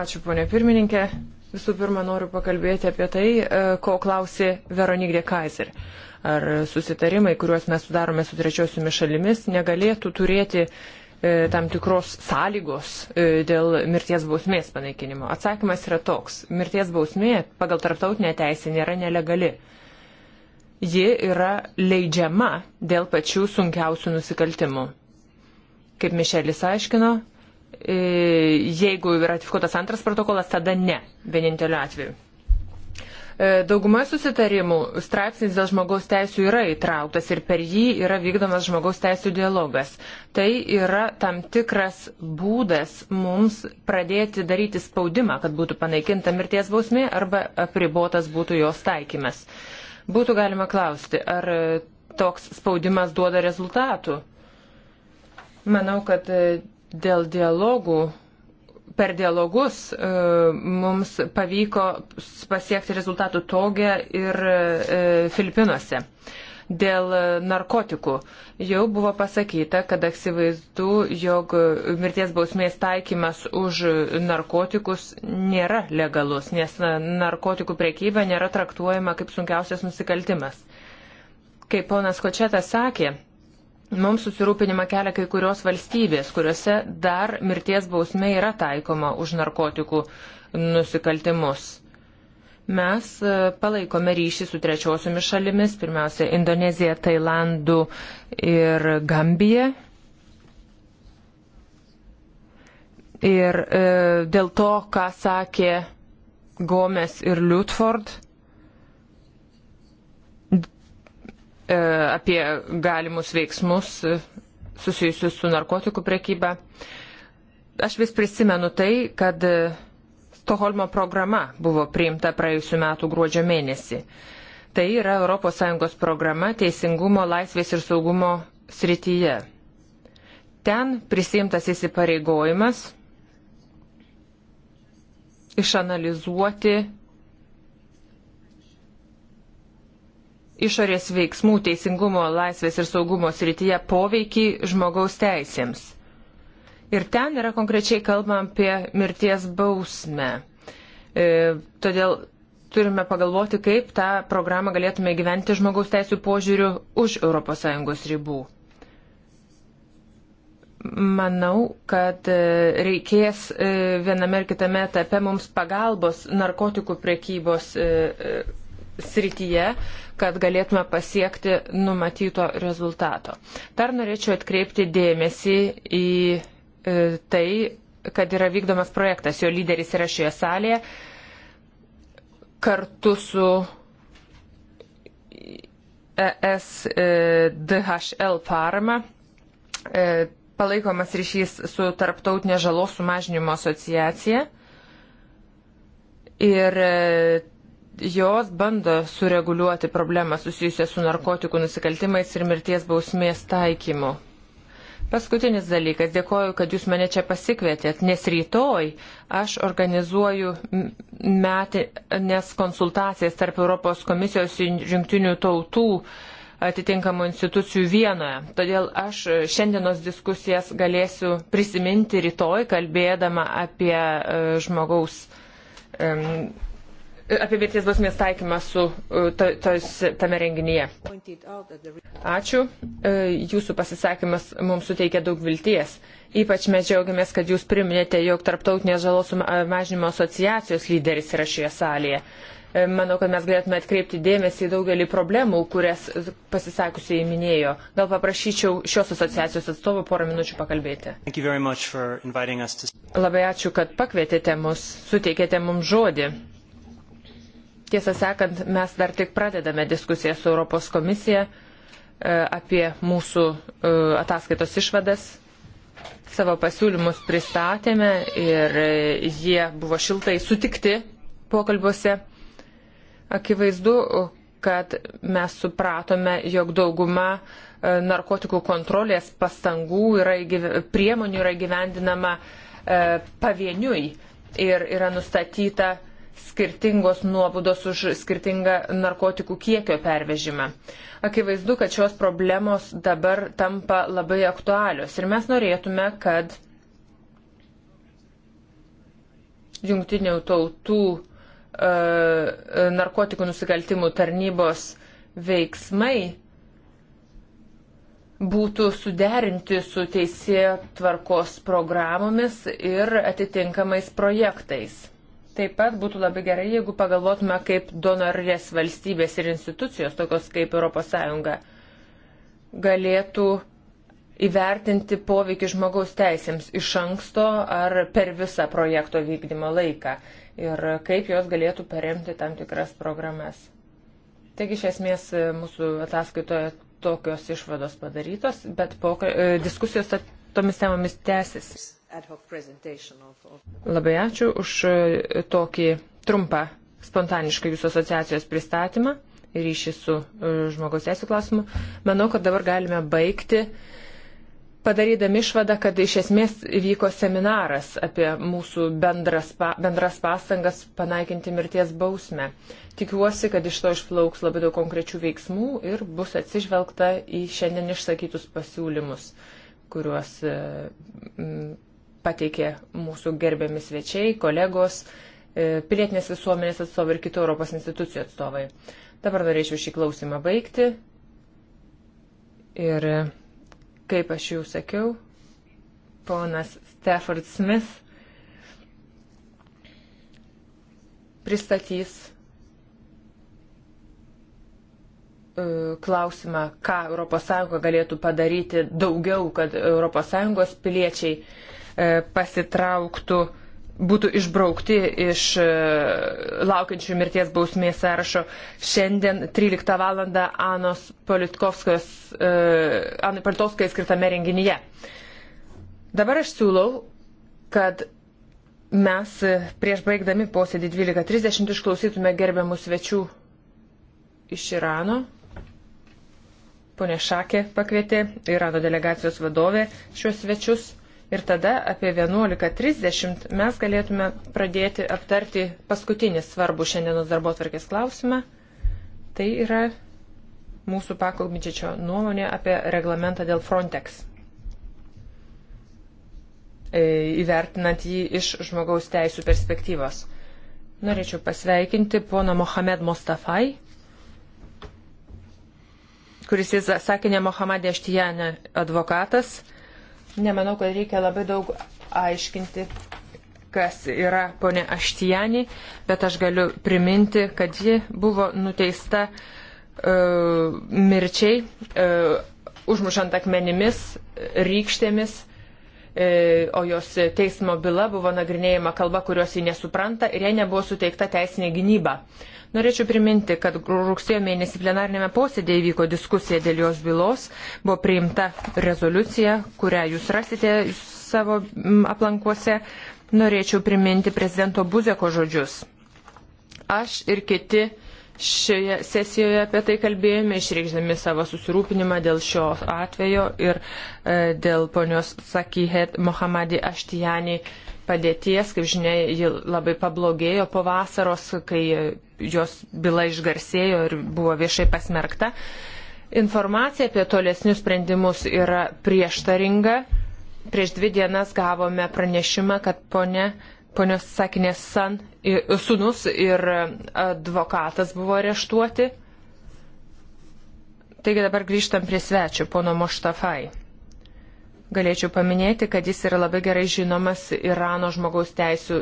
Ačiū, ponė pirmininkė. Visų pirma, noriu pakalbėti apie tai, e, ko klausė Veronik de Kaiser. Ar susitarimai, kuriuos mes sudarome su trečiosiomis šalimis, negalėtų turėti E, tam tikros sąlygos e, dėl mirties bausmės panaikinimo? Atsakymas yra toks. Mirties bausmė pagal tarptautinę teisę nėra nelegali. Ji yra leidžiama dėl pačių sunkiausių nusikaltimų. Kaip Mišelis aiškino, e, jeigu ratifikuotas antras protokolas, tada ne, vieninteliu atveju. E, dauguma susitarimų straipsnis dėl žmogaus teisų yra įtrauktas ir per jį yra vykdomas žmogaus teisų dialogas. Tai yra tam tikras būdas mums pradėti daryti spaudimą, kad būtų panaikinta mirties bausmė arba apribotas būtų jos taikymas. Būtų galima klausti, ar toks spaudimas duoda rezultatų. Manau, kad e, dėl dialogų per dialogus e, mums pavyko pasiekti rezultatų togę ir e, Filipinuose. Dėl narkotikų jau buvo pasakyta, kad akivaizdu, jog mirties bausmės taikymas už narkotikus nėra legalus, nes narkotikų priekyba nėra traktuojama kaip sunkiausias nusikaltimas. Kaip ponas Kočetas sakė, Mums susirūpinimą kelia kai kurios valstybės, kuriuose dar mirties bausmė yra taikoma už narkotikų nusikaltimus. Mes e, palaikome ryšį su trečiosiomis šalimis, pirmiausia Indonezija, Tailandu ir Gambija. Ir e, dėl to, ką sakė Gomes ir Liutford, E, apie galimus veiksmus e, susijusius su narkotikų prekyba. Aš vis prisimenu tai, kad e, Stoholmo programa buvo priimta praėjusiu metu gruodžio mėnesį. Tai yra ES programa teisingumo, laisvės ir saugumo srityje. Ten prisimtas įsipareigojimas išanalizuoti išorės veiksmų teisingumo, laisvės ir saugumo srityje poveikį žmogaus teisėms. Ir ten yra konkrečiai kalbam apie mirties bausmę. E, todėl turime pagalvoti, kaip tą programą galėtume gyventi žmogaus teisų požiūrių už ES ribų. Manau, kad e, reikės e, viename ir kitame etape mums pagalbos narkotikų prekybos e, srityje, kad galėtume pasiekti numatyto rezultato. Dar norėčiau atkreipti dėmesį į e, tai, kad yra vykdomas projektas, jo lyderis yra šioje salėje, kartu su ESDHL e, parama e, palaikomas ryšys su Tarptautinė žalos sumažinimo asociacija. Ir jos bando sureguliuoti problemą susijusią su narkotikų nusikaltimais ir mirties bausmės taikymu. Paskutinis dalykas, dėkoju, kad jūs mane čia pasikvietėt, nes rytoj aš organizuoju metinės konsultacijas tarp Europos komisijos jungtinių tautų atitinkamų institucijų vienoje. Todėl aš šiandienos diskusijas galėsiu prisiminti rytoj, kalbėdama apie e, žmogaus apie mirties bausmės taikymą su, e, to, tos, tame renginyje. Ačiū. E, jūsų pasisakymas mums suteikia daug vilties. Ypač mes džiaugiamės, kad jūs priminėte, jog Tarptautinės žalos e, mažinimo asociacijos lyderis yra šioje salėje. Manau, kad mes galėtume atkreipti dėmesį į daugelį problemų, kurias pasisakusiai minėjo. Gal paprašyčiau šios asociacijos atstovų porą minučių pakalbėti. To... Labai ačiū, kad pakvietėte mus, suteikėte mums žodį tiesą sakant, mes dar tik pradedame diskusiją su Europos komisija e, apie mūsų e, ataskaitos išvadas. Savo pasiūlymus pristatėme ir e, jie buvo šiltai sutikti pokalbiuose. Akivaizdu, kad mes supratome, jog dauguma narkotikų kontrolės pastangų yra įgyv... priemonių yra gyvendinama pavieniui ir yra nustatyta skirtingos nuobudos už skirtingą narkotikų kiekio pervežimą. Akivaizdu, kad šios problemos dabar tampa labai aktualios ir mes norėtume, kad jungtinių tautų e, narkotikų nusikaltimų tarnybos veiksmai būtų suderinti su teisė tvarkos programomis ir atitinkamais projektais. Taip pat būtų labai gerai, jeigu pagalvotume, kaip donorės valstybės ir institucijos, tokios kaip ES, galėtų įvertinti poveikį žmogaus teisėms iš anksto ar per visą projekto vykdymo laiką ir kaip jos galėtų paremti tam tikras programas. Taigi iš esmės mūsų ataskaitoje tokios išvados padarytos, bet po, e, diskusijos tomis temomis tęsis. Labai ačiū už e, tokį trumpą spontanišką jūsų asociacijos pristatymą ir ryšį su e, žmogaus teisų klausimu. Manau, kad dabar galime baigti padarydami išvadą, kad iš esmės vyko seminaras apie mūsų bendras, bendras pastangas panaikinti mirties bausmę. Tikiuosi, kad iš to išplauks labai daug konkrečių veiksmų ir bus atsižvelgta į šiandien išsakytus pasiūlymus, kuriuos e, pateikė mūsų gerbiami svečiai, kolegos, e, pilietinės visuomenės atstovai ir kitų Europos institucijų atstovai. Dabar norėčiau šį klausimą baigti. Ir e, kaip aš jau sakiau, ponas Stafford Smith pristatys e, klausimą, ką ES galėtų padaryti daugiau, kad ES piliečiai E, pasitrauktų, būtų išbraukti iš e, laukiančių mirties bausmės sąrašo. Šiandien 13 val. Anos Politkovskos, e, Anai Politkovskai skirtame renginyje. Dabar aš siūlau, kad mes prieš baigdami posėdį 12.30 išklausytume gerbiamų svečių iš Irano. Pone Šakė pakvietė Irano delegacijos vadovė šiuos svečius. Ir tada apie 11.30 mes galėtume pradėti aptarti paskutinį svarbų šiandienos darbo tvarkės klausimą. Tai yra mūsų pakalbidžičio nuomonė apie reglamentą dėl Frontex. E, įvertinant jį iš žmogaus teisų perspektyvos. Norėčiau pasveikinti poną Mohamed Mostafai, kuris jis sakė ne Mohamedė Štijane advokatas Nemanau, kad reikia labai daug aiškinti, kas yra ponė Aštijani, bet aš galiu priminti, kad ji buvo nuteista uh, mirčiai, uh, užmušant akmenimis, rykštėmis E, o jos teismo byla buvo nagrinėjama kalba, kurios ji nesupranta ir jai nebuvo suteikta teisinė gynyba. Norėčiau priminti, kad rugsėjo mėnesį plenarinėme posėdėje įvyko diskusija dėl jos bylos, buvo priimta rezoliucija, kurią jūs rasite savo aplankuose. Norėčiau priminti prezidento Buzeko žodžius. Aš ir kiti Šioje sesijoje apie tai kalbėjome, išreikšdami savo susirūpinimą dėl šio atvejo ir e, dėl ponios Sakihet Mohamadi Aštijani padėties. Kaip žinia, ji labai pablogėjo po vasaros, kai jos byla išgarsėjo ir buvo viešai pasmerkta. Informacija apie tolesnius sprendimus yra prieštaringa. Prieš dvi dienas gavome pranešimą, kad ponė Ponios sakinės san, sunus ir advokatas buvo areštuoti. Taigi dabar grįžtam prie svečių, pono Moštafai. Galėčiau paminėti, kad jis yra labai gerai žinomas Irano žmogaus teisų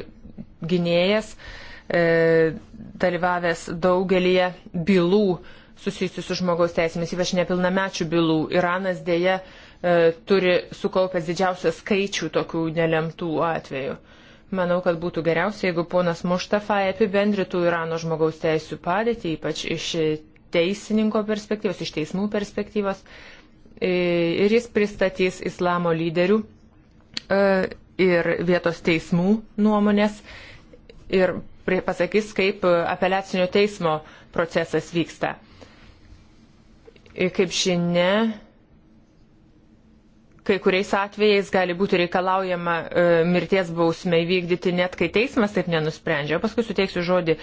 gynėjas, e, dalyvavęs daugelie bylų susijusių su žmogaus teisėmis, ypač nepilnamečių bylų. Iranas dėja e, turi sukaupęs didžiausią skaičių tokių nelemtų atvejų. E, Manau, kad būtų geriausia, jeigu ponas Muštafai apibendrytų Irano žmogaus teisų padėtį, ypač iš teisininko perspektyvos, iš teismų perspektyvos. E, ir jis pristatys islamo lyderių e, ir vietos teismų nuomonės ir pasakys, kaip apeliacinio teismo procesas vyksta. E, kaip žinia, Kai kuriais atvejais gali būti reikalaujama e, mirties bausmę įvykdyti net kai teismas taip nenusprendžia. O paskui suteiksiu žodį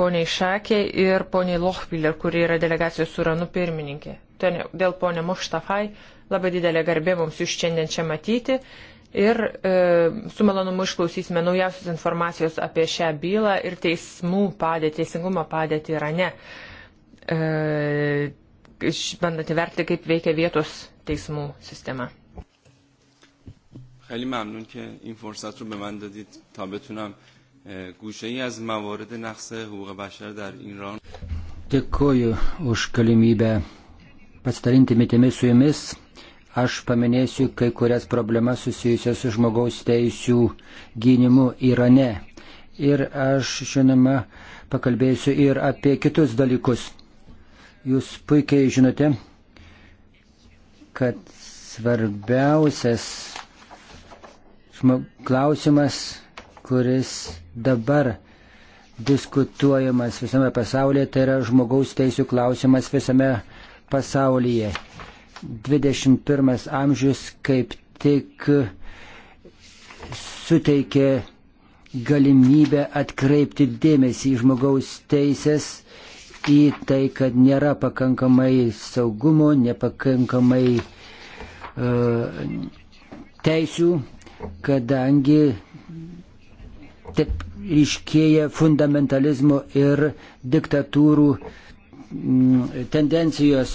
poniai Šakė ir poniai Lochpiller, kuri yra delegacijos suranų pirmininkė. Ten, dėl ponio Moštafai labai didelė garbė mums jūs šiandien čia matyti ir e, su malonumu išklausysime naujausios informacijos apie šią bylą ir teismų padėtį, teisingumo padėtį Irane. E, bandant įverti, kaip veikia vietos teismų sistema. خیلی ممنون که این فرصت رو به من دادید تا بتونم گوشه ای از موارد نقص حقوق بشر در ایران Dėkuoju už galimybę pasidalinti mitimis su jumis. Aš paminėsiu kai kurias problemas susijusias su žmogaus teisų gynimu Irane. Ir aš, žinoma, pakalbėsiu ir apie kitus dalykus. Jūs puikiai žinote, kad svarbiausias klausimas, kuris dabar diskutuojamas visame pasaulyje, tai yra žmogaus teisų klausimas visame pasaulyje. 21 amžius kaip tik suteikė galimybę atkreipti dėmesį į žmogaus teisės, į tai, kad nėra pakankamai saugumo, nepakankamai uh, teisių kadangi taip ryškėja fundamentalizmo ir diktatūrų mm, tendencijos.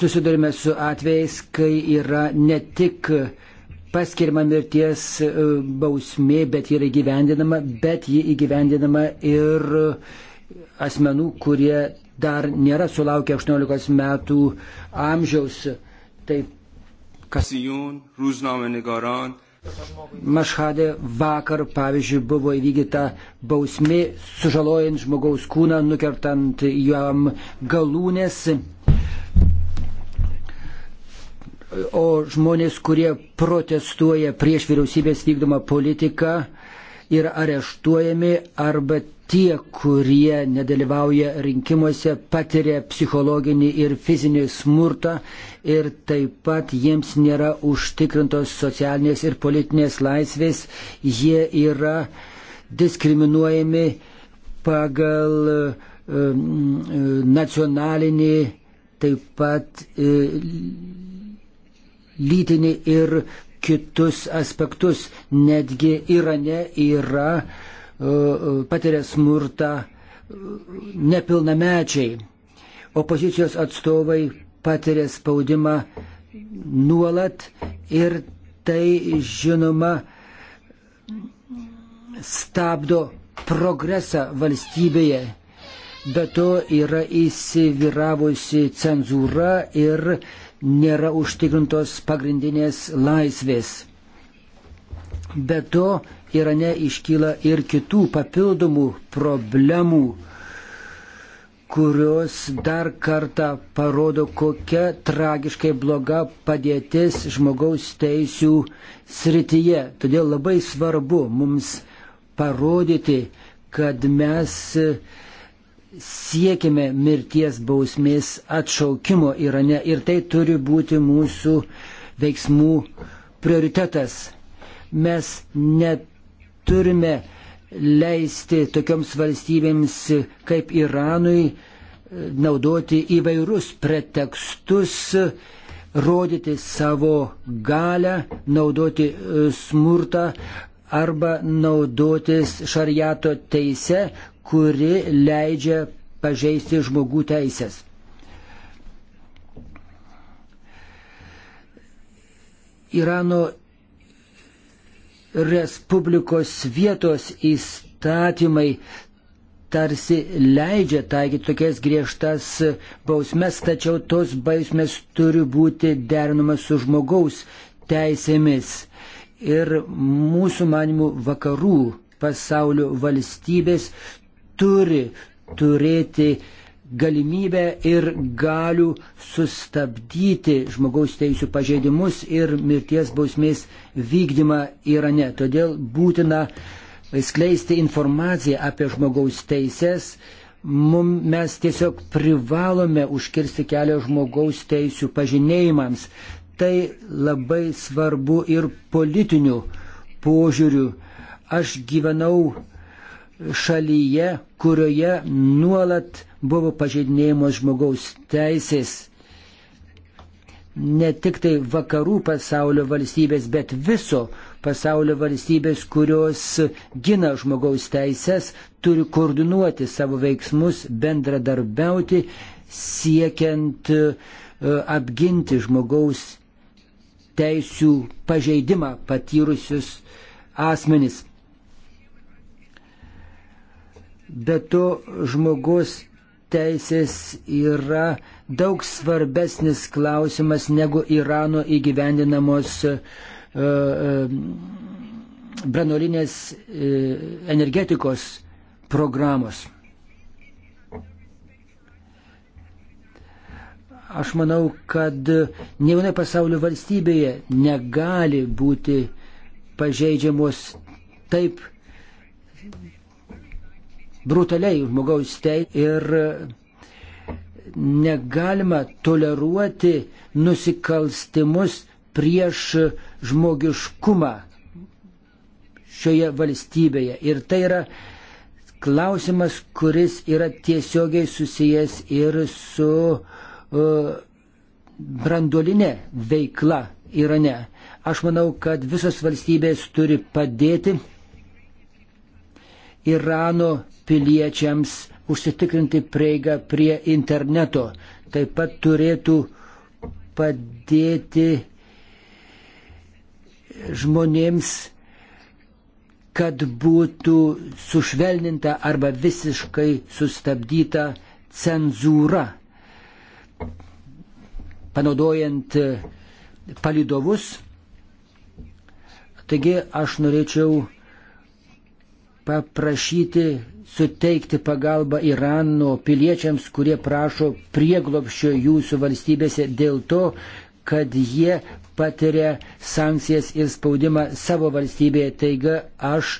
Susidurime su atvejais, kai yra ne tik paskirma mirties e, bausmė, bet ji yra įgyvendinama, bet ji įgyvendinama ir asmenų, kurie dar nėra sulaukę 18 metų amžiaus. Taip. Kas... Mašhadė vakar, pavyzdžiui, buvo įvykdyta bausmė, sužalojant žmogaus kūną, nukertant jam galūnės. O žmonės, kurie protestuoja prieš vyriausybės vykdomą politiką, yra areštuojami arba tie, kurie nedalyvauja rinkimuose, patiria psichologinį ir fizinį smurtą ir taip pat jiems nėra užtikrintos socialinės ir politinės laisvės, jie yra diskriminuojami pagal nacionalinį, taip pat e, lytinį ir kitus aspektus. Netgi Irane yra, ne, yra E, patiria smurtą nepilnamečiai. Opozicijos atstovai patiria spaudimą nuolat ir tai žinoma stabdo progresą valstybėje. Be to yra įsiviravusi cenzūra ir nėra užtikrintos pagrindinės laisvės. Be to, Irane iškyla ir kitų papildomų problemų, kurios dar kartą parodo, kokia tragiškai bloga padėtis žmogaus teisų srityje. Todėl labai svarbu mums parodyti, kad mes siekime mirties bausmės atšaukimo Irane ir tai turi būti mūsų veiksmų prioritetas. Mes neturime leisti tokioms valstybėms kaip Iranui e, naudoti įvairius pretekstus, rodyti savo galę, naudoti e, smurtą arba naudotis šariato teise, kuri leidžia pažeisti žmogų teisės. Irano Respublikos vietos įstatymai tarsi leidžia taikyti tokias griežtas bausmes, tačiau tos bausmes turi būti derinamas su žmogaus teisėmis. Ir mūsų manimų vakarų pasaulio valstybės turi turėti uh, galimybę ir galių sustabdyti žmogaus teisų pažeidimus ir mirties bausmės vykdymą Irane. Todėl būtina skleisti informaciją apie žmogaus teisės. Mum, mes tiesiog privalome užkirsti kelią žmogaus teisų pažinėjimams. Tai labai svarbu ir politiniu požiūriu. Aš gyvenau šalyje, kurioje nuolat buvo pažeidinėjimos žmogaus teisės ne tik tai vakarų pasaulio valstybės, bet viso pasaulio valstybės, kurios gina žmogaus teisės, turi koordinuoti savo veiksmus, bendradarbiauti, siekiant e, apginti žmogaus teisų pažeidimą patyrusius asmenys. Be to žmogus teisės yra daug svarbesnis klausimas negu Irano įgyvendinamos uh, e, uh, e, branolinės uh, e, energetikos programos. Aš manau, kad ne vienoje pasaulio valstybėje negali būti pažeidžiamos taip brutaliai žmogaus teisės ir negalima toleruoti nusikalstimus prieš žmogiškumą šioje valstybėje. Ir tai yra klausimas, kuris yra tiesiogiai susijęs ir su uh, branduolinė veikla Irane. Aš manau, kad visos valstybės turi padėti Irano piliečiams užsitikrinti prieigą prie interneto. Taip pat turėtų padėti žmonėms, kad būtų sušvelninta arba visiškai sustabdyta cenzūra, panaudojant e, palidovus. Taigi aš norėčiau paprašyti suteikti pagalbą Irano piliečiams, kurie prašo prieglopščio jūsų valstybėse dėl to, kad jie patiria sankcijas ir spaudimą savo valstybėje. Taigi aš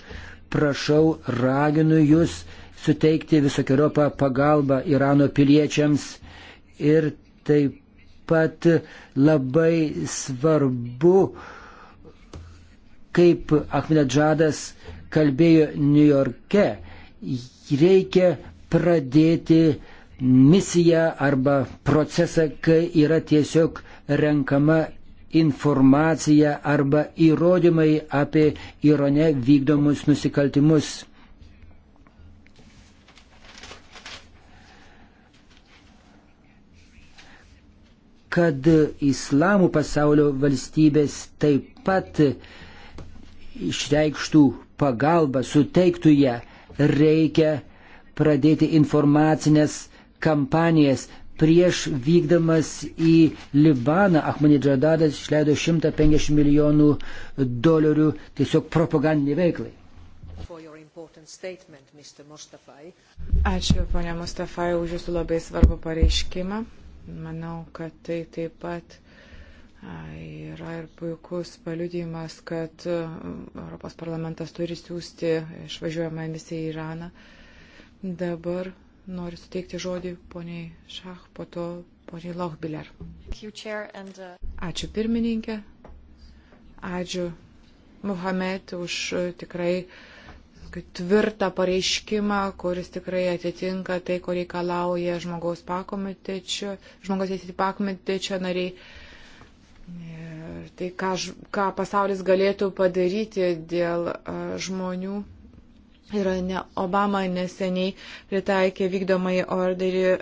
prašau, raginu jūs suteikti visokiojopą pagalbą Irano piliečiams ir taip pat labai svarbu, kaip Ahmedžadas kalbėjo Niujorke reikia pradėti misiją arba procesą, kai yra tiesiog renkama informacija arba įrodymai apie Irone vykdomus nusikaltimus. Kad islamų pasaulio valstybės taip pat išreikštų pagalbą, suteiktų ją reikia pradėti informacinės kampanijas. Prieš vykdamas į Libaną Ahmadinejadadas išleido 150 milijonų dolerių tiesiog propagandiniai veiklai. Ačiū, ponia Mustafai, už jūsų labai svarbų pareiškimą. Manau, kad tai taip pat Yra ir puikus paliudijimas, kad e, Europos parlamentas turi siūsti išvažiuojamą misiją į Iraną. Dabar noriu suteikti žodį poniai Šach, po to poniai Lochbiller. Uh, ačiū pirmininkė, ačiū Muhamed už tikrai tvirtą pareiškimą, kuris tikrai atitinka tai, ko reikalauja žmogaus, žmogaus teisėti pakomitečio nariai ar tai, ką, ką pasaulis galėtų padaryti dėl žmonių Ir ne Obama neseniai pritaikė vykdomai orderį e,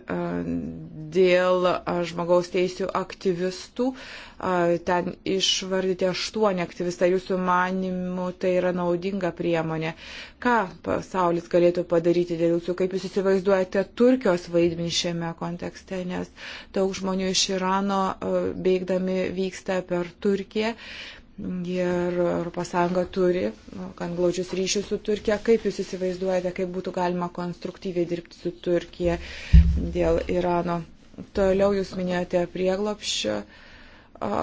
dėl e, žmogaus teisų aktyvistų. E, ten išvardyti aštuoni aktyvistai. Jūsų manimų tai yra naudinga priemonė. Ką pasaulis galėtų padaryti dėl jūsų? Kaip jūs įsivaizduojate Turkijos vaidmenį šiame kontekste? Nes daug žmonių iš Irano beigdami vyksta per Turkiją ir ES turi gan glaudžius ryšius su Turkija. Kaip Jūs įsivaizduojate, kaip būtų galima konstruktyviai dirbti su Turkija dėl Irano? Toliau Jūs minėjote prieglopščio. Uh,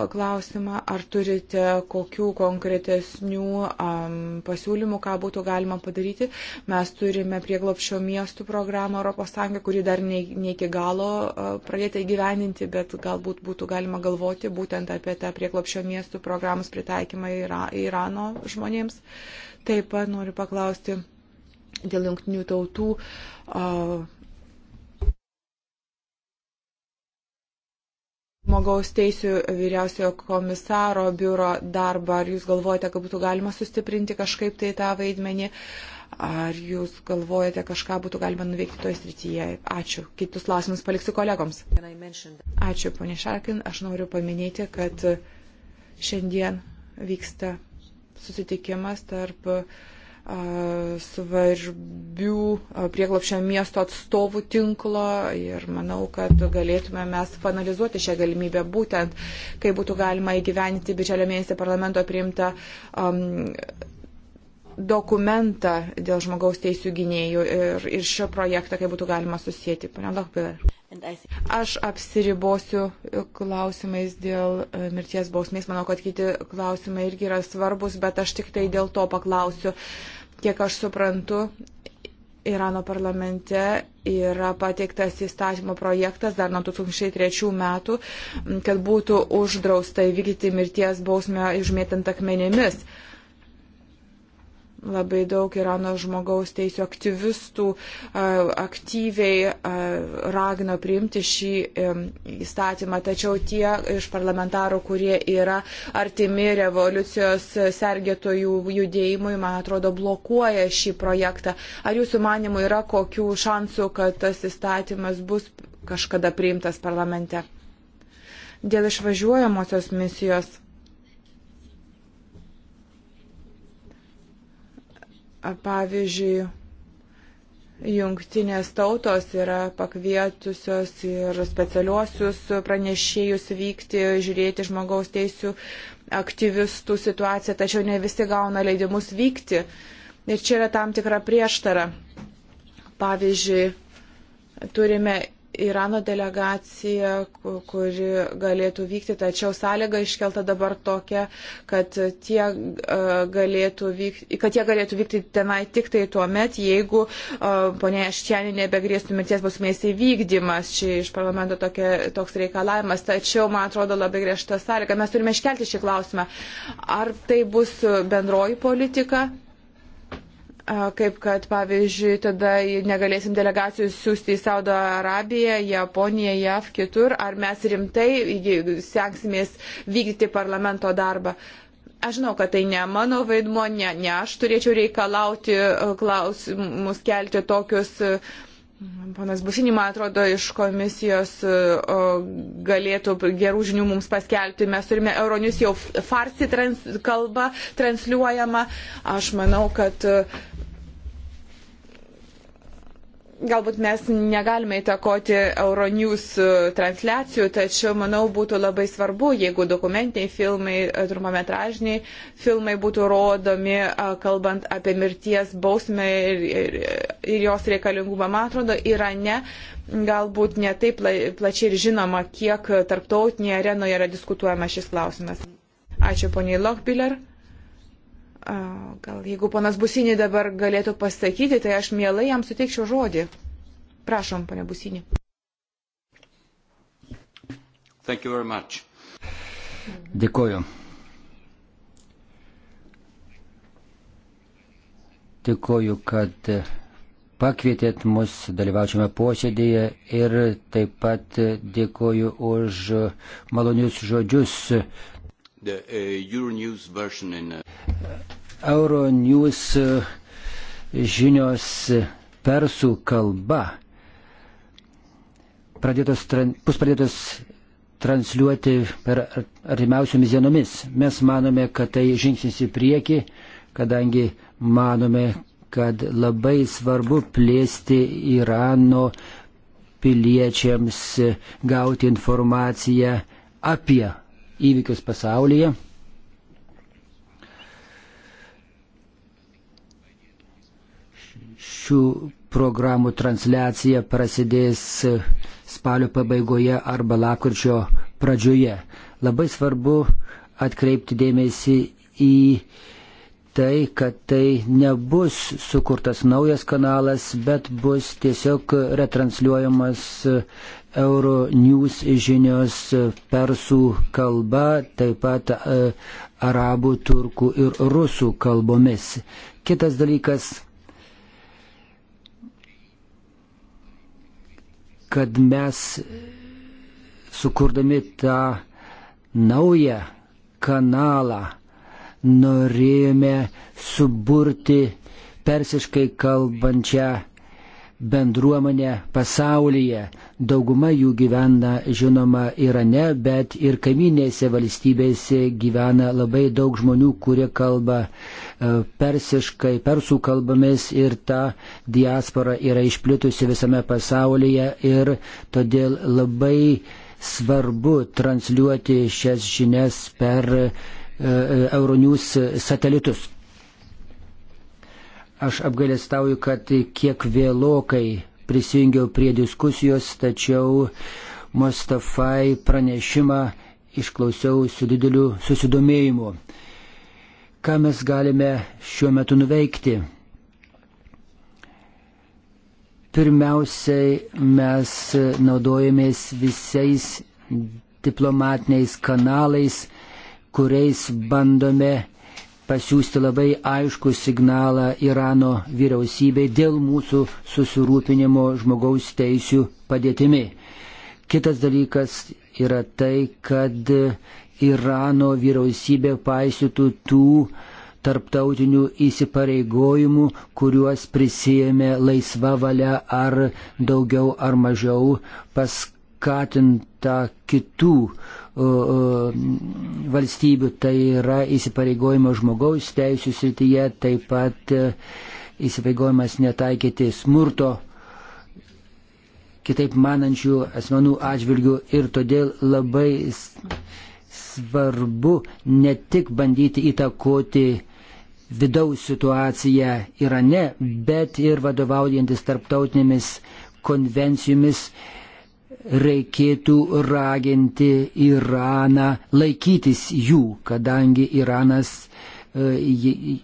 klausimą, ar turite kokių konkretesnių um, pasiūlymų, ką būtų galima padaryti. Mes turime prieglopšio miestų programą ES, kuri dar ne, ne iki galo uh, pradėta įgyveninti, bet galbūt būtų galima galvoti būtent apie tą prieglopšio miestų programos pritaikymą Ira, Irano žmonėms. Taip pat noriu paklausti dėl jungtinių tautų. Uh, žmogaus teisų vyriausiojo komisaro biuro darbą, ar jūs galvojate, kad būtų galima sustiprinti kažkaip tai tą vaidmenį, ar jūs galvojate, kažką būtų galima nuveikti toje srityje. Ačiū. Kitus klausimus paliksiu kolegoms. Ačiū, ponė Šarkin. Aš noriu paminėti, kad šiandien vyksta susitikimas tarp uh, svarbių prieglopšio miesto atstovų tinklo ir manau, kad galėtume mes panalizuoti šią galimybę būtent, kai būtų galima įgyveninti bičelio mėnesį parlamento priimtą um, dokumentą dėl žmogaus teisų gynėjų ir, ir šio projektą, kaip būtų galima susijęti. Aš apsiribosiu klausimais dėl e, mirties bausmės. Manau, kad kiti klausimai irgi yra svarbus, bet aš tik tai dėl to paklausiu. Uh, Kiek aš suprantu, Irano parlamente yra pateiktas įstatymo projektas dar nuo 2003 metų, kad būtų uždrausta įvykdyti mirties bausmę išmėtant akmenėmis. Uh, Labai daug Irano žmogaus teisų aktyvistų aktyviai ragino priimti šį įstatymą, tačiau tie iš parlamentarų, kurie yra artimi revoliucijos sergėtojų judėjimui, man atrodo, blokuoja šį projektą. Ar jūsų manimų yra kokių šansų, kad tas įstatymas bus kažkada priimtas parlamente? Dėl išvažiuojamosios misijos Pavyzdžiui, Jungtinės tautos yra pakvietusios ir specialiuosius pranešėjus vykti, žiūrėti žmogaus teisų aktyvistų situaciją, tačiau ne visi gauna leidimus vykti. Ir čia yra tam tikra prieštara. Pavyzdžiui, turime Irano delegacija, kuri galėtų vykti, tačiau sąlyga iškelta dabar tokia, kad tie e, galėtų vykti, kad jie galėtų vykti tenai tik tai tuo met, jeigu e, ponė Aštienė nebegrėstų mirties bausmės įvykdymas. Čia iš parlamento tokia, toks reikalavimas, tačiau man atrodo labai griežta sąlyga. Mes turime iškelti šį klausimą. Ar tai bus bendroji politika? kaip kad, pavyzdžiui, tada negalėsim delegacijų siūsti į Saudo Arabiją, Japoniją, JAV, kitur, ar mes rimtai seksimės vykdyti parlamento darbą. Aš žinau, kad tai ne mano vaidmo, ne, ne aš turėčiau reikalauti e, klausimus kelti tokius. E, Panas Bušinį, man atrodo, iš komisijos e, galėtų gerų žinių mums paskelbti. Mes turime Euronius jau farsi trans, kalba transliuojama. Aš manau, kad uh, galbūt mes negalime įtakoti Euronews e, transliacijų, tačiau manau būtų labai svarbu, jeigu dokumentiniai filmai, e, trumpametražiniai filmai būtų rodomi, e, kalbant apie mirties bausmę ir, ir, ir jos reikalingumą. Man atrodo, Irane galbūt netaip pla, plačiai ir žinoma, kiek tarptautinėje arenoje yra diskutuojama šis klausimas. Ačiū poniai Lochbiller. Gal jeigu ponas Businį dabar galėtų pasakyti, tai aš mielai jam suteikčiau žodį. Prašom, ponė Businį. Dėkuoju. Dėkuoju, kad pakvietėt mus dalyvaučiame posėdėje ir taip pat dėkoju už malonius žodžius. The, uh, Euronews e, žinios persų kalba pradėtos, bus pradėtos transliuoti per artimiausiomis dienomis. Mes manome, kad tai žingsnis į priekį, kadangi manome, kad labai svarbu plėsti Irano piliečiams gauti informaciją apie įvykius pasaulyje. Šių programų transliacija prasidės spalio pabaigoje arba lakurčio pradžioje. Labai svarbu atkreipti dėmesį į tai, kad tai nebus sukurtas naujas kanalas, bet bus tiesiog retransliuojamas Euronews žinios persų kalba, taip pat e, arabų, turkų ir rusų kalbomis. Kitas dalykas kad mes sukurdami tą naują kanalą norėjome suburti persiškai kalbančią bendruomenę pasaulyje. Dauguma jų gyvena, žinoma, Irane, bet ir kaiminėse valstybėse gyvena labai daug žmonių, kurie kalba e, persiškai, persų kalbomis ir ta diaspora yra išplitusi visame pasaulyje ir todėl labai svarbu transliuoti šias žinias per e, e, Euronews satelitus. Aš apgailestauju, kad kiek vėlokai prisijungiau prie diskusijos, tačiau Mustafai pranešimą išklausiau su dideliu susidomėjimu. Ką mes galime šiuo metu nuveikti? Pirmiausiai mes naudojamės visais diplomatiniais kanalais, kuriais bandome pasiūsti labai aišku signalą Irano vyriausybei dėl mūsų susirūpinimo žmogaus teisių padėtimi. Kitas dalykas yra tai, kad Irano vyriausybė paisytų tų tarptautinių įsipareigojimų, kuriuos prisijėmė laisva valia ar daugiau ar mažiau paskatinta kitų valstybių, tai yra įsipareigojimas žmogaus teisų srityje, taip pat e, įsipareigojimas netaikyti smurto kitaip manančių asmenų atžvilgių ir todėl labai svarbu ne tik bandyti įtakoti vidaus situaciją Irane, bet ir vadovaujantis tarptautinėmis konvencijomis reikėtų raginti Iraną laikytis jų, kadangi Iranas e,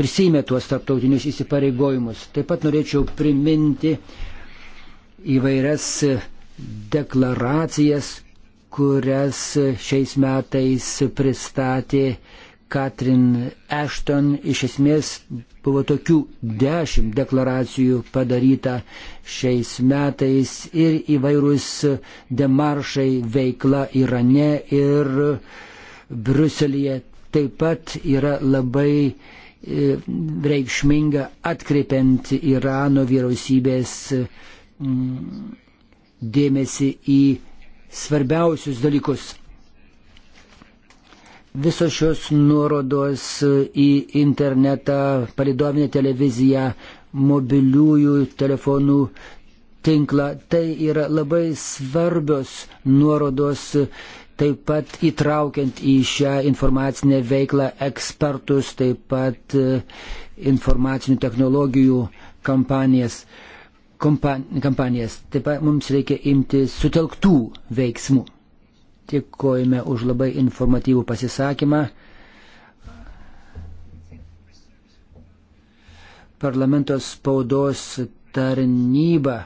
prisėmė tuos tarptautinius įsipareigojimus. Taip pat norėčiau priminti įvairias deklaracijas, kurias šiais metais pristatė uh, Katrin Ashton iš esmės buvo tokių dešimt deklaracijų padaryta šiais metais ir įvairūs demaršai veikla Irane ir Bruselėje taip pat yra labai e, reikšminga atkreipiant Irano vyriausybės mm, dėmesį į svarbiausius dalykus. Visos šios nuorodos į internetą, palidovinę televiziją, mobiliųjų telefonų tinklą, tai yra labai svarbios nuorodos taip pat įtraukiant į šią informacinę veiklą ekspertus, taip pat e, informacinių technologijų kampanijas. Kompan, kampanijas. Taip pat mums reikia imti sutelktų veiksmų. Tikojame už labai informatyvų pasisakymą. Parlamento spaudos tarnyba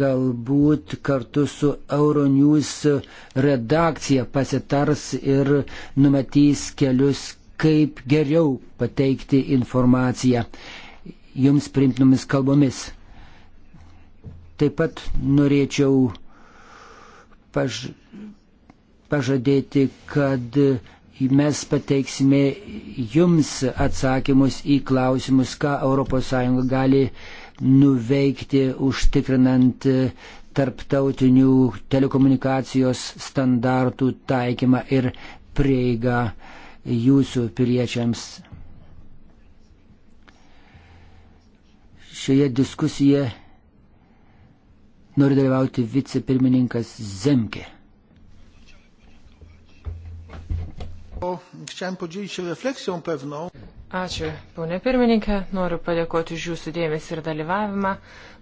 galbūt kartu su Euronews redakcija pasitars ir numatys kelius, kaip geriau pateikti informaciją jums primtinomis kalbomis. Taip pat norėčiau paž pažadėti, kad mes pateiksime jums atsakymus į klausimus, ką ES gali nuveikti užtikrinant tarptautinių telekomunikacijos standartų taikymą ir prieigą jūsų piliečiams. Šioje diskusijoje nori dalyvauti vicepirmininkas Zemke. Ačiū, ponė pirmininkė, noriu padėkoti už jūsų dėmesį ir dalyvavimą.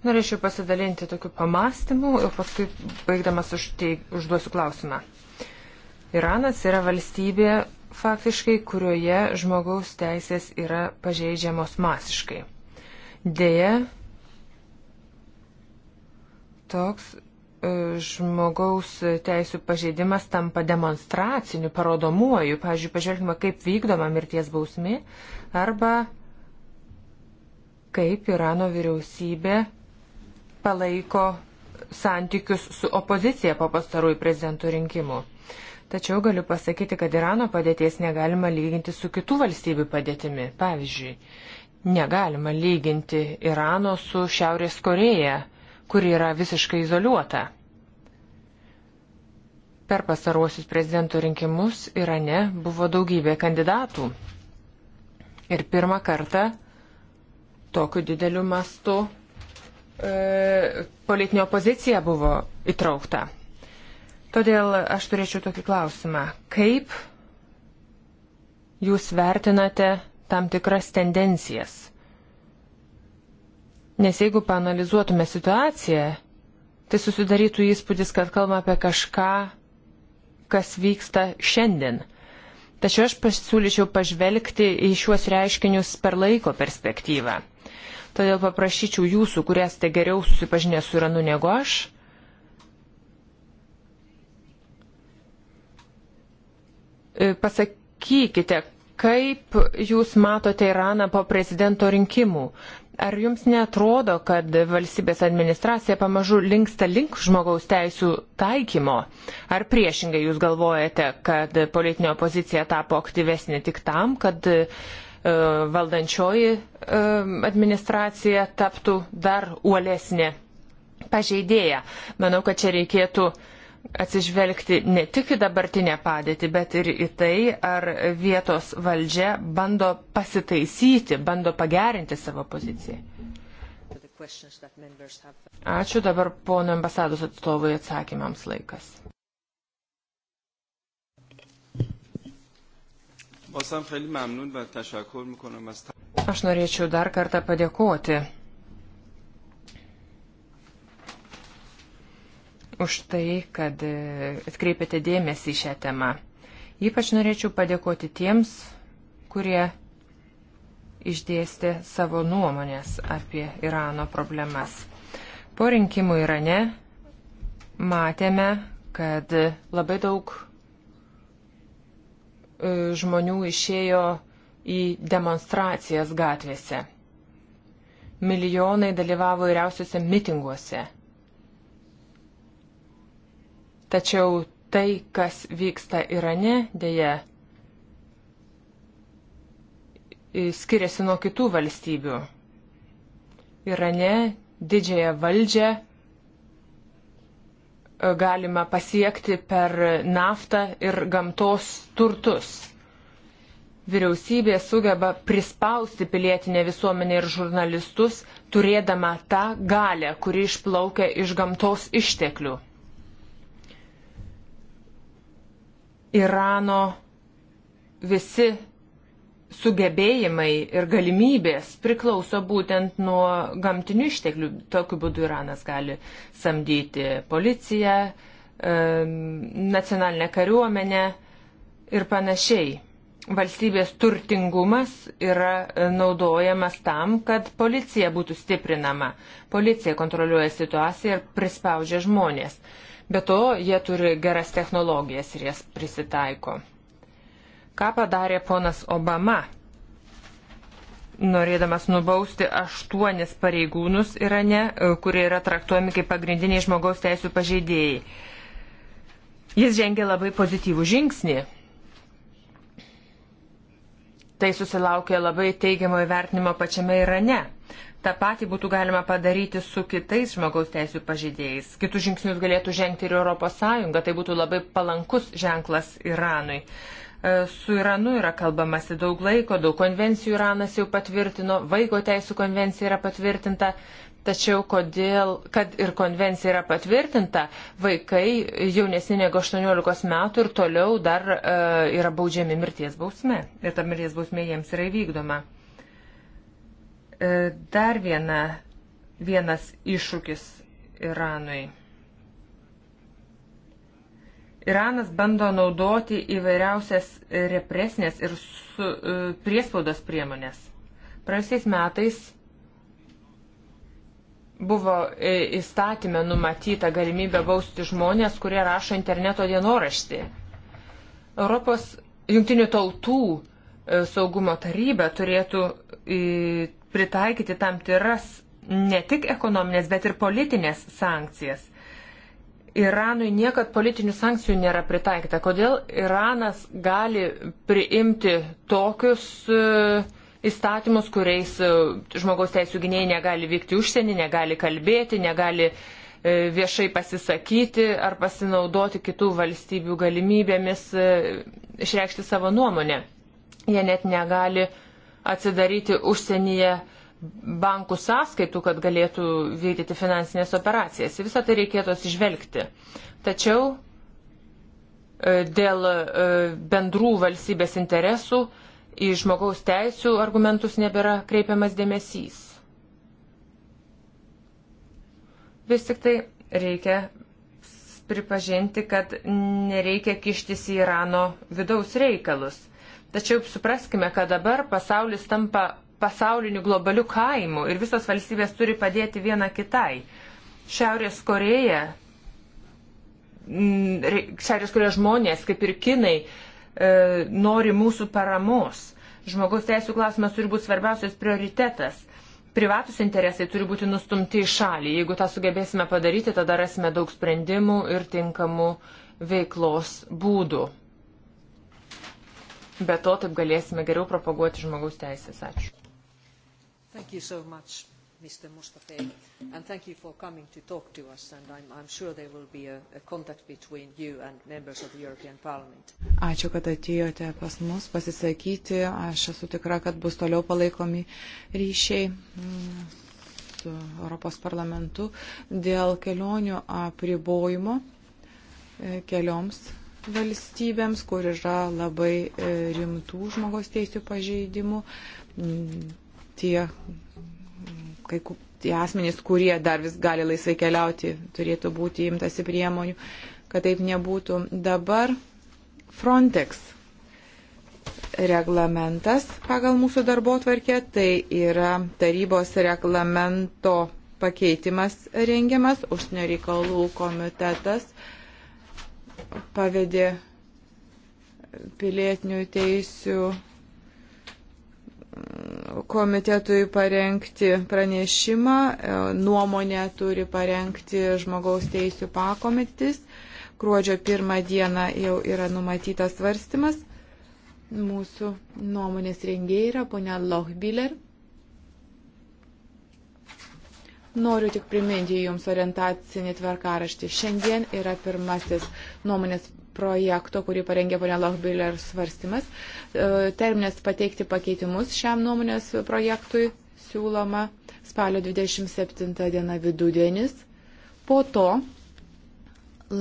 Norėčiau pasidalinti tokiu pamastymu ir paskui baigdamas už tai, užduosiu klausimą. Iranas yra valstybė faktiškai, kurioje žmogaus teisės yra pažeidžiamos masiškai. Deja, toks žmogaus teisų pažeidimas tampa demonstraciniu, parodomuoju. Pavyzdžiui, pažvelgime, kaip vykdoma mirties bausmi arba kaip Irano vyriausybė palaiko santykius su opozicija po pastarųjų prezidentų rinkimų. Tačiau galiu pasakyti, kad Irano padėties negalima lyginti su kitų valstybių padėtimi. Pavyzdžiui, negalima lyginti Irano su Šiaurės Koreja kuri yra visiškai izoliuota. Per pastaruosius prezidento rinkimus Irane buvo daugybė kandidatų. Ir pirmą kartą tokiu dideliu mastu e, politinė opozicija buvo įtraukta. Todėl aš turėčiau tokį klausimą. Kaip jūs vertinate tam tikras tendencijas? Nes jeigu panalizuotume situaciją, tai susidarytų įspūdis, kad kalbame apie kažką, kas vyksta šiandien. Tačiau aš pasiūlyčiau pažvelgti į šiuos reiškinius per laiko perspektyvą. Todėl paprašyčiau jūsų, kurie esate geriau susipažinę su Iranu negu aš, e, pasakykite, kaip jūs matote Iraną po prezidento rinkimų. Ar jums netrodo, kad valstybės administracija pamažu linksta link žmogaus teisų taikymo? Ar priešingai jūs galvojate, kad politinė opozicija tapo aktyvesnė tik tam, kad e, valdančioji e, administracija taptų dar uolesnė pažeidėja? Manau, kad čia reikėtų uh, atsižvelgti ne tik į dabartinę padėtį, bet ir į tai, ar vietos valdžia bando pasitaisyti, bando pagerinti savo poziciją. Ačiū dabar pono ambasados atstovui atsakymams laikas. Aš norėčiau dar kartą padėkoti už tai, kad e, atkreipėte dėmesį į šią temą. Ypač norėčiau padėkoti tiems, kurie išdėstė savo nuomonės apie Irano problemas. Po rinkimų Irane matėme, kad labai daug e, žmonių išėjo į demonstracijas gatvėse. Milijonai dalyvavo įvairiausiuose mitinguose Tačiau tai, kas vyksta Irane, dėja, skiriasi nuo kitų valstybių. Irane didžiąją valdžią e, galima pasiekti per naftą ir gamtos turtus. Vyriausybė sugeba prispausti pilietinę visuomenę ir žurnalistus, turėdama tą galę, kuri išplaukia iš gamtos išteklių. Irano visi sugebėjimai ir galimybės priklauso būtent nuo gamtinių išteklių. Tokiu būdu Iranas gali samdyti policiją, nacionalinę kariuomenę ir panašiai. Valstybės turtingumas yra e, naudojamas tam, kad policija būtų stiprinama. Policija kontroliuoja situaciją ir prispaudžia žmonės. Uh, Be to, jie turi geras technologijas ir jas prisitaiko. Ką padarė ponas Obama? norėdamas nubausti aštuonis pareigūnus Irane, e, kurie yra traktuojami kaip pagrindiniai žmogaus teisų pažeidėjai. Jis žengė labai pozityvų žingsnį. Tai susilaukė labai teigiamo įvertinimo pačiame Irane. Ta pati būtų galima padaryti su kitais žmogaus teisų pažydėjais. Kitus žingsnius galėtų žengti ir ES, tai būtų labai palankus ženklas Iranui. E, su Iranu yra kalbamasi daug laiko, daug konvencijų Iranas jau patvirtino, vaiko teisų konvencija yra patvirtinta, Tačiau kodėl, kad ir konvencija yra patvirtinta, vaikai jaunesni negu 18 metų ir toliau dar e, yra baudžiami mirties bausme. Ir ta mirties bausmė jiems yra įvykdoma. E, dar viena, vienas iššūkis Iranui. Iranas bando naudoti įvairiausias represinės ir su, e, priespaudos priemonės. Praėjusiais metais buvo e, įstatymė numatyta galimybė bausti žmonės, kurie rašo interneto dienoraštį. Europos jungtinių tautų e, saugumo taryba turėtų pritaikyti tam tikras ne tik ekonominės, bet ir politinės sankcijas. Iranui niekad politinių sankcijų nėra pritaikyta. Kodėl Iranas gali priimti tokius e, įstatymus, kuriais e, žmogaus teisų gynėjai negali vykti užsienį, negali kalbėti, negali e, viešai pasisakyti ar pasinaudoti kitų valstybių galimybėmis išreikšti savo nuomonę. Jie net negali uh, atsidaryti užsienyje bankų sąskaitų, kad galėtų vykdyti finansinės operacijas. Visą tai reikėtų atsižvelgti. Tačiau e, dėl e, bendrų valstybės interesų į žmogaus teisų argumentus nebėra kreipiamas dėmesys. Vis tik tai reikia pripažinti, kad nereikia kištis į Irano vidaus reikalus. Tačiau supraskime, kad dabar pasaulis tampa pasauliniu globaliu kaimu ir visos valstybės turi padėti viena kitai. Šiaurės Koreja, mm, Šiaurės Korejos žmonės, kaip ir kinai, e, nori mūsų paramos. Žmogaus teisų klausimas turi būti svarbiausias prioritetas. Privatus interesai turi būti nustumti į šalį. Jeigu tą sugebėsime padaryti, tada rasime daug sprendimų ir tinkamų veiklos būdų. Be to taip galėsime geriau propaguoti žmogaus teisės. Ačiū. Thank you so much. Mr. Mustafe, and thank you for coming to talk to us, and I'm, I'm sure there will be a, a contact between you and members of the European Parliament. Ačiū, kad atėjote pas mus pasisakyti. Aš esu tikra, kad bus toliau palaikomi ryšiai mm, su Europos parlamentu dėl kelionių apribojimo e, kelioms valstybėms, kur yra labai e, rimtų žmogaus teisų pažeidimų. Mm, tie, mm, kai, tie asmenys, kurie dar vis gali laisvai keliauti, turėtų būti imtasi priemonių, kad taip nebūtų. Dabar Frontex reglamentas pagal mūsų darbo tvarkę, tai yra tarybos reglamento pakeitimas rengiamas, užsienio reikalų komitetas pavedė pilietinių teisių komitetui parengti pranešimą, e, nuomonę turi parengti žmogaus teisų pakomitis. Gruodžio pirmą dieną jau yra numatytas svarstymas. Mūsų nuomonės rengėjai yra ponia Lochbiller. Noriu tik priminti Jums orientacinį tvarkaraštį. Šiandien yra pirmasis nuomonės projekto, kurį parengė ponia Lochbiller svarstymas. E, terminas pateikti pakeitimus šiam nuomonės projektui siūloma spalio 27 diena vidudienis. Po to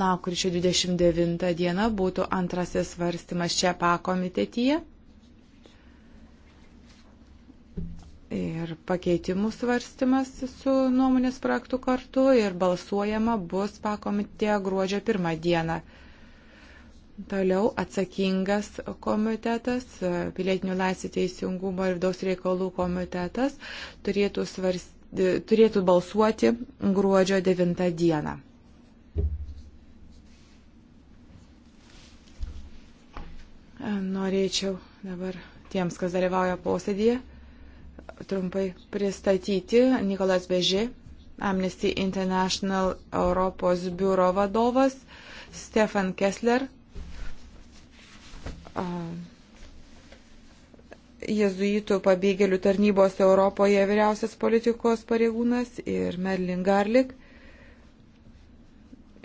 Lakrūčio 29 diena būtų antrasis svarstymas čia pakomitetyje. ir pakeitimų svarstymas su nuomonės projektu kartu ir balsuojama bus pakomitė gruodžio pirmą dieną. Toliau atsakingas komitetas, pilietinių laisvė teisingumo ir vidaus reikalų komitetas turėtų, svarst, turėtų balsuoti gruodžio 9 dieną. Norėčiau dabar tiems, kas dalyvauja posėdėje, trumpai pristatyti Nikolas Veži, Amnesty International Europos biuro vadovas, Stefan Kessler, jezuitų pabėgėlių tarnybos Europoje vyriausias politikos pareigūnas ir Merlin Garlik,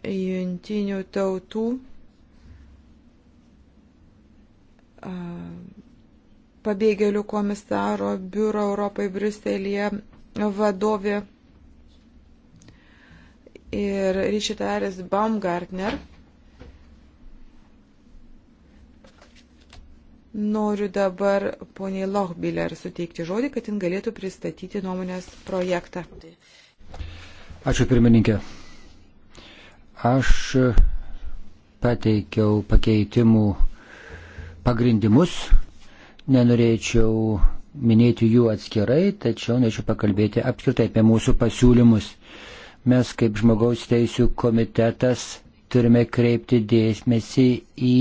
jungtinių tautų pabėgėlių komisaro biuro Europai Briuselėje vadovė ir ryšitaris Baumgartner. Noriu dabar poniai Lochbiller suteikti žodį, kad jin galėtų pristatyti nuomonės projektą. Ačiū pirmininkė. Aš pateikiau pakeitimų pagrindimus Nenorėčiau minėti jų atskirai, tačiau norėčiau pakalbėti apskritai apie mūsų pasiūlymus. Mes kaip žmogaus teisų komitetas turime kreipti dėmesį į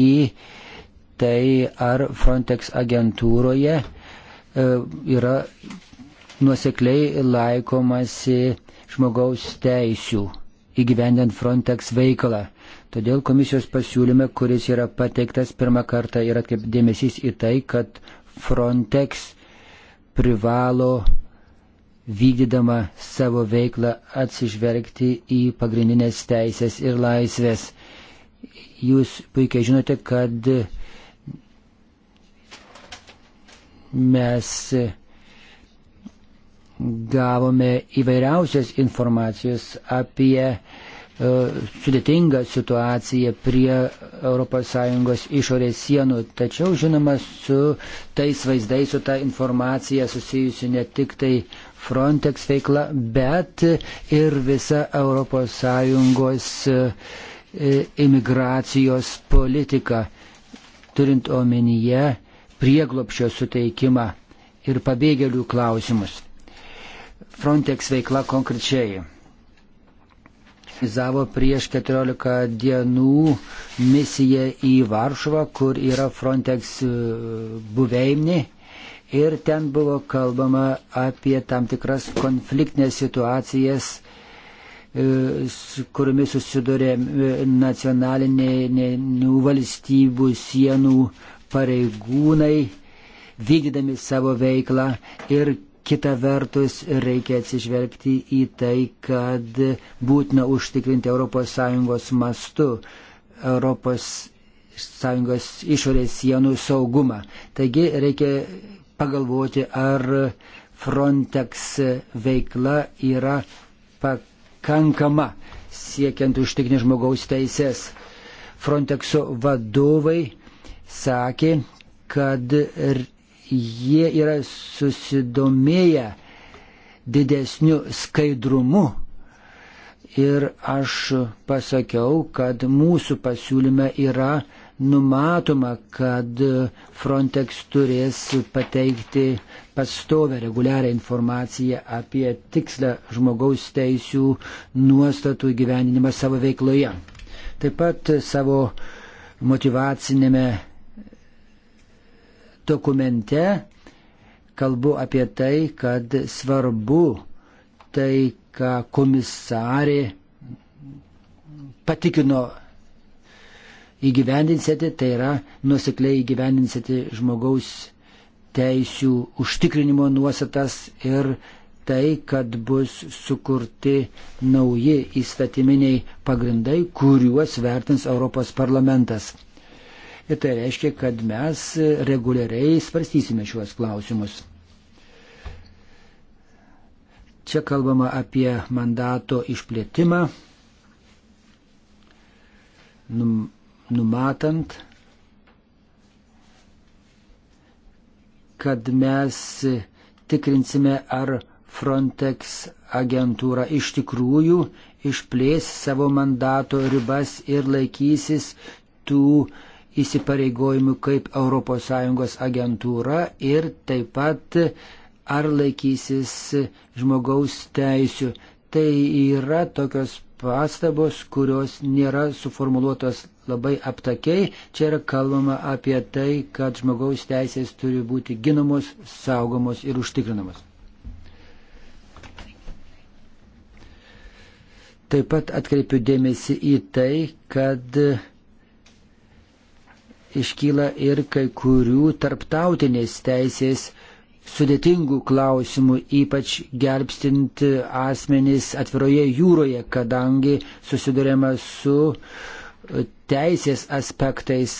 tai, ar Frontex agentūroje e, yra nuosekliai laikomasi žmogaus teisių įgyvendant Frontex veiklą. Todėl komisijos pasiūlyme, kuris yra pateiktas pirmą kartą, yra dėmesys į tai, kad Frontex privalo vykdydama savo veiklą atsižvelgti į pagrindinės teisės ir laisvės. Jūs puikiai žinote, kad mes gavome įvairiausias informacijos apie uh, E, sudėtingą situaciją prie ES išorės sienų, tačiau žinoma su tais vaizdais, su ta informacija susijusi ne tik tai Frontex veikla, bet ir visa ES e, imigracijos politika, turint omenyje prieglopšio suteikimą ir pabėgėlių klausimus. Frontex veikla konkrečiai organizavo prieš 14 dienų misiją į Varšuvą, kur yra Frontex e, buveinė. Ir ten buvo kalbama apie tam tikras konfliktinės situacijas, e, kuriomis susidurė e, nacionalinių valstybių sienų pareigūnai vykdydami savo veiklą ir Kita vertus, reikia atsižvelgti į tai, kad būtina užtikrinti ES mastu ES išorės sienų saugumą. Taigi reikia pagalvoti, ar Frontex veikla yra pakankama siekiant užtikrinti žmogaus teises. Frontexo vadovai sakė, kad jie yra susidomėję didesniu skaidrumu. Ir aš pasakiau, kad mūsų pasiūlyme yra numatoma, kad Frontex turės pateikti pastovę reguliarią informaciją apie tikslę žmogaus teisų nuostatų įgyvendinimą savo veikloje. Taip pat savo motivacinėme dokumente kalbu apie tai, kad svarbu tai, ką komisarė patikino įgyvendinsite, tai yra nusikliai įgyvendinsite žmogaus teisių užtikrinimo nuostatas ir tai, kad bus sukurti nauji įstatyminiai pagrindai, kuriuos vertins Europos parlamentas. Ir tai reiškia, kad mes reguliariai svarstysime šiuos klausimus. Čia kalbama apie mandato išplėtimą, num, numatant, kad mes tikrinsime, ar Frontex agentūra iš tikrųjų išplės savo mandato ribas ir laikysis tų uh, įsipareigojimų kaip ES agentūra ir taip pat ar laikysis žmogaus teisių. Tai yra tokios pastabos, kurios nėra suformuoluotos labai aptakiai. Čia yra kalbama apie tai, kad žmogaus teisės turi būti ginamos, saugomos ir užtikrinamos. Taip pat atkreipiu dėmesį į tai, kad iškyla ir kai kurių tarptautinės teisės sudėtingų klausimų, ypač gelbstint asmenys atviroje jūroje, kadangi susidurėma su e, teisės aspektais.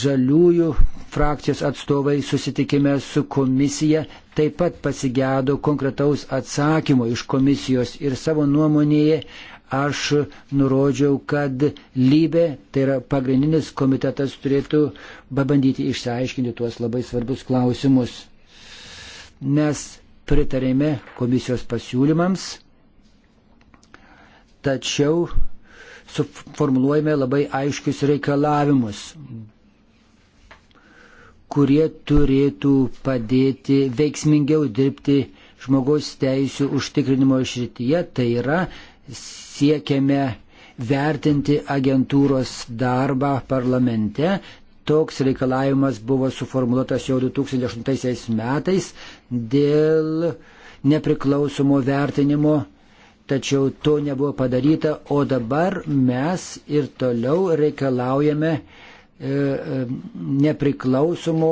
Žaliųjų frakcijos atstovai susitikime su komisija taip pat pasigėdo konkretaus atsakymo iš komisijos ir savo nuomonėje aš nurodžiau, kad lybė, tai yra pagrindinis komitetas, turėtų pabandyti išsiaiškinti tuos labai svarbius klausimus. Mes pritarėme komisijos pasiūlymams, tačiau suformuluojame labai aiškius reikalavimus kurie turėtų padėti veiksmingiau dirbti žmogaus teisų užtikrinimo išrityje, tai yra siekiame vertinti agentūros darbą parlamente. Toks reikalavimas buvo suformuoluotas jau 2008 metais dėl nepriklausomo vertinimo, tačiau to nebuvo padaryta, o dabar mes ir toliau reikalaujame e, e, nepriklausomo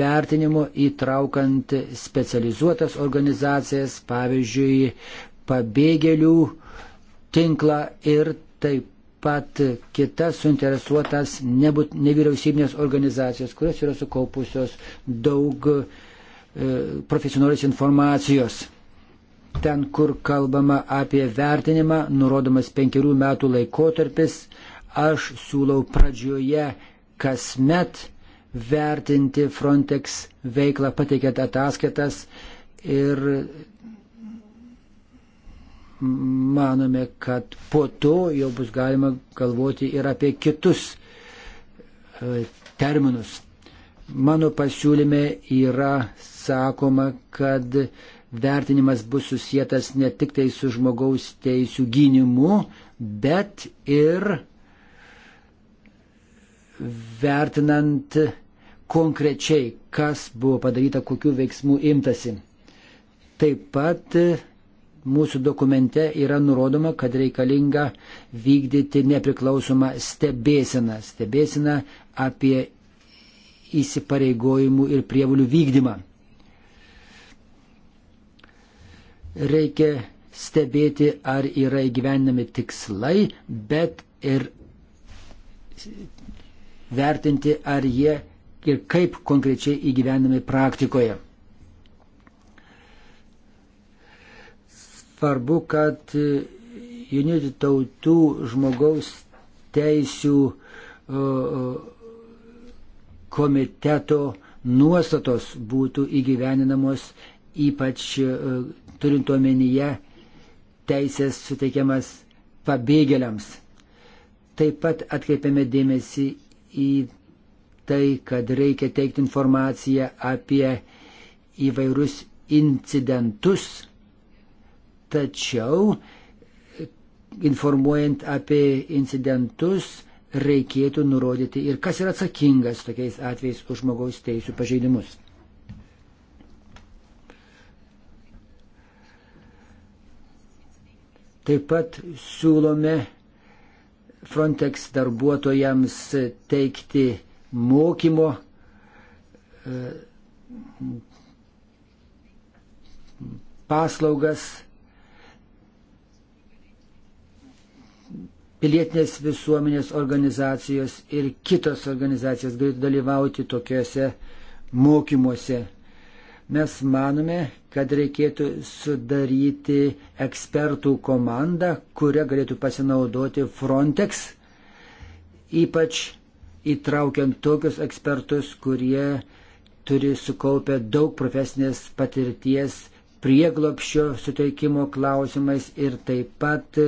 vertinimo įtraukant specializuotas organizacijas, pavyzdžiui, pabėgėlių tinklą ir taip pat kitas suinteresuotas nebūt, nevyriausybinės organizacijos, kurios yra sukaupusios daug e, profesionalios informacijos. Ten, kur kalbama apie vertinimą, nurodomas penkerių metų laikotarpis, aš siūlau pradžioje kasmet vertinti Frontex veiklą, pateikėt ataskaitas ir manome, kad po to jau bus galima galvoti ir apie kitus e, terminus. Mano pasiūlyme yra sakoma, kad vertinimas bus susijęs ne tik tai su žmogaus teisų gynimu, bet ir vertinant konkrečiai, kas buvo padaryta, kokiu veiksmu imtasi. Taip pat mūsų dokumente yra nurodoma, kad reikalinga vykdyti nepriklausomą stebėsiną. Stebėsiną apie įsipareigojimų ir prievalių vykdymą. Reikia stebėti, ar yra įgyvendami tikslai, bet ir vertinti, ar jie ir kaip konkrečiai įgyvendami praktikoje. Svarbu, kad jungtinių tautų žmogaus teisių komiteto nuostatos būtų įgyveninamos, ypač turint omenyje teisės suteikiamas pabėgėliams. Taip pat atkreipiame dėmesį į tai, kad reikia teikti informaciją apie įvairius incidentus Tačiau informuojant apie incidentus reikėtų nurodyti ir kas yra atsakingas tokiais atvejais už žmogaus teisų pažeidimus. Taip pat siūlome Frontex darbuotojams teikti mokymo e, paslaugas pilietinės visuomenės organizacijos ir kitos organizacijos galėtų dalyvauti tokiuose mokymuose. Mes manome, kad reikėtų sudaryti ekspertų komandą, kurią galėtų pasinaudoti Frontex, ypač įtraukiant tokius ekspertus, kurie turi sukaupę daug profesinės patirties prieglopščio suteikimo klausimais ir taip pat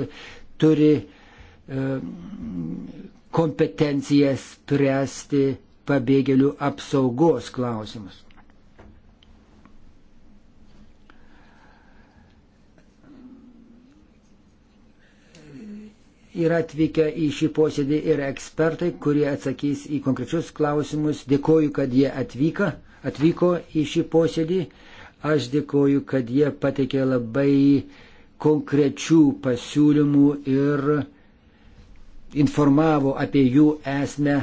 turi E, kompetenciją spręsti pabėgėlių apsaugos klausimus. Yra atvykę į šį posėdį ir ekspertai, kurie atsakys į konkrečius klausimus. Dėkoju, kad jie atvyka, atvyko į šį posėdį. Aš dėkoju, kad jie pateikė labai konkrečių pasiūlymų ir informavo apie jų esmę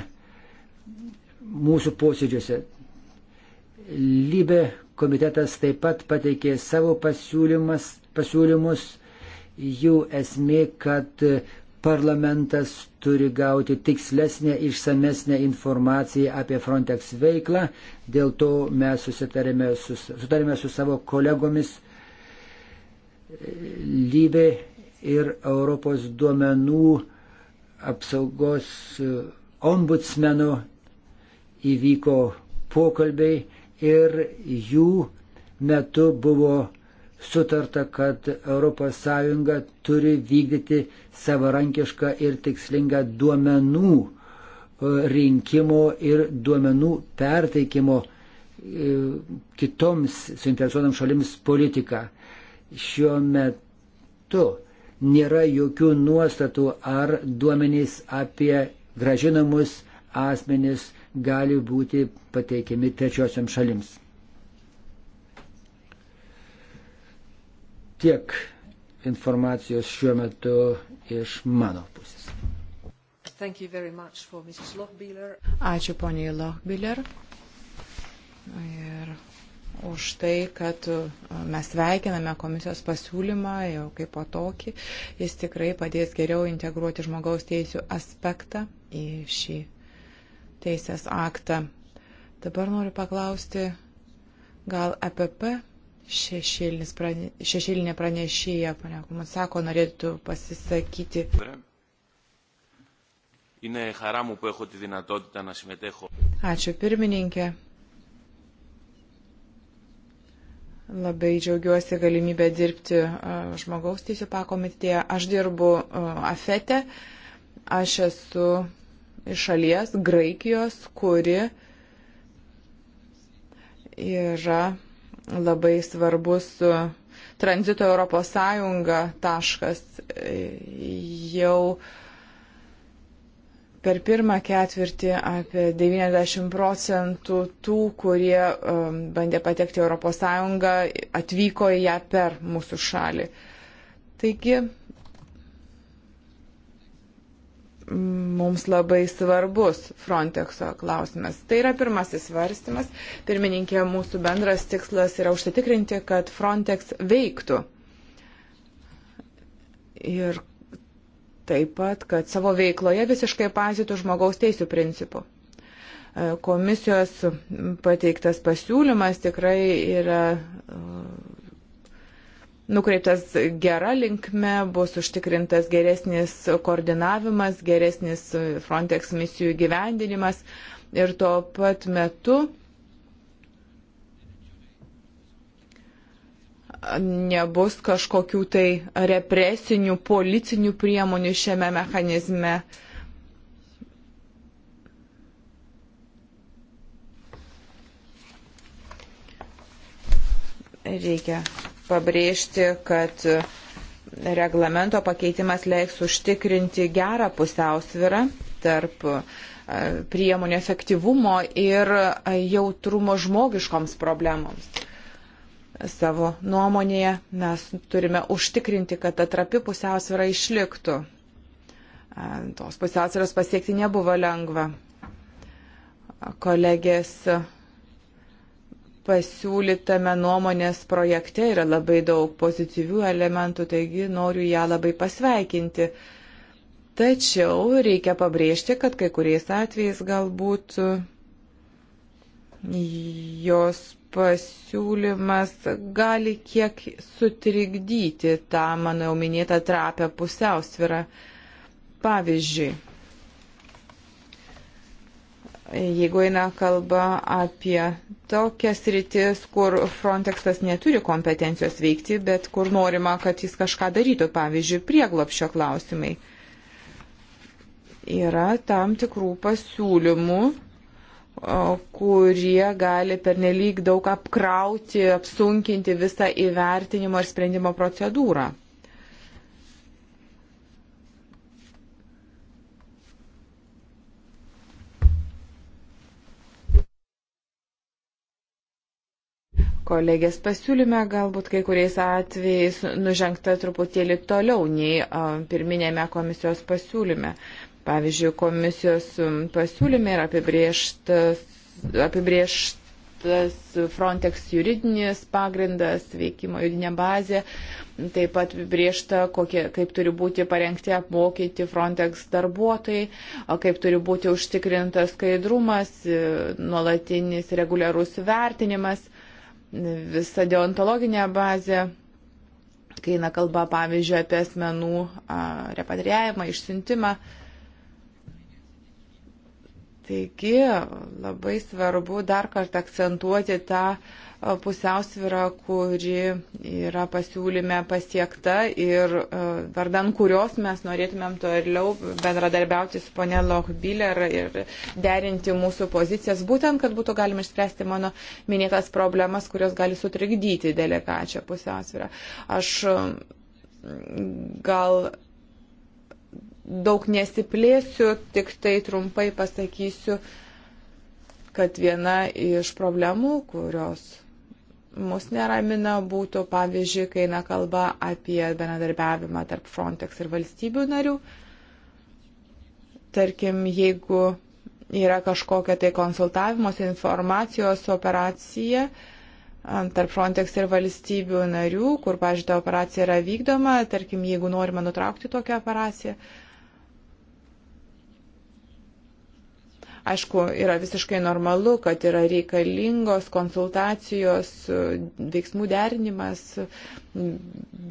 mūsų posėdžiuose. Lybė komitetas taip pat pateikė savo pasiūlymus, jų esmė, kad parlamentas turi gauti tikslesnę, išsamesnę informaciją apie Frontex veiklą, dėl to mes susitarėme su, sutarėme su savo kolegomis Lybė ir Europos duomenų apsaugos e, ombudsmenu įvyko pokalbiai ir jų metu buvo sutarta, kad ES turi vykdyti savarankišką ir tikslingą duomenų e, rinkimo ir duomenų perteikimo e, kitoms suinteresuotams šalims politiką. Šiuo metu nėra jokių nuostatų, ar duomenys apie gražinamus asmenis gali būti pateikiami trečiosiam šalims. Tiek informacijos šiuo metu iš mano pusės. Ačiū poniai Lochbiller. Ir už tai, kad e, mes sveikiname komisijos pasiūlymą jau kaip po tokį. Jis tikrai padės geriau integruoti žmogaus teisų aspektą į šį teisės aktą. Dabar noriu paklausti, gal EPP šešėlinė prane, pranešėja, ponia Kumatsako, norėtų pasisakyti. Ačiū pirmininkė. Labai džiaugiuosi galimybę dirbti žmogaus teisų pakomitėje. Aš dirbu afete, aš esu iš šalies, Graikijos, kuri yra labai svarbus tranzito Europos Sąjunga taškas. Jau uh, per pirmą ketvirtį apie 90 procentų tų, kurie um, bandė patekti ES, atvyko į ją per mūsų šalį. Taigi, mums labai svarbus Frontexo klausimas. Tai yra pirmasis svarstymas. Pirmininkė, mūsų bendras tikslas yra užsitikrinti, kad Frontex veiktų. Ir taip pat, kad savo veikloje visiškai pasitų žmogaus teisų principų. E, komisijos pateiktas pasiūlymas tikrai yra e, nukreiptas gera linkme, bus užtikrintas geresnis koordinavimas, geresnis Frontex misijų gyvendinimas ir tuo pat metu nebus kažkokių tai represinių, policinių priemonių šiame mechanizme. Reikia pabrėžti, kad reglamento pakeitimas leiks užtikrinti gerą pusiausvirą tarp e, priemonių efektyvumo ir e, jautrumo žmogiškoms problemoms savo nuomonėje mes turime užtikrinti, kad ta trapi pusiausvėra išliktų. Tos pusiausvėros pasiekti nebuvo lengva. Kolegės pasiūlytame nuomonės projekte yra labai daug pozityvių elementų, taigi noriu ją labai pasveikinti. Tačiau reikia pabrėžti, kad kai kuriais atvejais galbūt jos pasiūlymas gali kiek sutrikdyti tą, manau, minėtą trapę pusiausvirą. Pavyzdžiui, jeigu eina kalba apie tokias rytis, kur Frontexas neturi kompetencijos veikti, bet kur norima, kad jis kažką darytų, pavyzdžiui, prieglopšio klausimai, yra tam tikrų pasiūlymų kurie gali pernelyg daug apkrauti, apsunkinti visą įvertinimo ir sprendimo procedūrą. kolegės pasiūlyme galbūt kai kuriais atvejais nužengta truputėlį toliau nei pirminėme komisijos pasiūlyme. Pavyzdžiui, komisijos um, pasiūlyme yra apibrieštas, apibrieštas Frontex juridinis pagrindas, veikimo juridinė bazė, taip pat apibriešta, kokie, kaip turi būti parengti apmokyti Frontex darbuotojai, kaip turi būti užtikrintas skaidrumas, e, nuolatinis reguliarus vertinimas, visa deontologinė bazė kai eina kalba, pavyzdžiui, apie asmenų repatriavimą, išsiuntimą. Uh, Taigi labai svarbu dar kartą akcentuoti tą e, pusiausvyrą, kuri yra pasiūlyme pasiekta ir e, vardan kurios mes norėtumėm toliau bendradarbiauti su ponė Lochbiller ir derinti mūsų pozicijas, būtent, kad būtų galima išspręsti mano minėtas problemas, kurios gali sutrikdyti delegačią pusiausvyrą. Aš gal daug nesiplėsiu, tik tai trumpai pasakysiu, kad viena iš problemų, kurios mus neramina, būtų, pavyzdžiui, kai eina kalba apie bendradarbiavimą tarp Frontex ir valstybių narių. Tarkim, jeigu yra kažkokia tai konsultavimos informacijos operacija, tarp Frontex ir valstybių narių, kur, pažiūrėjau, ta operacija yra vykdoma, tarkim, jeigu norima nutraukti tokią operaciją, Aišku, yra visiškai normalu, kad yra reikalingos konsultacijos, veiksmų derinimas,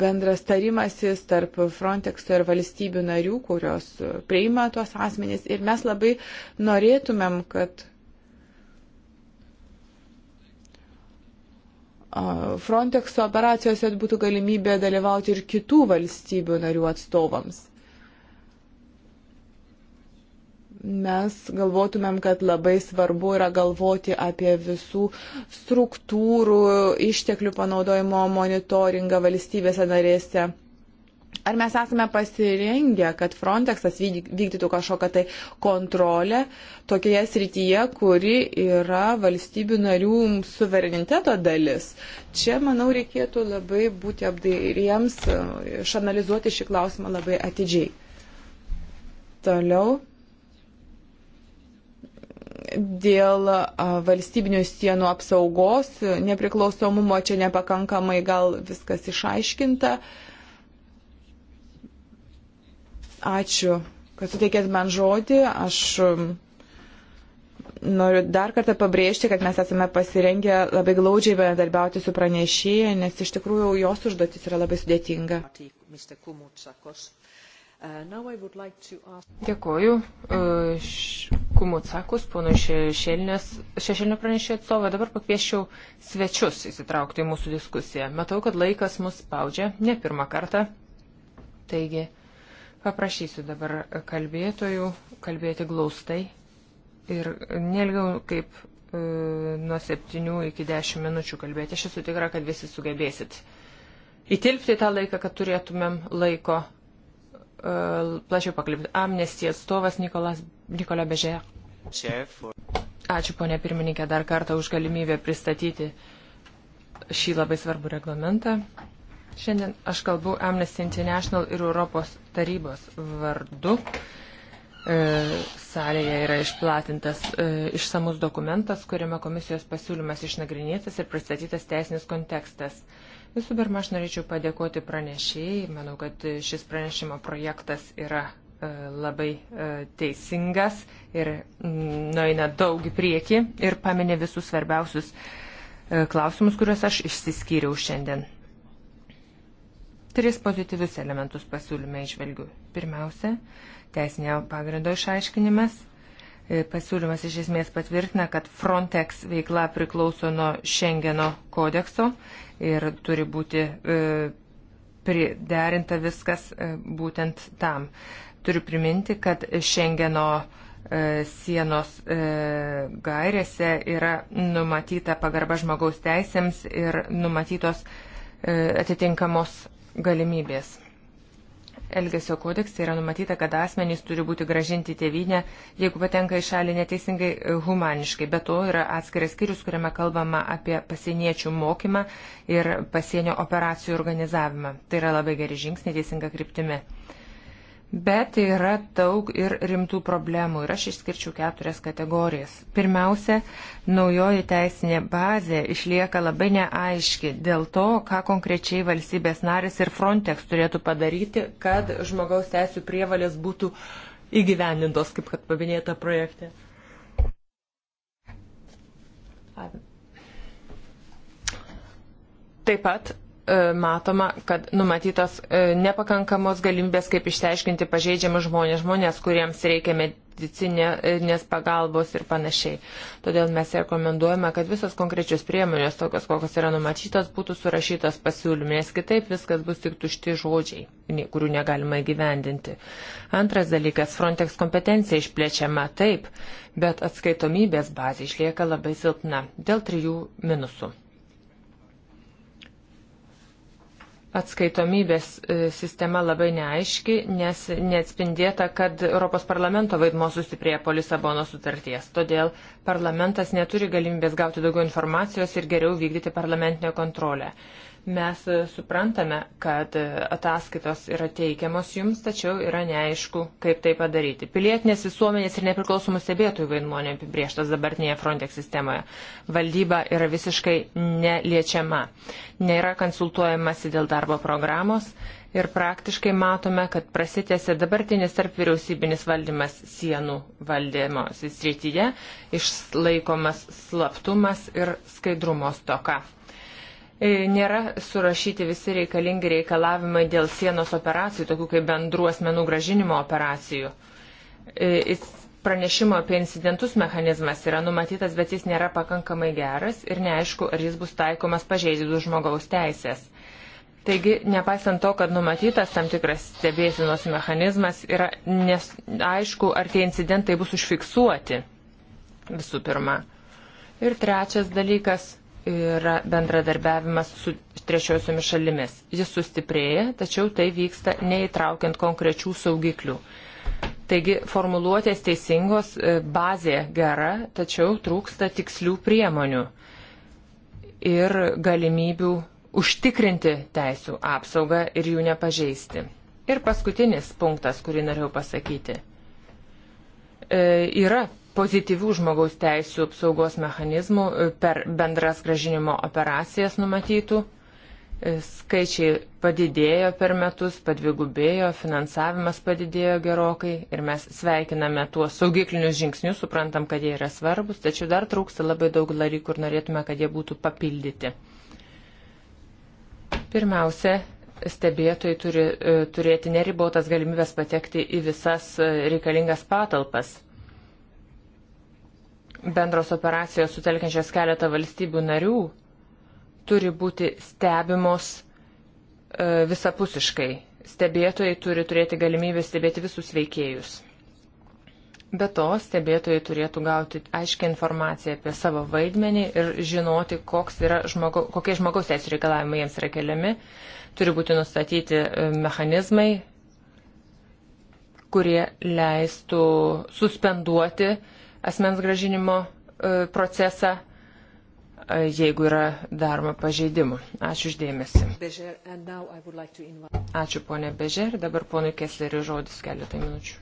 bendras tarimasis tarp Frontexo ir valstybių narių, kurios priima tuos asmenys. Ir mes labai norėtumėm, kad Frontexo operacijose būtų galimybė dalyvauti ir kitų valstybių narių atstovams. mes galvotumėm, kad labai svarbu yra galvoti apie visų struktūrų, išteklių panaudojimo monitoringą valstybėse narėse. Ar mes esame pasirengę, kad Frontexas vykdytų kažkokią tai kontrolę tokioje srityje, kuri yra valstybių narių suvereniteto dalis? Čia, manau, reikėtų labai būti apdairiems, išanalizuoti šį klausimą labai atidžiai. Toliau dėl valstybinių sienų apsaugos nepriklausomumo čia nepakankamai gal viskas išaiškinta. Ačiū, kad suteikėt man žodį. Aš noriu dar kartą pabrėžti, kad mes esame pasirengę labai glaudžiai bendarbiauti su pranešėja, nes iš tikrųjų jos užduotis yra labai sudėtinga. Mr. Kumutsakos. Uh, Dėkoju. Uh, Kumutsakus, ponui šešėlinio pranešėjo atstovą, dabar pakviešiau svečius įsitraukti į mūsų diskusiją. Matau, kad laikas mus spaudžia, ne pirmą kartą. Taigi, paprašysiu dabar kalbėtojų kalbėti glaustai ir nelgiau kaip e, nuo 7 iki 10 minučių kalbėti. Aš esu tikra, kad visi sugebėsit įtilpti tą laiką, kad turėtumėm laiko E, plačiau pakalbėti. Amnesty atstovas Nikolas, Nikola Bežė. Ačiū, ponė pirmininkė, dar kartą už galimybę pristatyti šį labai svarbų reglamentą. Šiandien aš kalbu Amnesty International ir Europos tarybos vardu. E, salėje yra išplatintas e, išsamus dokumentas, kuriame komisijos pasiūlymas išnagrinėtas ir pristatytas teisinis kontekstas. E, Visų pirma, aš norėčiau padėkoti pranešėjai. Manau, kad šis pranešimo projektas yra e, labai e, teisingas ir mm, nueina daug į priekį ir paminė visus svarbiausius e, klausimus, kuriuos aš išsiskyriau šiandien. Tris pozityvius elementus pasiūlyme išvelgiu. Pirmiausia, teisinio pagrindo išaiškinimas. Pasiūlymas iš esmės patvirtina, kad Frontex veikla priklauso nuo Schengeno kodekso ir turi būti e, priderinta viskas e, būtent tam. Turiu priminti, kad Šengeno e, sienos gairėse yra numatyta pagarba žmogaus teisėms ir numatytos atitinkamos galimybės. Elgesio kodekse yra numatyta, kad asmenys turi būti gražinti tėvynę, jeigu patenka į šalį neteisingai e, humaniškai. Be to yra atskiras skyrius, kuriame kalbama apie pasieniečių mokymą ir pasienio operacijų organizavimą. Tai yra labai geri žingsniai teisinga kryptimi. Bet yra daug ir rimtų problemų ir aš išskirčiau keturias kategorijas. Pirmiausia, naujoji teisinė bazė išlieka labai neaiški dėl to, ką konkrečiai valstybės narės ir Frontex turėtų padaryti, kad žmogaus teisų prievalės būtų įgyvendintos, kaip kad paminėta projekte. Taip pat E, matoma, kad numatytos e, nepakankamos galimybės, kaip išteiškinti pažeidžiamus žmonės, žmonės, kuriems reikia medicinės pagalbos ir panašiai. Todėl mes rekomenduojame, kad visos konkrečios priemonės, tokios kokios yra numatytos, būtų surašytos pasiūlymės, kitaip viskas bus tik tušti žodžiai, kurių negalima įgyvendinti. Antras dalykas, Frontex kompetencija išplėčiama taip, bet atskaitomybės bazė išlieka labai silpna dėl trijų minusų. atskaitomybės e, sistema labai neaiški, nes neatspindėta, kad Europos parlamento vaidmo sustiprėja po Lisabono sutarties. Todėl parlamentas neturi galimybės gauti daugiau informacijos ir geriau vykdyti parlamentinę kontrolę. Mes e, suprantame, kad e, ataskaitos yra teikiamos jums, tačiau yra neaišku, kaip tai padaryti. Pilietinės visuomenės ir nepriklausomų stebėtojų vaidmuo neapibrieštas dabartinėje Frontex sistemoje. Valdyba yra visiškai neliečiama. Nėra konsultuojamasi dėl darbo programos ir praktiškai matome, kad prasitėsi dabartinis tarp vyriausybinis valdymas sienų valdymo srityje, išlaikomas slaptumas ir skaidrumo stoka. E, nėra surašyti visi reikalingi reikalavimai dėl sienos operacijų, tokių kaip bendrų asmenų gražinimo operacijų. E, pranešimo apie incidentus mechanizmas yra numatytas, bet jis nėra pakankamai geras ir neaišku, ar jis bus taikomas pažeidžius žmogaus teisės. Taigi, nepaisant to, kad numatytas tam tikras stebėsinos mechanizmas, yra neaišku, ar tie incidentai bus užfiksuoti visų pirma. Ir trečias dalykas yra bendradarbiavimas su trečiosiomis šalimis. Jis sustiprėja, tačiau tai vyksta neįtraukiant konkrečių saugiklių. Taigi formuluotės teisingos, e, bazė gera, tačiau trūksta tikslių priemonių ir galimybių užtikrinti teisų apsaugą ir jų nepažeisti. Ir paskutinis punktas, kurį norėjau pasakyti. E, yra pozityvių žmogaus teisų apsaugos mechanizmų e, per bendras gražinimo operacijas numatytų. E, skaičiai padidėjo per metus, padvigubėjo, finansavimas padidėjo gerokai ir mes sveikiname tuos saugiklinius žingsnius, suprantam, kad jie yra svarbus, tačiau dar trūksta labai daug dalykų ir norėtume, kad jie būtų papildyti. Pirmiausia, stebėtojai turi e, turėti neribotas galimybės patekti į visas reikalingas patalpas bendros operacijos sutelkiančios keletą valstybių narių turi būti stebimos e, visapusiškai. Stebėtojai turi turėti galimybę stebėti visus veikėjus. Be to, stebėtojai turėtų gauti aiškę informaciją apie savo vaidmenį ir žinoti, žmogo, kokie žmogaus teisų reikalavimai jiems yra keliami. Turi būti nustatyti e, mechanizmai, kurie leistų suspenduoti uh, asmens gražinimo e, procesą, e, jeigu yra daroma pažeidimų. Ačiū uždėmesi. Ačiū ponė Bežer, dabar ponui Kesleriui žodis keletą minučių.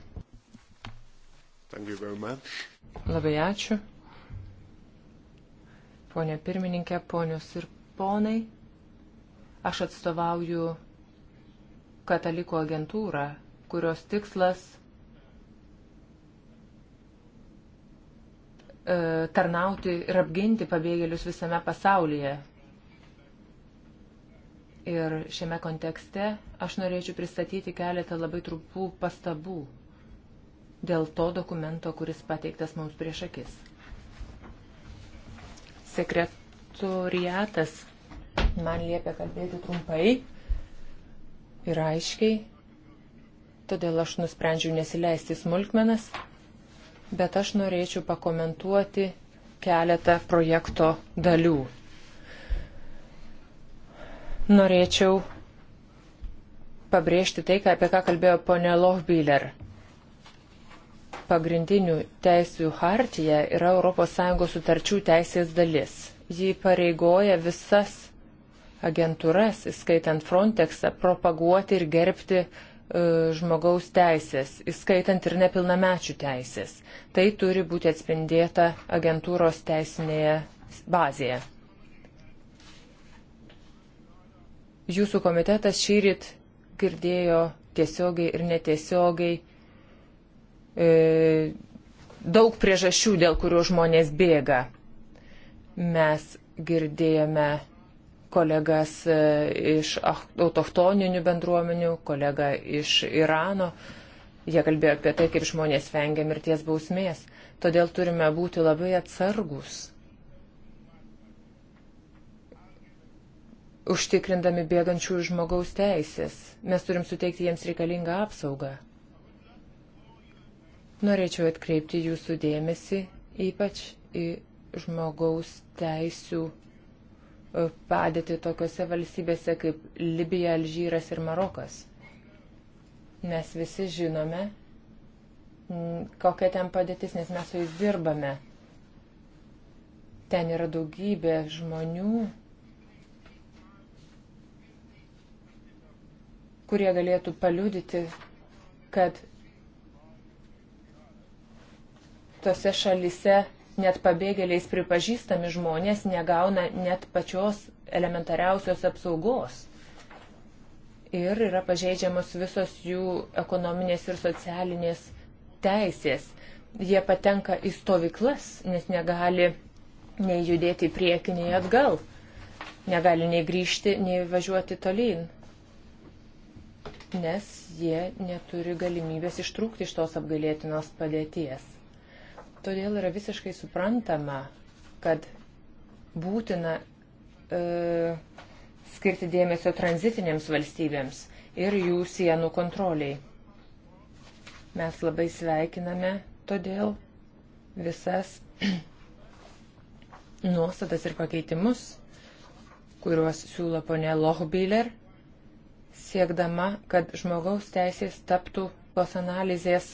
Labai ačiū. Pone pirmininkė, ponios ir ponai, aš atstovauju katalikų agentūrą, kurios tikslas – E, tarnauti ir apginti pabėgėlius visame pasaulyje. Ir šiame kontekste aš norėčiau pristatyti keletą labai trumpų pastabų dėl to dokumento, kuris pateiktas mums prieš akis. Sekretoriatas man liepia kalbėti trumpai ir aiškiai, todėl aš nusprendžiau nesileisti smulkmenas bet aš norėčiau pakomentuoti keletą projekto dalių. Norėčiau pabrėžti tai, apie ką kalbėjo ponė Lohbiler. Pagrindinių teisų hartija yra ES sutarčių teisės dalis. Ji pareigoja visas agentūras, įskaitant Frontexą, propaguoti ir gerbti E, žmogaus teisės, įskaitant ir nepilnamečių teisės. Tai turi būti atspindėta agentūros teisinėje bazėje. Jūsų komitetas šyrit girdėjo tiesiogiai ir netiesiogiai e, daug priežasčių, dėl kurių žmonės bėga. Mes girdėjome kolegas e, iš autochtoninių bendruomenių, kolegą iš Irano. Jie kalbėjo apie tai, kaip žmonės vengia mirties bausmės. Todėl turime būti labai atsargus, užtikrindami bėgančių žmogaus teisės. Mes turim suteikti jiems reikalingą apsaugą. Norėčiau atkreipti jūsų dėmesį ypač į žmogaus teisų E, padėtį tokiuose valstybėse kaip Libija, Alžyras ir Marokas. Mes visi žinome, kokia ten padėtis, nes mes su jais dirbame. Ten yra daugybė žmonių, kurie galėtų paliudyti, kad tose šalise net pabėgėliais pripažįstami žmonės negauna net pačios elementariausios apsaugos. Ir yra pažeidžiamos visos jų ekonominės ir socialinės teisės. Jie patenka į stovyklas, nes negali nei judėti į priekį, nei atgal. Negali nei grįžti, nei važiuoti tolyn. Nes jie neturi galimybės ištrūkti iš tos apgailėtinos padėties. Todėl yra visiškai suprantama, kad būtina e, skirti dėmesio tranzitinėms valstybėms ir jų sienų kontroliai. Mes labai sveikiname todėl visas nuostatas ir pakeitimus, kuriuos siūlo ponė Lochbiller, siekdama, kad žmogaus teisės taptų tos analizės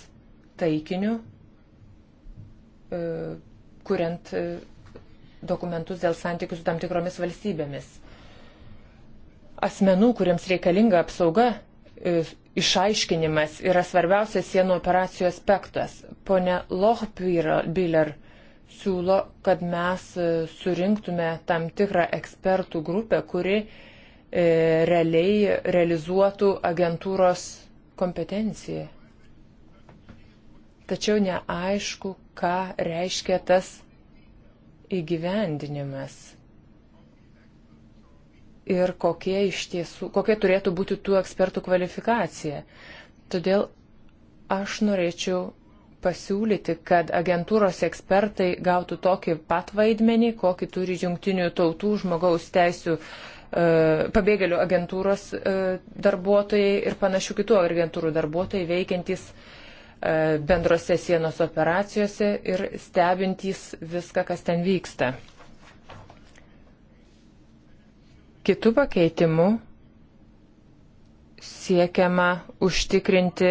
taikiniu E, kuriant e, dokumentus dėl santykių su tam tikromis valstybėmis. Asmenų, kuriems reikalinga apsauga, e, išaiškinimas yra svarbiausias sienų operacijų aspektas. Pone Lochbiller siūlo, kad mes surinktume tam tikrą ekspertų grupę, kuri realiai realizuotų agentūros kompetenciją. Tačiau neaišku, ką reiškia tas įgyvendinimas ir kokie iš tiesų, kokia turėtų būti tų ekspertų kvalifikacija. Todėl aš norėčiau pasiūlyti, kad agentūros ekspertai gautų tokį pat vaidmenį, kokį turi jungtinių tautų žmogaus teisų e, pabėgėlių agentūros e, darbuotojai ir panašių kitų agentūrų darbuotojai veikiantis uh, E, bendrose sienos operacijose ir stebintys viską, kas ten vyksta. Kitų pakeitimų siekiama užtikrinti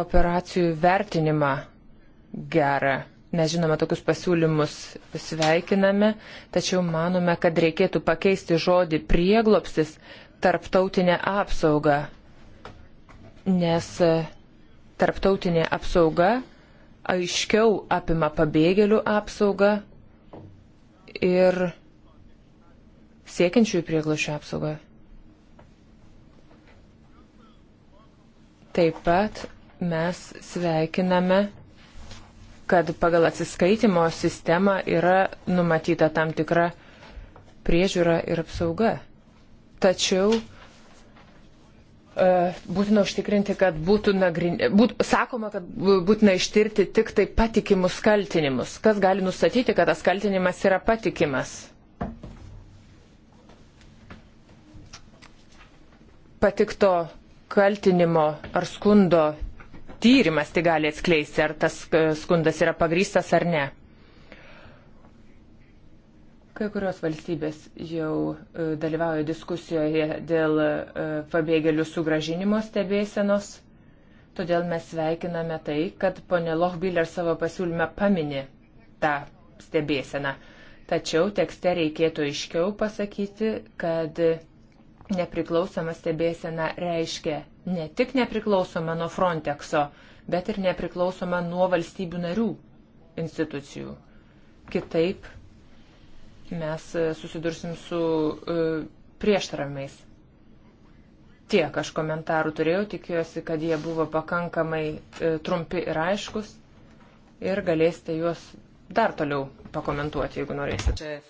operacijų vertinimą gerą. Mes žinome tokius pasiūlymus sveikiname, tačiau manome, kad reikėtų pakeisti žodį prieglopsis tarptautinę apsaugą nes e, tarptautinė apsauga aiškiau apima pabėgėlių apsaugą ir siekiančiųjų prieglašio apsaugą. Taip pat mes sveikiname, kad pagal atsiskaitimo sistemą yra numatyta tam tikra priežiūra ir apsauga. Tačiau E, būtina užtikrinti, kad būtų nagrin... E, būt... sakoma, kad būtina ištirti tik tai patikimus kaltinimus. Kas gali nustatyti, kad tas kaltinimas yra patikimas? Patikto kaltinimo ar skundo tyrimas tai gali atskleisti, ar tas e, skundas yra pagrystas ar ne. Kai kurios valstybės jau e, dalyvauja diskusijoje dėl e, pabėgėlių sugražinimo stebėsenos, todėl mes sveikiname tai, kad ponė Lochbiller savo pasiūlymę paminė tą stebėseną. Tačiau tekste reikėtų aiškiau pasakyti, kad nepriklausoma stebėsena reiškia ne tik nepriklausoma nuo Frontexo, bet ir nepriklausoma nuo valstybių narių institucijų. Kitaip mes e, susidursim su e, prieštaramais. Tiek aš komentarų turėjau, tikiuosi, kad jie buvo pakankamai e, trumpi ir aiškus ir galėsite juos dar toliau pakomentuoti, jeigu norėsite.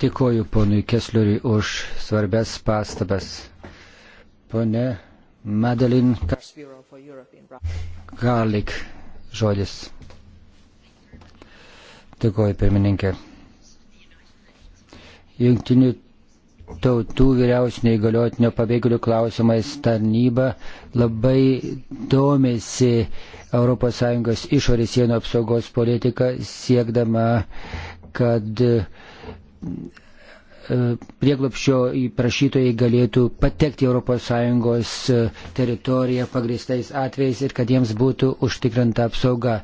Dėkoju ponui Kesleriui už svarbės pastabas. Pone Madeline Garlik žodis. Dėkuoju, pirmininkė. Jungtinių tautų vyriausinio įgaliotinio pabėgėlių klausimais tarnyba labai domėsi ES išorės sienų apsaugos politika siekdama, kad E, prieglopščio prašytojai galėtų patekti ES e, teritoriją pagristais atvejais ir kad jiems būtų užtikrinta apsauga.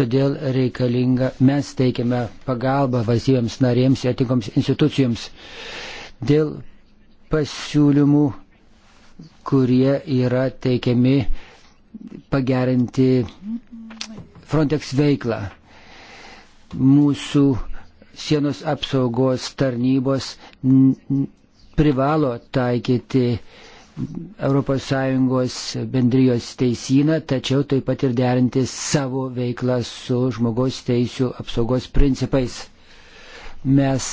Todėl reikalinga, mes teikiame pagalbą valstybėms narėms ir atinkoms institucijoms dėl pasiūlymų, kurie yra teikiami pagerinti Frontex veiklą. Mūsų sienos apsaugos tarnybos privalo taikyti ES bendrijos teisyną, tačiau taip pat ir derinti savo veiklą su žmogaus teisų apsaugos principais. Mes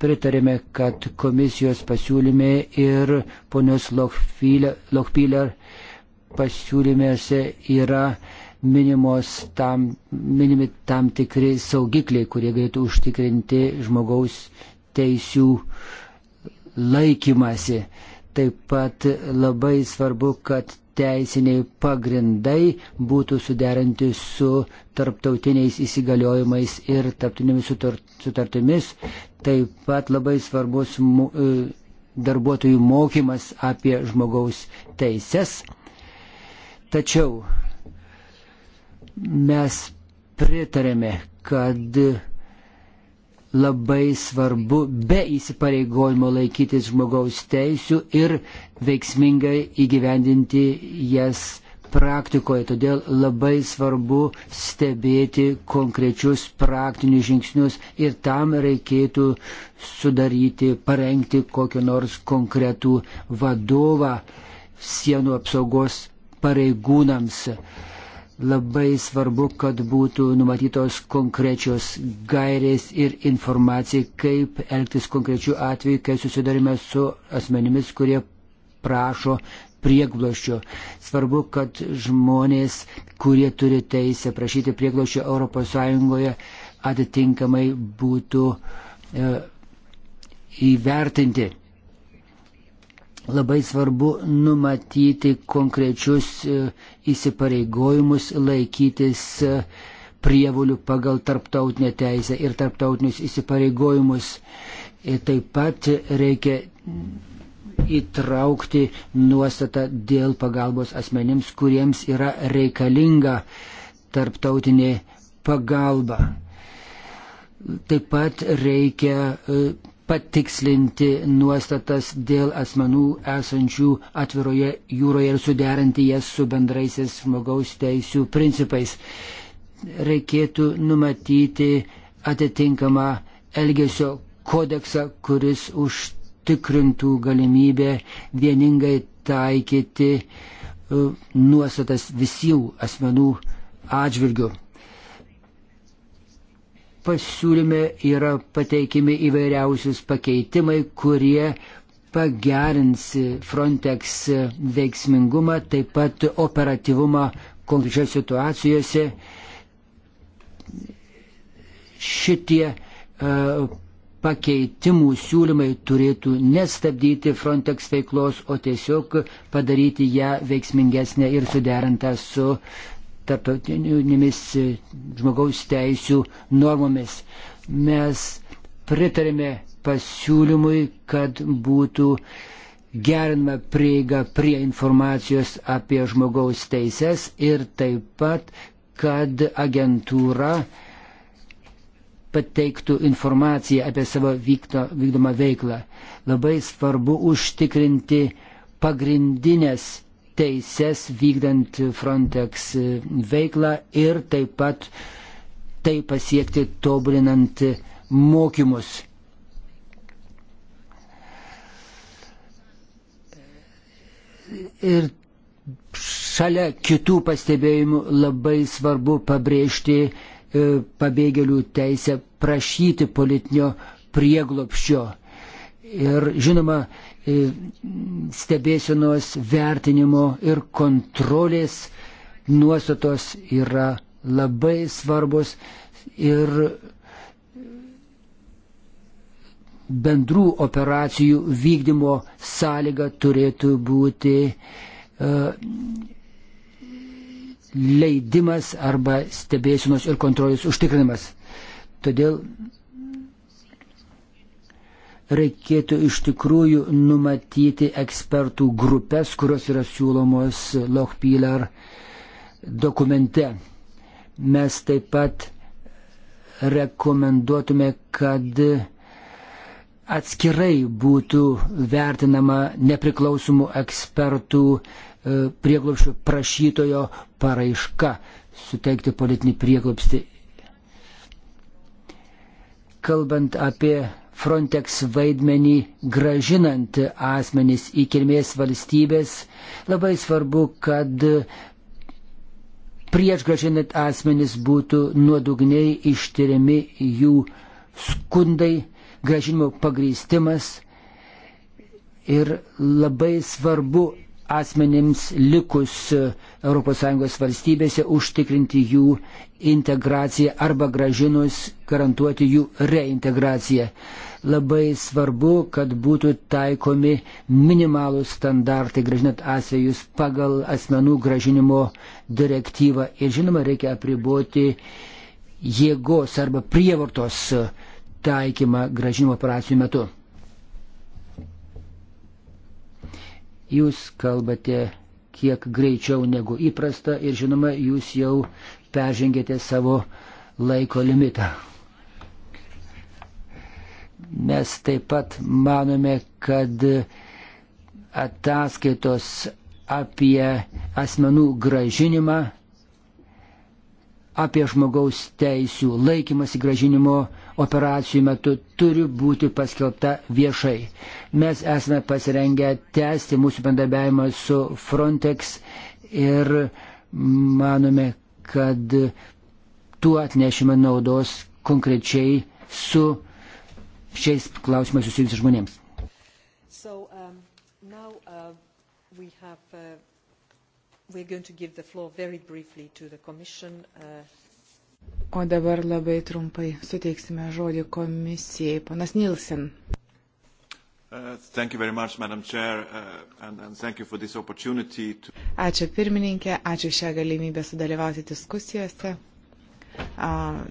pritarėme, kad komisijos pasiūlyme ir ponios Lochpiller pasiūlymėse yra minimos tam, minimi tam tikri saugikliai, kurie galėtų užtikrinti žmogaus teisių laikymasi. Taip pat labai svarbu, kad teisiniai pagrindai būtų suderinti su tarptautiniais įsigaliojimais ir tarptautinėmis sutartimis. Taip pat labai svarbus e, darbuotojų mokymas apie žmogaus teises. Tačiau Mes pritarėme, kad labai svarbu be įsipareigojimo laikytis žmogaus teisų ir veiksmingai įgyvendinti jas praktikoje. Todėl labai svarbu stebėti konkrečius praktinius žingsnius ir tam reikėtų sudaryti, parengti kokį nors konkretų vadovą sienų apsaugos pareigūnams. Labai svarbu, kad būtų numatytos konkrečios gairės ir informacija, kaip elgtis konkrečių atvejų, kai susidarime su asmenimis, kurie prašo prieglošio. Svarbu, kad žmonės, kurie turi teisę prašyti prieglošio ES, atitinkamai būtų e, įvertinti labai svarbu numatyti konkrečius e, įsipareigojimus laikytis e, prievolių pagal tarptautinę teisę ir tarptautinius įsipareigojimus. Ir e, taip pat reikia įtraukti nuostatą dėl pagalbos asmenims, kuriems yra reikalinga tarptautinė pagalba. Taip pat reikia patikslinti nuostatas dėl asmenų esančių atviroje jūroje ir suderinti jas su bendraisiais žmogaus teisų principais. Reikėtų numatyti atitinkamą elgesio kodeksą, kuris užtikrintų galimybę vieningai taikyti e, nuostatas visų asmenų atžvilgių pasiūlyme yra pateikimi įvairiausius pakeitimai, kurie pagerins Frontex veiksmingumą, taip pat operatyvumą konkrečiose situacijose. Šitie uh, pakeitimų siūlymai turėtų nestabdyti Frontex veiklos, o tiesiog padaryti ją veiksmingesnę ir suderintą su tarptautinėmis žmogaus teisų normomis. Mes pritarėme pasiūlymui, kad būtų gerinama prieiga prie informacijos apie žmogaus teises ir taip pat, kad agentūra pateiktų informaciją apie savo vykto, vykdomą veiklą. Labai svarbu užtikrinti pagrindinės teises vykdant Frontex veiklą ir taip pat tai pasiekti tobulinant mokymus. Ir šalia kitų pastebėjimų labai svarbu pabrėžti e, pabėgėlių teisę prašyti politinio prieglopščio. Ir žinoma, stebėsinos vertinimo ir kontrolės nuostatos yra labai svarbus ir bendrų operacijų vykdymo sąlyga turėtų būti e, leidimas arba stebėsinos ir kontrolės užtikrinimas. Todėl reikėtų iš tikrųjų numatyti ekspertų grupės, kurios yra siūlomos Lochpilar dokumente. Mes taip pat rekomenduotume, kad atskirai būtų vertinama nepriklausomų ekspertų e, prieglopščio prašytojo paraiška suteikti politinį prieglopstį. Kalbant apie Frontex vaidmenį gražinant asmenys į kilmės valstybės. Labai svarbu, kad prieš gražinant asmenys būtų nuodugniai ištyrimi jų skundai, gražinimo pagrystimas ir labai svarbu asmenims likus ES valstybėse užtikrinti jų integraciją arba gražinus garantuoti jų reintegraciją. Labai svarbu, kad būtų taikomi minimalūs standartai, gražinant asvejus pagal asmenų gražinimo direktyvą. Ir žinoma, reikia apriboti jėgos arba prievartos taikymą gražinimo operacijų metu. Jūs kalbate kiek greičiau negu įprasta ir žinoma, jūs jau peržengėte savo laiko limitą. Mes taip pat manome, kad ataskaitos apie asmenų gražinimą, apie žmogaus teisų laikymasi gražinimo operacijų metu turi būti paskelbta viešai. Mes esame pasirengę tęsti mūsų bendarbiavimą su Frontex ir manome, kad tuo atnešime naudos konkrečiai su šiais klausimais susijusi žmonėms. So, um, now, uh, have, uh, uh, O dabar labai trumpai suteiksime žodį komisijai. Panas Nilsen. Uh, much, Chair, uh, and, and to... Ačiū pirmininkė, ačiū šią galimybę sudalyvauti diskusijose. Uh,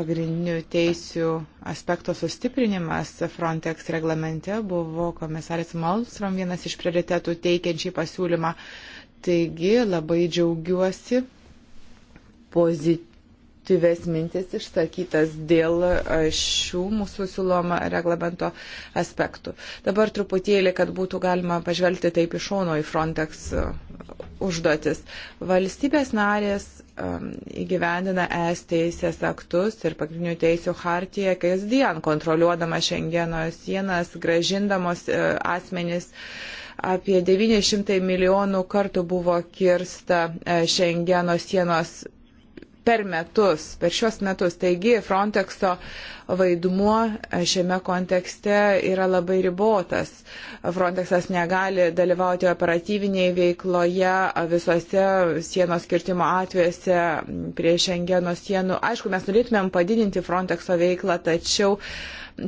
pagrindinių teisių aspekto sustiprinimas Frontex reglamente buvo komisaris Malmstrom vienas iš prioritetų teikiančiai pasiūlymą. Taigi labai džiaugiuosi pozityves mintis išsakytas dėl šių mūsų siūloma reglamento aspektų. Dabar truputėlį, kad būtų galima pažvelgti taip iš šono į Frontex užduotis. Valstybės narės Um, įgyvendina ES teisės aktus ir pagrindinių teisų hartiją kasdien, kontroliuodama Šengeno sienas, gražindamos e, asmenys. Apie 900 milijonų kartų buvo kirsta e, Šengeno sienos per metus, per šios metus. Taigi Frontexo vaidmuo šiame kontekste yra labai ribotas. Frontexas negali dalyvauti operatyviniai veikloje visose sienos kirtimo atvejuose prie Šengeno sienų. Aišku, mes norėtumėm padidinti Frontexo veiklą, tačiau uh,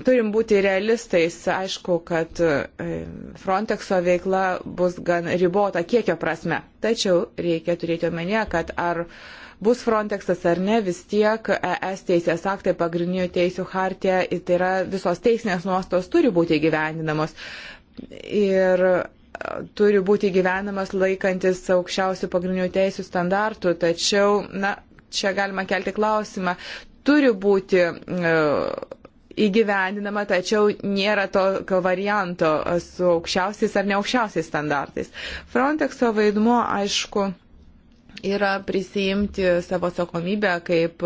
turim būti realistais. Aišku, kad e, Frontexo veikla bus gan ribota kiekio prasme. Tačiau reikia turėti omenyje, kad ar bus Frontexas ar ne, vis tiek ES teisės aktai, pagrindinių teisų hartė, tai yra visos teisinės nuostos turi būti gyvendinamos. Ir e, turi būti gyvenamas laikantis aukščiausių pagrindinių teisų standartų, tačiau, na, čia galima kelti klausimą, turi būti uh, įgyvendinama, tačiau nėra to varianto su aukščiausiais ar neaukščiausiais standartais. Frontexo vaidmuo, aišku, yra prisijimti savo atsakomybę kaip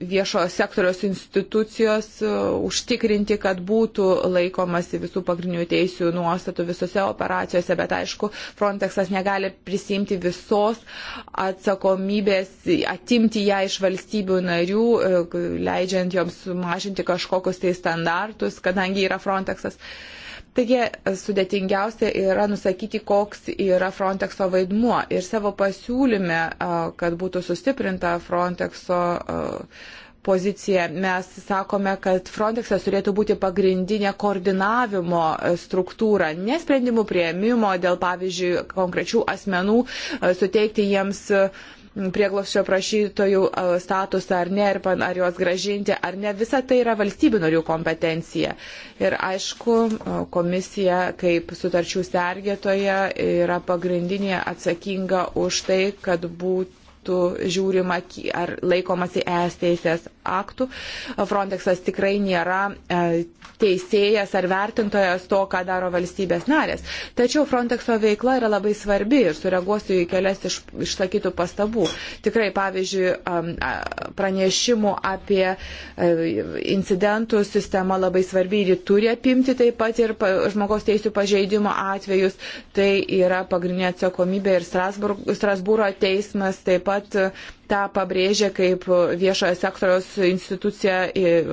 viešojo sektoriaus institucijos e, užtikrinti, kad būtų laikomasi visų pagrindinių teisių nuostatų visose operacijose, bet aišku, Frontexas negali prisimti visos atsakomybės, atimti ją iš valstybių narių, e, leidžiant joms mažinti kažkokius tai standartus, kadangi yra Frontexas. Uh, Taigi sudėtingiausia yra nusakyti, koks yra Frontexo vaidmuo. Ir savo pasiūlyme, kad būtų sustiprinta Frontexo poziciją. Mes sakome, kad Frontexas turėtų būti pagrindinė koordinavimo struktūra, nesprendimų prieimimo dėl, pavyzdžiui, konkrečių asmenų, suteikti jiems uh, prieglopščio prašytojų statusą ar ne, ar juos gražinti ar ne. Visa tai yra valstybių narių kompetencija. Ir aišku, komisija kaip sutarčių sergėtoja yra pagrindinė atsakinga už tai, kad būtų žiūrima, ar laikomasi es teisės aktų. Frontexas tikrai nėra e, teisėjas ar vertintojas to, ką daro valstybės narės. Tačiau Frontexo veikla yra labai svarbi ir sureaguosiu į kelias iš, išsakytų pastabų. Tikrai, pavyzdžiui, pranešimų apie e, incidentų sistema labai svarbi ir ji turi apimti taip pat ir žmogaus teisų pažeidimo atvejus. Tai yra pagrindinė atsakomybė ir Strasbūro teismas taip pat tą pabrėžė kaip viešojo sektoriaus institucija,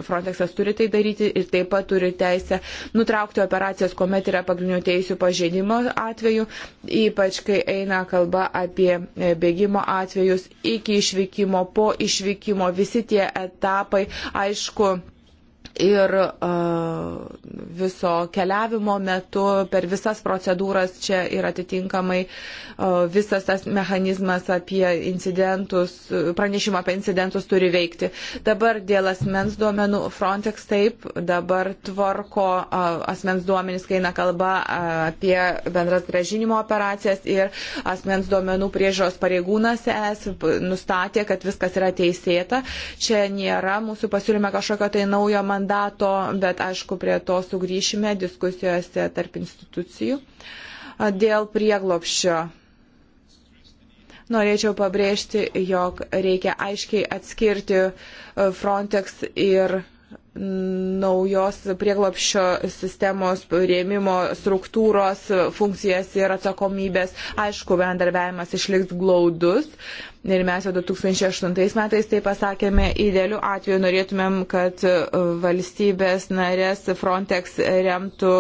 Frontexas turi tai daryti ir taip pat turi teisę nutraukti operacijas, kuomet yra pagrindinių teisų pažeidimo atveju, ypač kai eina kalba apie e, bėgimo atvejus iki išvykimo, po išvykimo, visi tie etapai, aišku, ir uh, viso keliavimo metu per visas procedūras čia ir atitinkamai uh, visas tas mechanizmas apie incidentus, pranešimą apie incidentus turi veikti. Dabar dėl asmens duomenų Frontex taip, dabar tvarko uh, asmens duomenys, kai eina kalba uh, apie bendras gražinimo operacijas ir asmens duomenų priežos pareigūnas es nustatė, kad viskas yra teisėta. Čia nėra mūsų pasiūlyme kažkokio tai naujo mandato mandato, bet aišku, prie to sugrįšime diskusijose tarp institucijų. Dėl prieglopščio norėčiau pabrėžti, jog reikia aiškiai atskirti Frontex ir naujos prieglopščio sistemos rėmimo struktūros funkcijas ir atsakomybės. Aišku, bendarbiavimas išliks glaudus, Ir mes jau 2008 metais tai pasakėme, idealiu atveju norėtumėm, kad e, valstybės narės Frontex remtų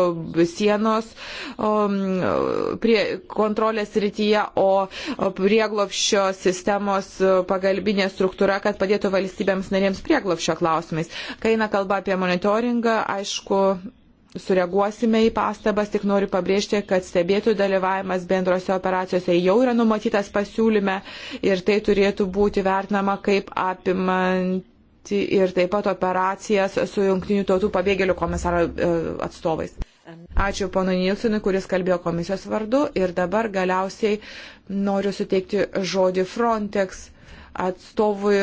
sienos prie kontrolės rytyje, o prieglopščio sistemos e, pagalbinė struktūra, kad padėtų valstybėms narėms prieglopščio klausimais. Kai eina kalba apie monitoringą, aišku, sureaguosime į pastabas, tik noriu pabrėžti, kad stebėtų dalyvavimas bendrose operacijose jau yra numatytas pasiūlyme ir tai turėtų būti vertinama kaip apimanti ir taip pat operacijas su jungtinių tautų pabėgėlių komisaro e, atstovais. Ačiū pono Nilsinui, kuris kalbėjo komisijos vardu ir dabar galiausiai noriu suteikti žodį Frontex atstovui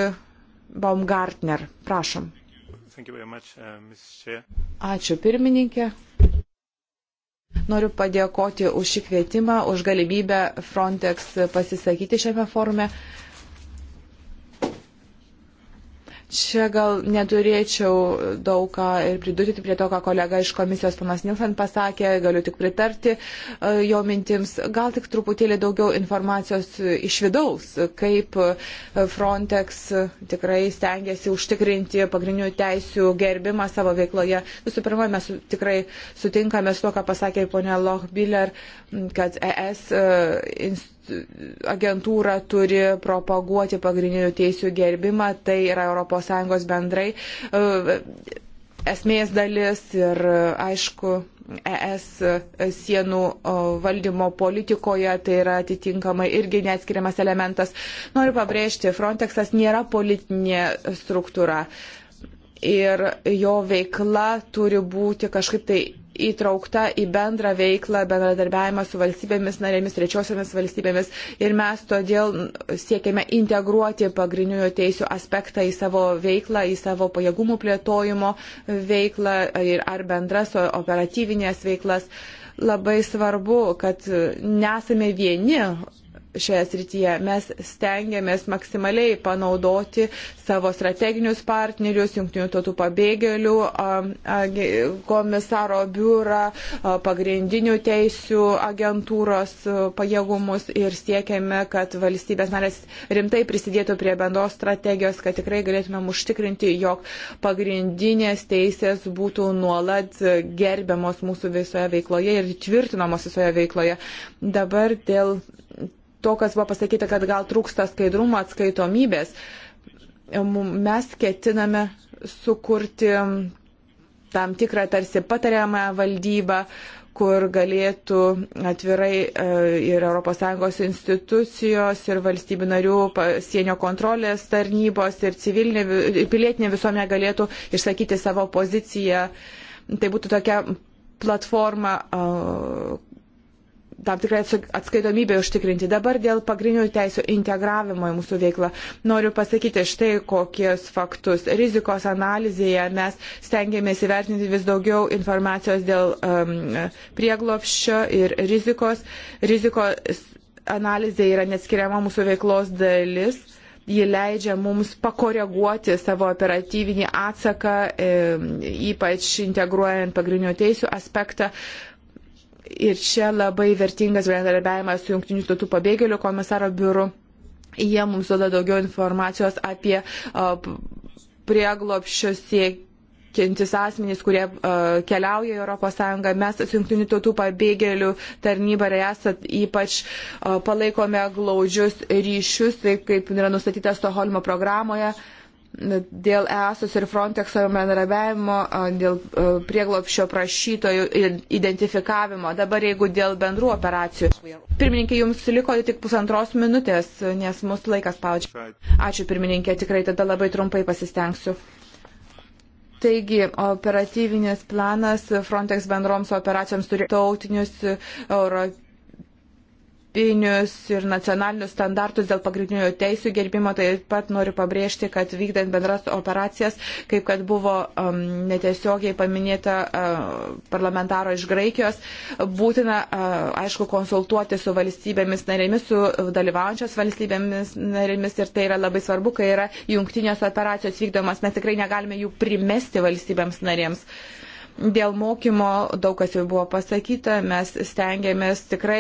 Baumgartner. Prašom. Much, uh, Ačiū pirmininkė. Noriu padėkoti už šį kvietimą, už galimybę Frontex pasisakyti šiame forume. Uh, Čia gal neturėčiau daug ką ir pridurti prie to, ką kolega iš komisijos panas Nilsen pasakė, galiu tik pritarti e, jo mintims. Gal tik truputėlį daugiau informacijos iš vidaus, kaip e, Frontex e, tikrai stengiasi užtikrinti pagrindinių teisių gerbimą savo veikloje. Visų pirma, mes tikrai sutinkame su to, ką pasakė ir ponia Lochbiller, kad ES institucija agentūra turi propaguoti pagrindinių teisių gerbimą, tai yra ES bendrai e, esmės dalis ir aišku, ES sienų e, valdymo politikoje, tai yra atitinkamai irgi neatskiriamas elementas. Noriu pabrėžti, Frontexas nėra politinė struktūra ir jo veikla turi būti kažkaip tai įtraukta į bendrą veiklą, bendradarbiavimą su valstybėmis narėmis, trečiosiamis valstybėmis ir mes todėl siekiame integruoti pagrindinių teisų aspektą į savo veiklą, į savo pajėgumų plėtojimo veiklą ir ar bendras operatyvinės veiklas. Labai svarbu, kad nesame vieni šioje srityje. Mes stengiamės maksimaliai panaudoti savo strateginius partnerius, jungtinių tautų pabėgėlių, komisaro biurą, pagrindinių teisių agentūros pajėgumus ir siekiame, kad valstybės narės rimtai prisidėtų prie bendros strategijos, kad tikrai galėtumėm užtikrinti, jog pagrindinės teisės būtų nuolat gerbiamos mūsų visoje veikloje ir tvirtinamos visoje veikloje. Dabar dėl to, kas buvo pasakyta, kad gal trūksta skaidrumo atskaitomybės. Mes ketiname sukurti tam tikrą tarsi patariamą valdybą, kur galėtų atvirai e, ir ES institucijos, ir valstybių narių sienio kontrolės tarnybos, ir civilinė, ir pilietinė visuomenė galėtų išsakyti savo poziciją. Tai būtų tokia platforma, tam tikrą atskaitomybę užtikrinti. Dabar dėl pagrindinių teisų integravimo į mūsų veiklą noriu pasakyti štai kokius faktus. Rizikos analizėje mes stengiamės įvertinti vis daugiau informacijos dėl um, prieglopščio ir rizikos. Rizikos analizė yra neskiriama mūsų veiklos dalis ji leidžia mums pakoreguoti savo operatyvinį atsaką, ypač integruojant pagrindinių teisų aspektą Ir čia labai vertingas bendradarbiavimas su Junktinių tautų pabėgėlių komisaro biuru. Jie mums duoda daugiau informacijos apie prieglopščio siekį kentis asmenys, kurie uh, keliauja į ES. Mes su Junktinių tautų pabėgėlių tarnyba esat ypač uh, palaikome glaudžius ryšius, taip kaip yra nustatyta Stoholmo programoje. Uh, dėl EASOS ir Frontexo bendrabiavimo, dėl prieglopščio prašytojų identifikavimo, dabar jeigu dėl bendrų operacijų. Pirmininkė, jums liko tik pusantros minutės, nes mūsų laikas spaudžia. Ačiū pirmininkė, tikrai tada labai trumpai pasistengsiu. Taigi, operatyvinis planas Frontex bendroms operacijoms turi tautinius, europinius europinius ir nacionalinius standartus dėl pagrindinių teisų gerbimo. Taip pat noriu pabrėžti, kad vykdant bendras operacijas, kaip kad buvo um, netiesiogiai paminėta uh, parlamentaro iš Graikijos, būtina, uh, aišku, konsultuoti su valstybėmis narėmis, su dalyvaujančios valstybėmis narėmis ir tai yra labai svarbu, kai yra jungtinės operacijos vykdomas, mes tikrai negalime jų primesti valstybėms narėms. Uh, Dėl mokymo daug kas jau buvo pasakyta, mes stengiamės tikrai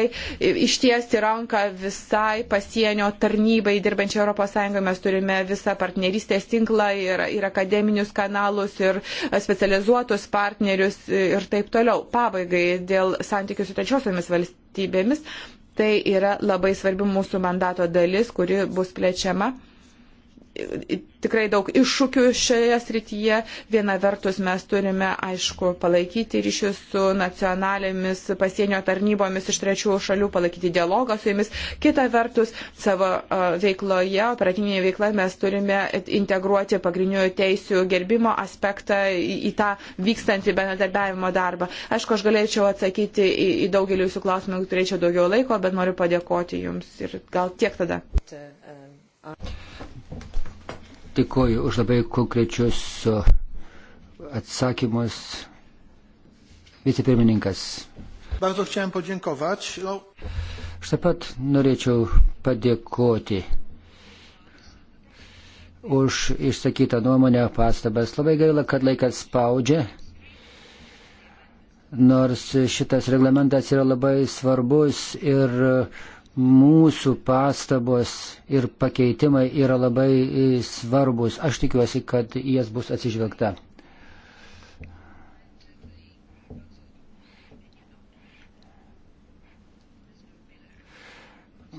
ištiesti ranką visai pasienio tarnybai dirbančiai ES. Mes turime visą partnerystės tinklą ir, ir akademinius kanalus, ir specializuotus partnerius ir taip toliau. Pabaigai dėl santykių su trečiosiomis valstybėmis. Tai yra labai svarbi mūsų mandato dalis, kuri bus plečiama tikrai daug iššūkių šioje srityje. Viena vertus mes turime, aišku, palaikyti ryšius su nacionalėmis pasienio tarnybomis iš trečių šalių, palaikyti dialogą su jomis. Kita vertus, savo veikloje, operatyvinėje veikloje mes turime integruoti pagrindinių teisių gerbimo aspektą į, į tą vykstantį bendradarbiavimo darbą. Aišku, aš galėčiau atsakyti į, į daugelį jūsų klausimų, jeigu turėčiau daugiau laiko, bet noriu padėkoti jums ir gal tiek tada. Dėkuoju už labai konkrečius atsakymus. Vicepirmininkas. Bardzo chciałem podziękować. No. Aš taip pat norėčiau padėkoti už išsakytą nuomonę, pastabas. Labai gaila, kad laikas spaudžia, nors šitas reglamentas yra labai svarbus ir uh, mūsų pastabos ir pakeitimai yra labai e, svarbus. Aš tikiuosi, kad jas bus atsižvelgta.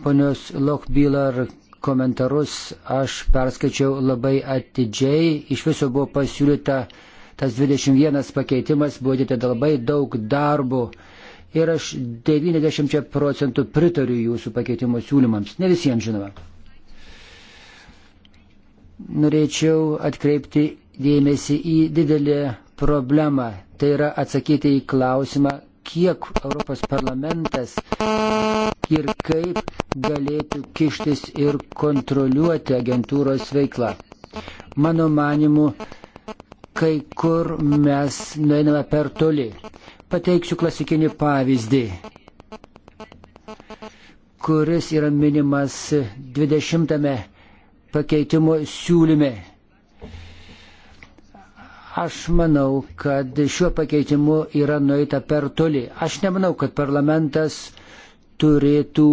Ponios Lochbiller komentarus aš perskaičiau labai atidžiai. Iš viso buvo pasiūlyta tas 21 pakeitimas, buvo dėta labai daug darbo ir aš 90 procentų pritariu jūsų pakeitimo siūlymams, ne visiems žinoma. Norėčiau atkreipti dėmesį į didelį problemą, tai yra atsakyti į klausimą, kiek Europos parlamentas ir kaip galėtų kištis ir kontroliuoti agentūros veiklą. Mano manimu, kai kur mes nueiname per toli. Pateiksiu klasikinį pavyzdį, kuris yra minimas 20 pakeitimo siūlyme. Aš manau, kad šiuo pakeitimu yra nueita per toli. Aš nemanau, kad parlamentas turėtų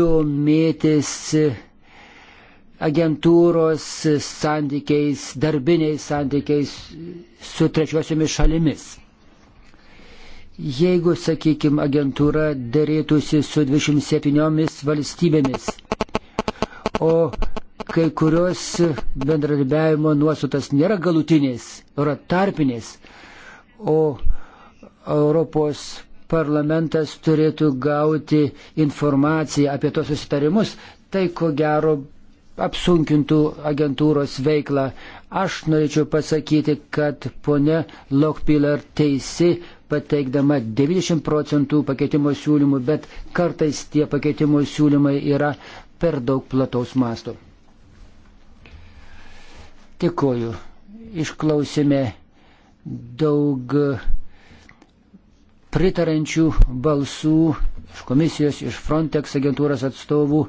domėtis agentūros santykiais, darbiniais santykiais su trečiosiomis šalimis. Jeigu, sakykime, agentūra dėrėtųsi su 27 valstybėmis, o kai kurios bendradarbiavimo nuostatas nėra galutinės, yra tarpinės, o Europos parlamentas turėtų gauti informaciją apie tos susitarimus, tai ko gero apsunkintų agentūros veiklą. Aš norėčiau pasakyti, kad ponė Lokpiler teisi pateikdama 90 procentų pakeitimo siūlymų, bet kartais tie pakeitimo siūlymai yra per daug plataus masto. Tikoju, išklausėme daug pritarančių balsų iš komisijos, iš Frontex agentūros atstovų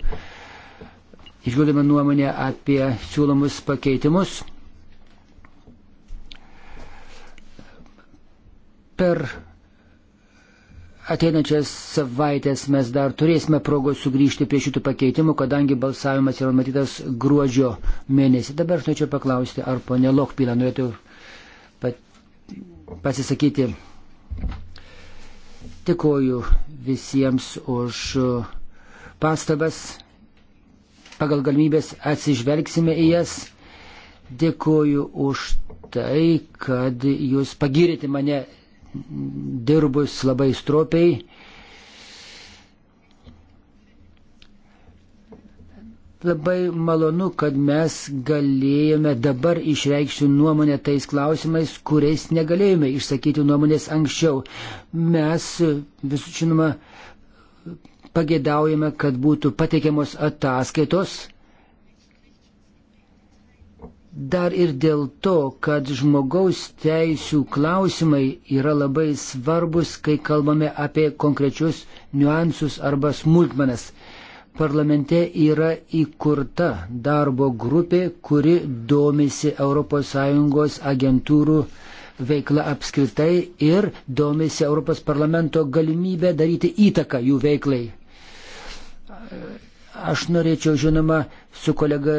išgirdome nuomonę apie siūlomus pakeitimus. Per ateinančias savaitės mes dar turėsime progos sugrįžti prie šitų pakeitimų, kadangi balsavimas yra matytas gruodžio mėnesį. Dabar aš norėčiau paklausti, ar ponė Lokpilė norėtų pasisakyti. Tikoju visiems už pastabas pagal galimybės atsižvelgsime į jas. Dėkuoju už tai, kad jūs pagirėte mane dirbus labai stropiai. Labai malonu, kad mes galėjome dabar išreikšti nuomonę tais klausimais, kuriais negalėjome išsakyti nuomonės anksčiau. Mes visų žinoma pagėdaujame, kad būtų pateikiamos ataskaitos. Dar ir dėl to, kad žmogaus teisų klausimai yra labai svarbus, kai kalbame apie konkrečius niuansus arba smulkmenas. Parlamente yra įkurta darbo grupė, kuri domisi ES agentūrų veikla apskritai ir domisi Europos parlamento galimybę daryti įtaką jų veiklai. Aš norėčiau, žinoma, su kolega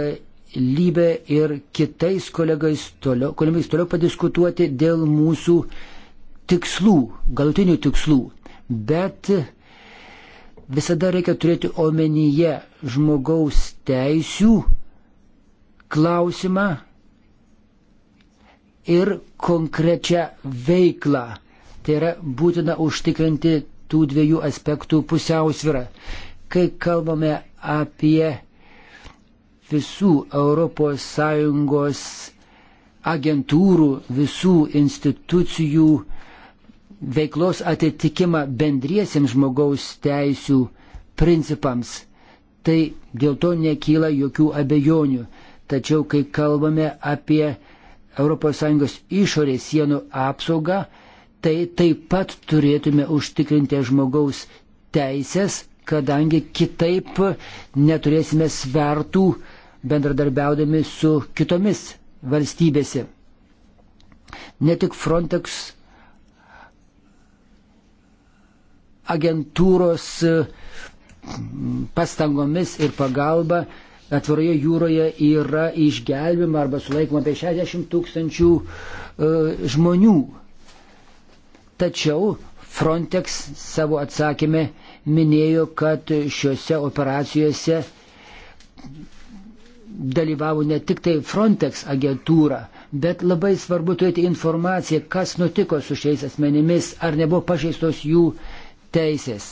Lybė ir kitais kolegais toliau, kolegais toliau padiskutuoti dėl mūsų tikslų, galutinių tikslų. Bet visada reikia turėti omenyje žmogaus teisių klausimą ir konkrečią veiklą. Tai yra būtina užtikrinti tų dviejų aspektų pusiausvyrą. Kai kalbame apie visų ES agentūrų, visų institucijų veiklos atitikimą bendriesiems žmogaus teisių principams, tai dėl to nekyla jokių abejonių. Tačiau, kai kalbame apie ES išorės sienų apsaugą, tai taip pat turėtume užtikrinti žmogaus teisės kadangi kitaip neturėsime svertų bendradarbiaudami su kitomis valstybėse. Ne tik Frontex agentūros mm, pastangomis ir pagalba atviroje jūroje yra išgelbima arba sulaikoma apie 60 tūkstančių e, žmonių. Tačiau Frontex savo atsakymę minėjo, kad šiuose operacijose dalyvavo ne tik tai Frontex agentūra, bet labai svarbu turėti informaciją, kas nutiko su šiais asmenimis, ar nebuvo pažeistos jų teisės.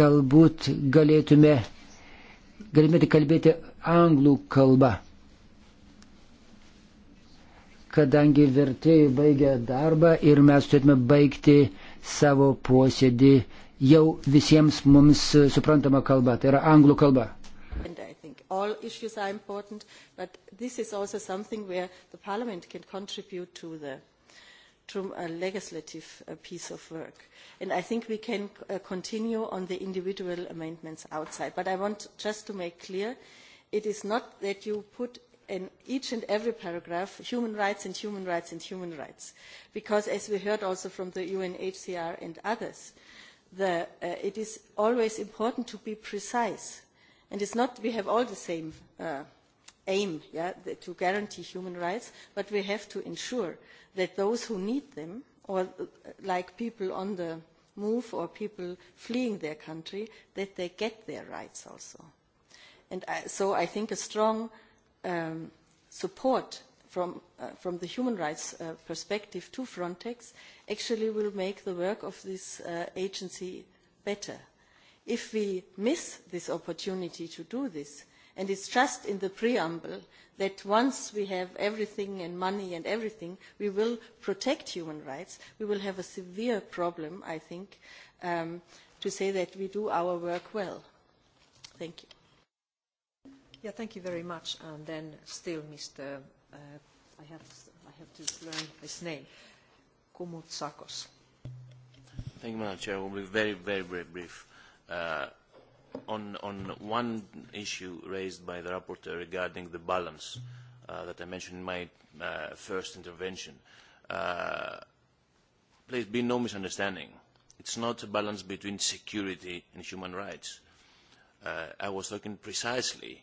Galbūt galėtume, galėtume kalbėti anglų kalbą kadangi vertėjai baigė darbą ir mes turėtume baigti savo posėdį jau visiems mums suprantama kalba, tai yra anglų kalba. All issues are important, but this is also something where the Parliament can contribute to the to a legislative uh, piece of work. And I think we can uh, continue on the individual amendments outside. But I want just to make clear, it is not that you put in each and every paragraph human rights and human rights and human rights because as we heard also from the UNHCR and others the, uh, it is always important to be precise and it's not we have all the same uh, aim yeah, the, to guarantee human rights but we have to ensure that those who need them or uh, like people on the move or people fleeing their country that they get their rights also and I, so I think a strong uh, um, support from, uh, from the human rights uh, perspective to Frontex actually will make the work of this uh, agency better. If we miss this opportunity to do this, and it's just in the preamble that once we have everything and money and everything, we will protect human rights, we will have a severe problem, I think, um, to say that we do our work well. Thank you. Yeah, thank you very much. And then still, Mr. Uh, I, have, I have to learn his name, Kumutsakos. Thank you, Madam Chair. I will be very, very, very brief. Uh, on, on one issue raised by the rapporteur regarding the balance uh, that I mentioned in my uh, first intervention, uh, please be no misunderstanding. It's not a balance between security and human rights. Uh, I was talking precisely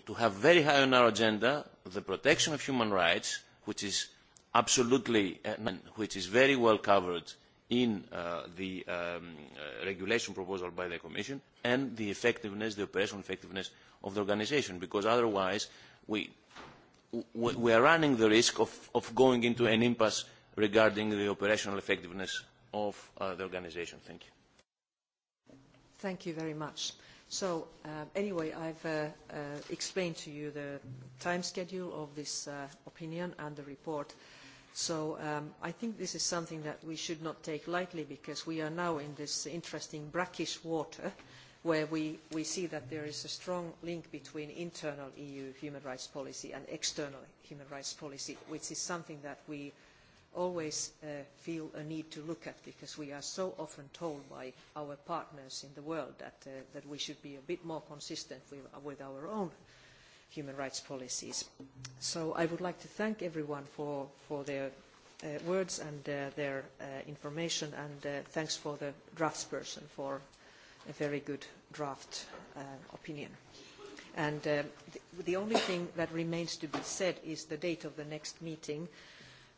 to have very high on our agenda the protection of human rights, which is absolutely, uh, which is very well covered in uh, the um, uh, regulation proposal by the Commission, and the effectiveness, the operational effectiveness of the organisation, because otherwise we, we, we are running the risk of, of going into an impasse regarding the operational effectiveness of uh, the organisation. Thank you. Thank you very much. So uh, anyway, I've uh, uh, explained to you the time schedule of this uh, opinion and the report. So um, I think this is something that we should not take lightly because we are now in this interesting brackish water where we, we see that there is a strong link between internal EU human rights policy and external human rights policy, which is something that we uh, always uh, feel a need to look at because we are so often told by our partners in the world that, uh, that we should be a bit more consistent with, uh, with our own human rights policies. So I would like to thank everyone for, for their uh, words and uh, their uh, information and uh, thanks for the draftsperson for a very good draft uh, opinion. And uh, the, the only thing that remains to be said is the date of the next meeting. Uh,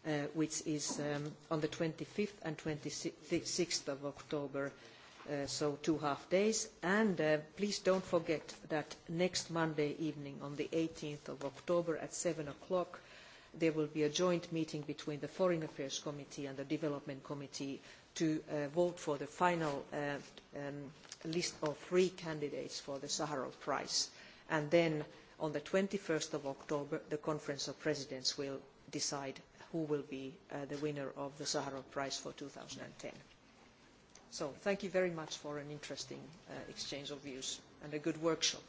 uh, which is um, on the 25th and 26th of October, uh, so two half days. And uh, please don't forget that next Monday evening, on the 18th of October at 7 o'clock, there will be a joint meeting between the Foreign Affairs Committee and the Development Committee to uh, vote for the final uh, um, list of three candidates for the Sakharov Prize. And then on the 21st of October, the Conference of Presidents will decide who will be uh, the winner of the Sakharov Prize for 2010. So thank you very much for an interesting uh, exchange of views and a good workshop.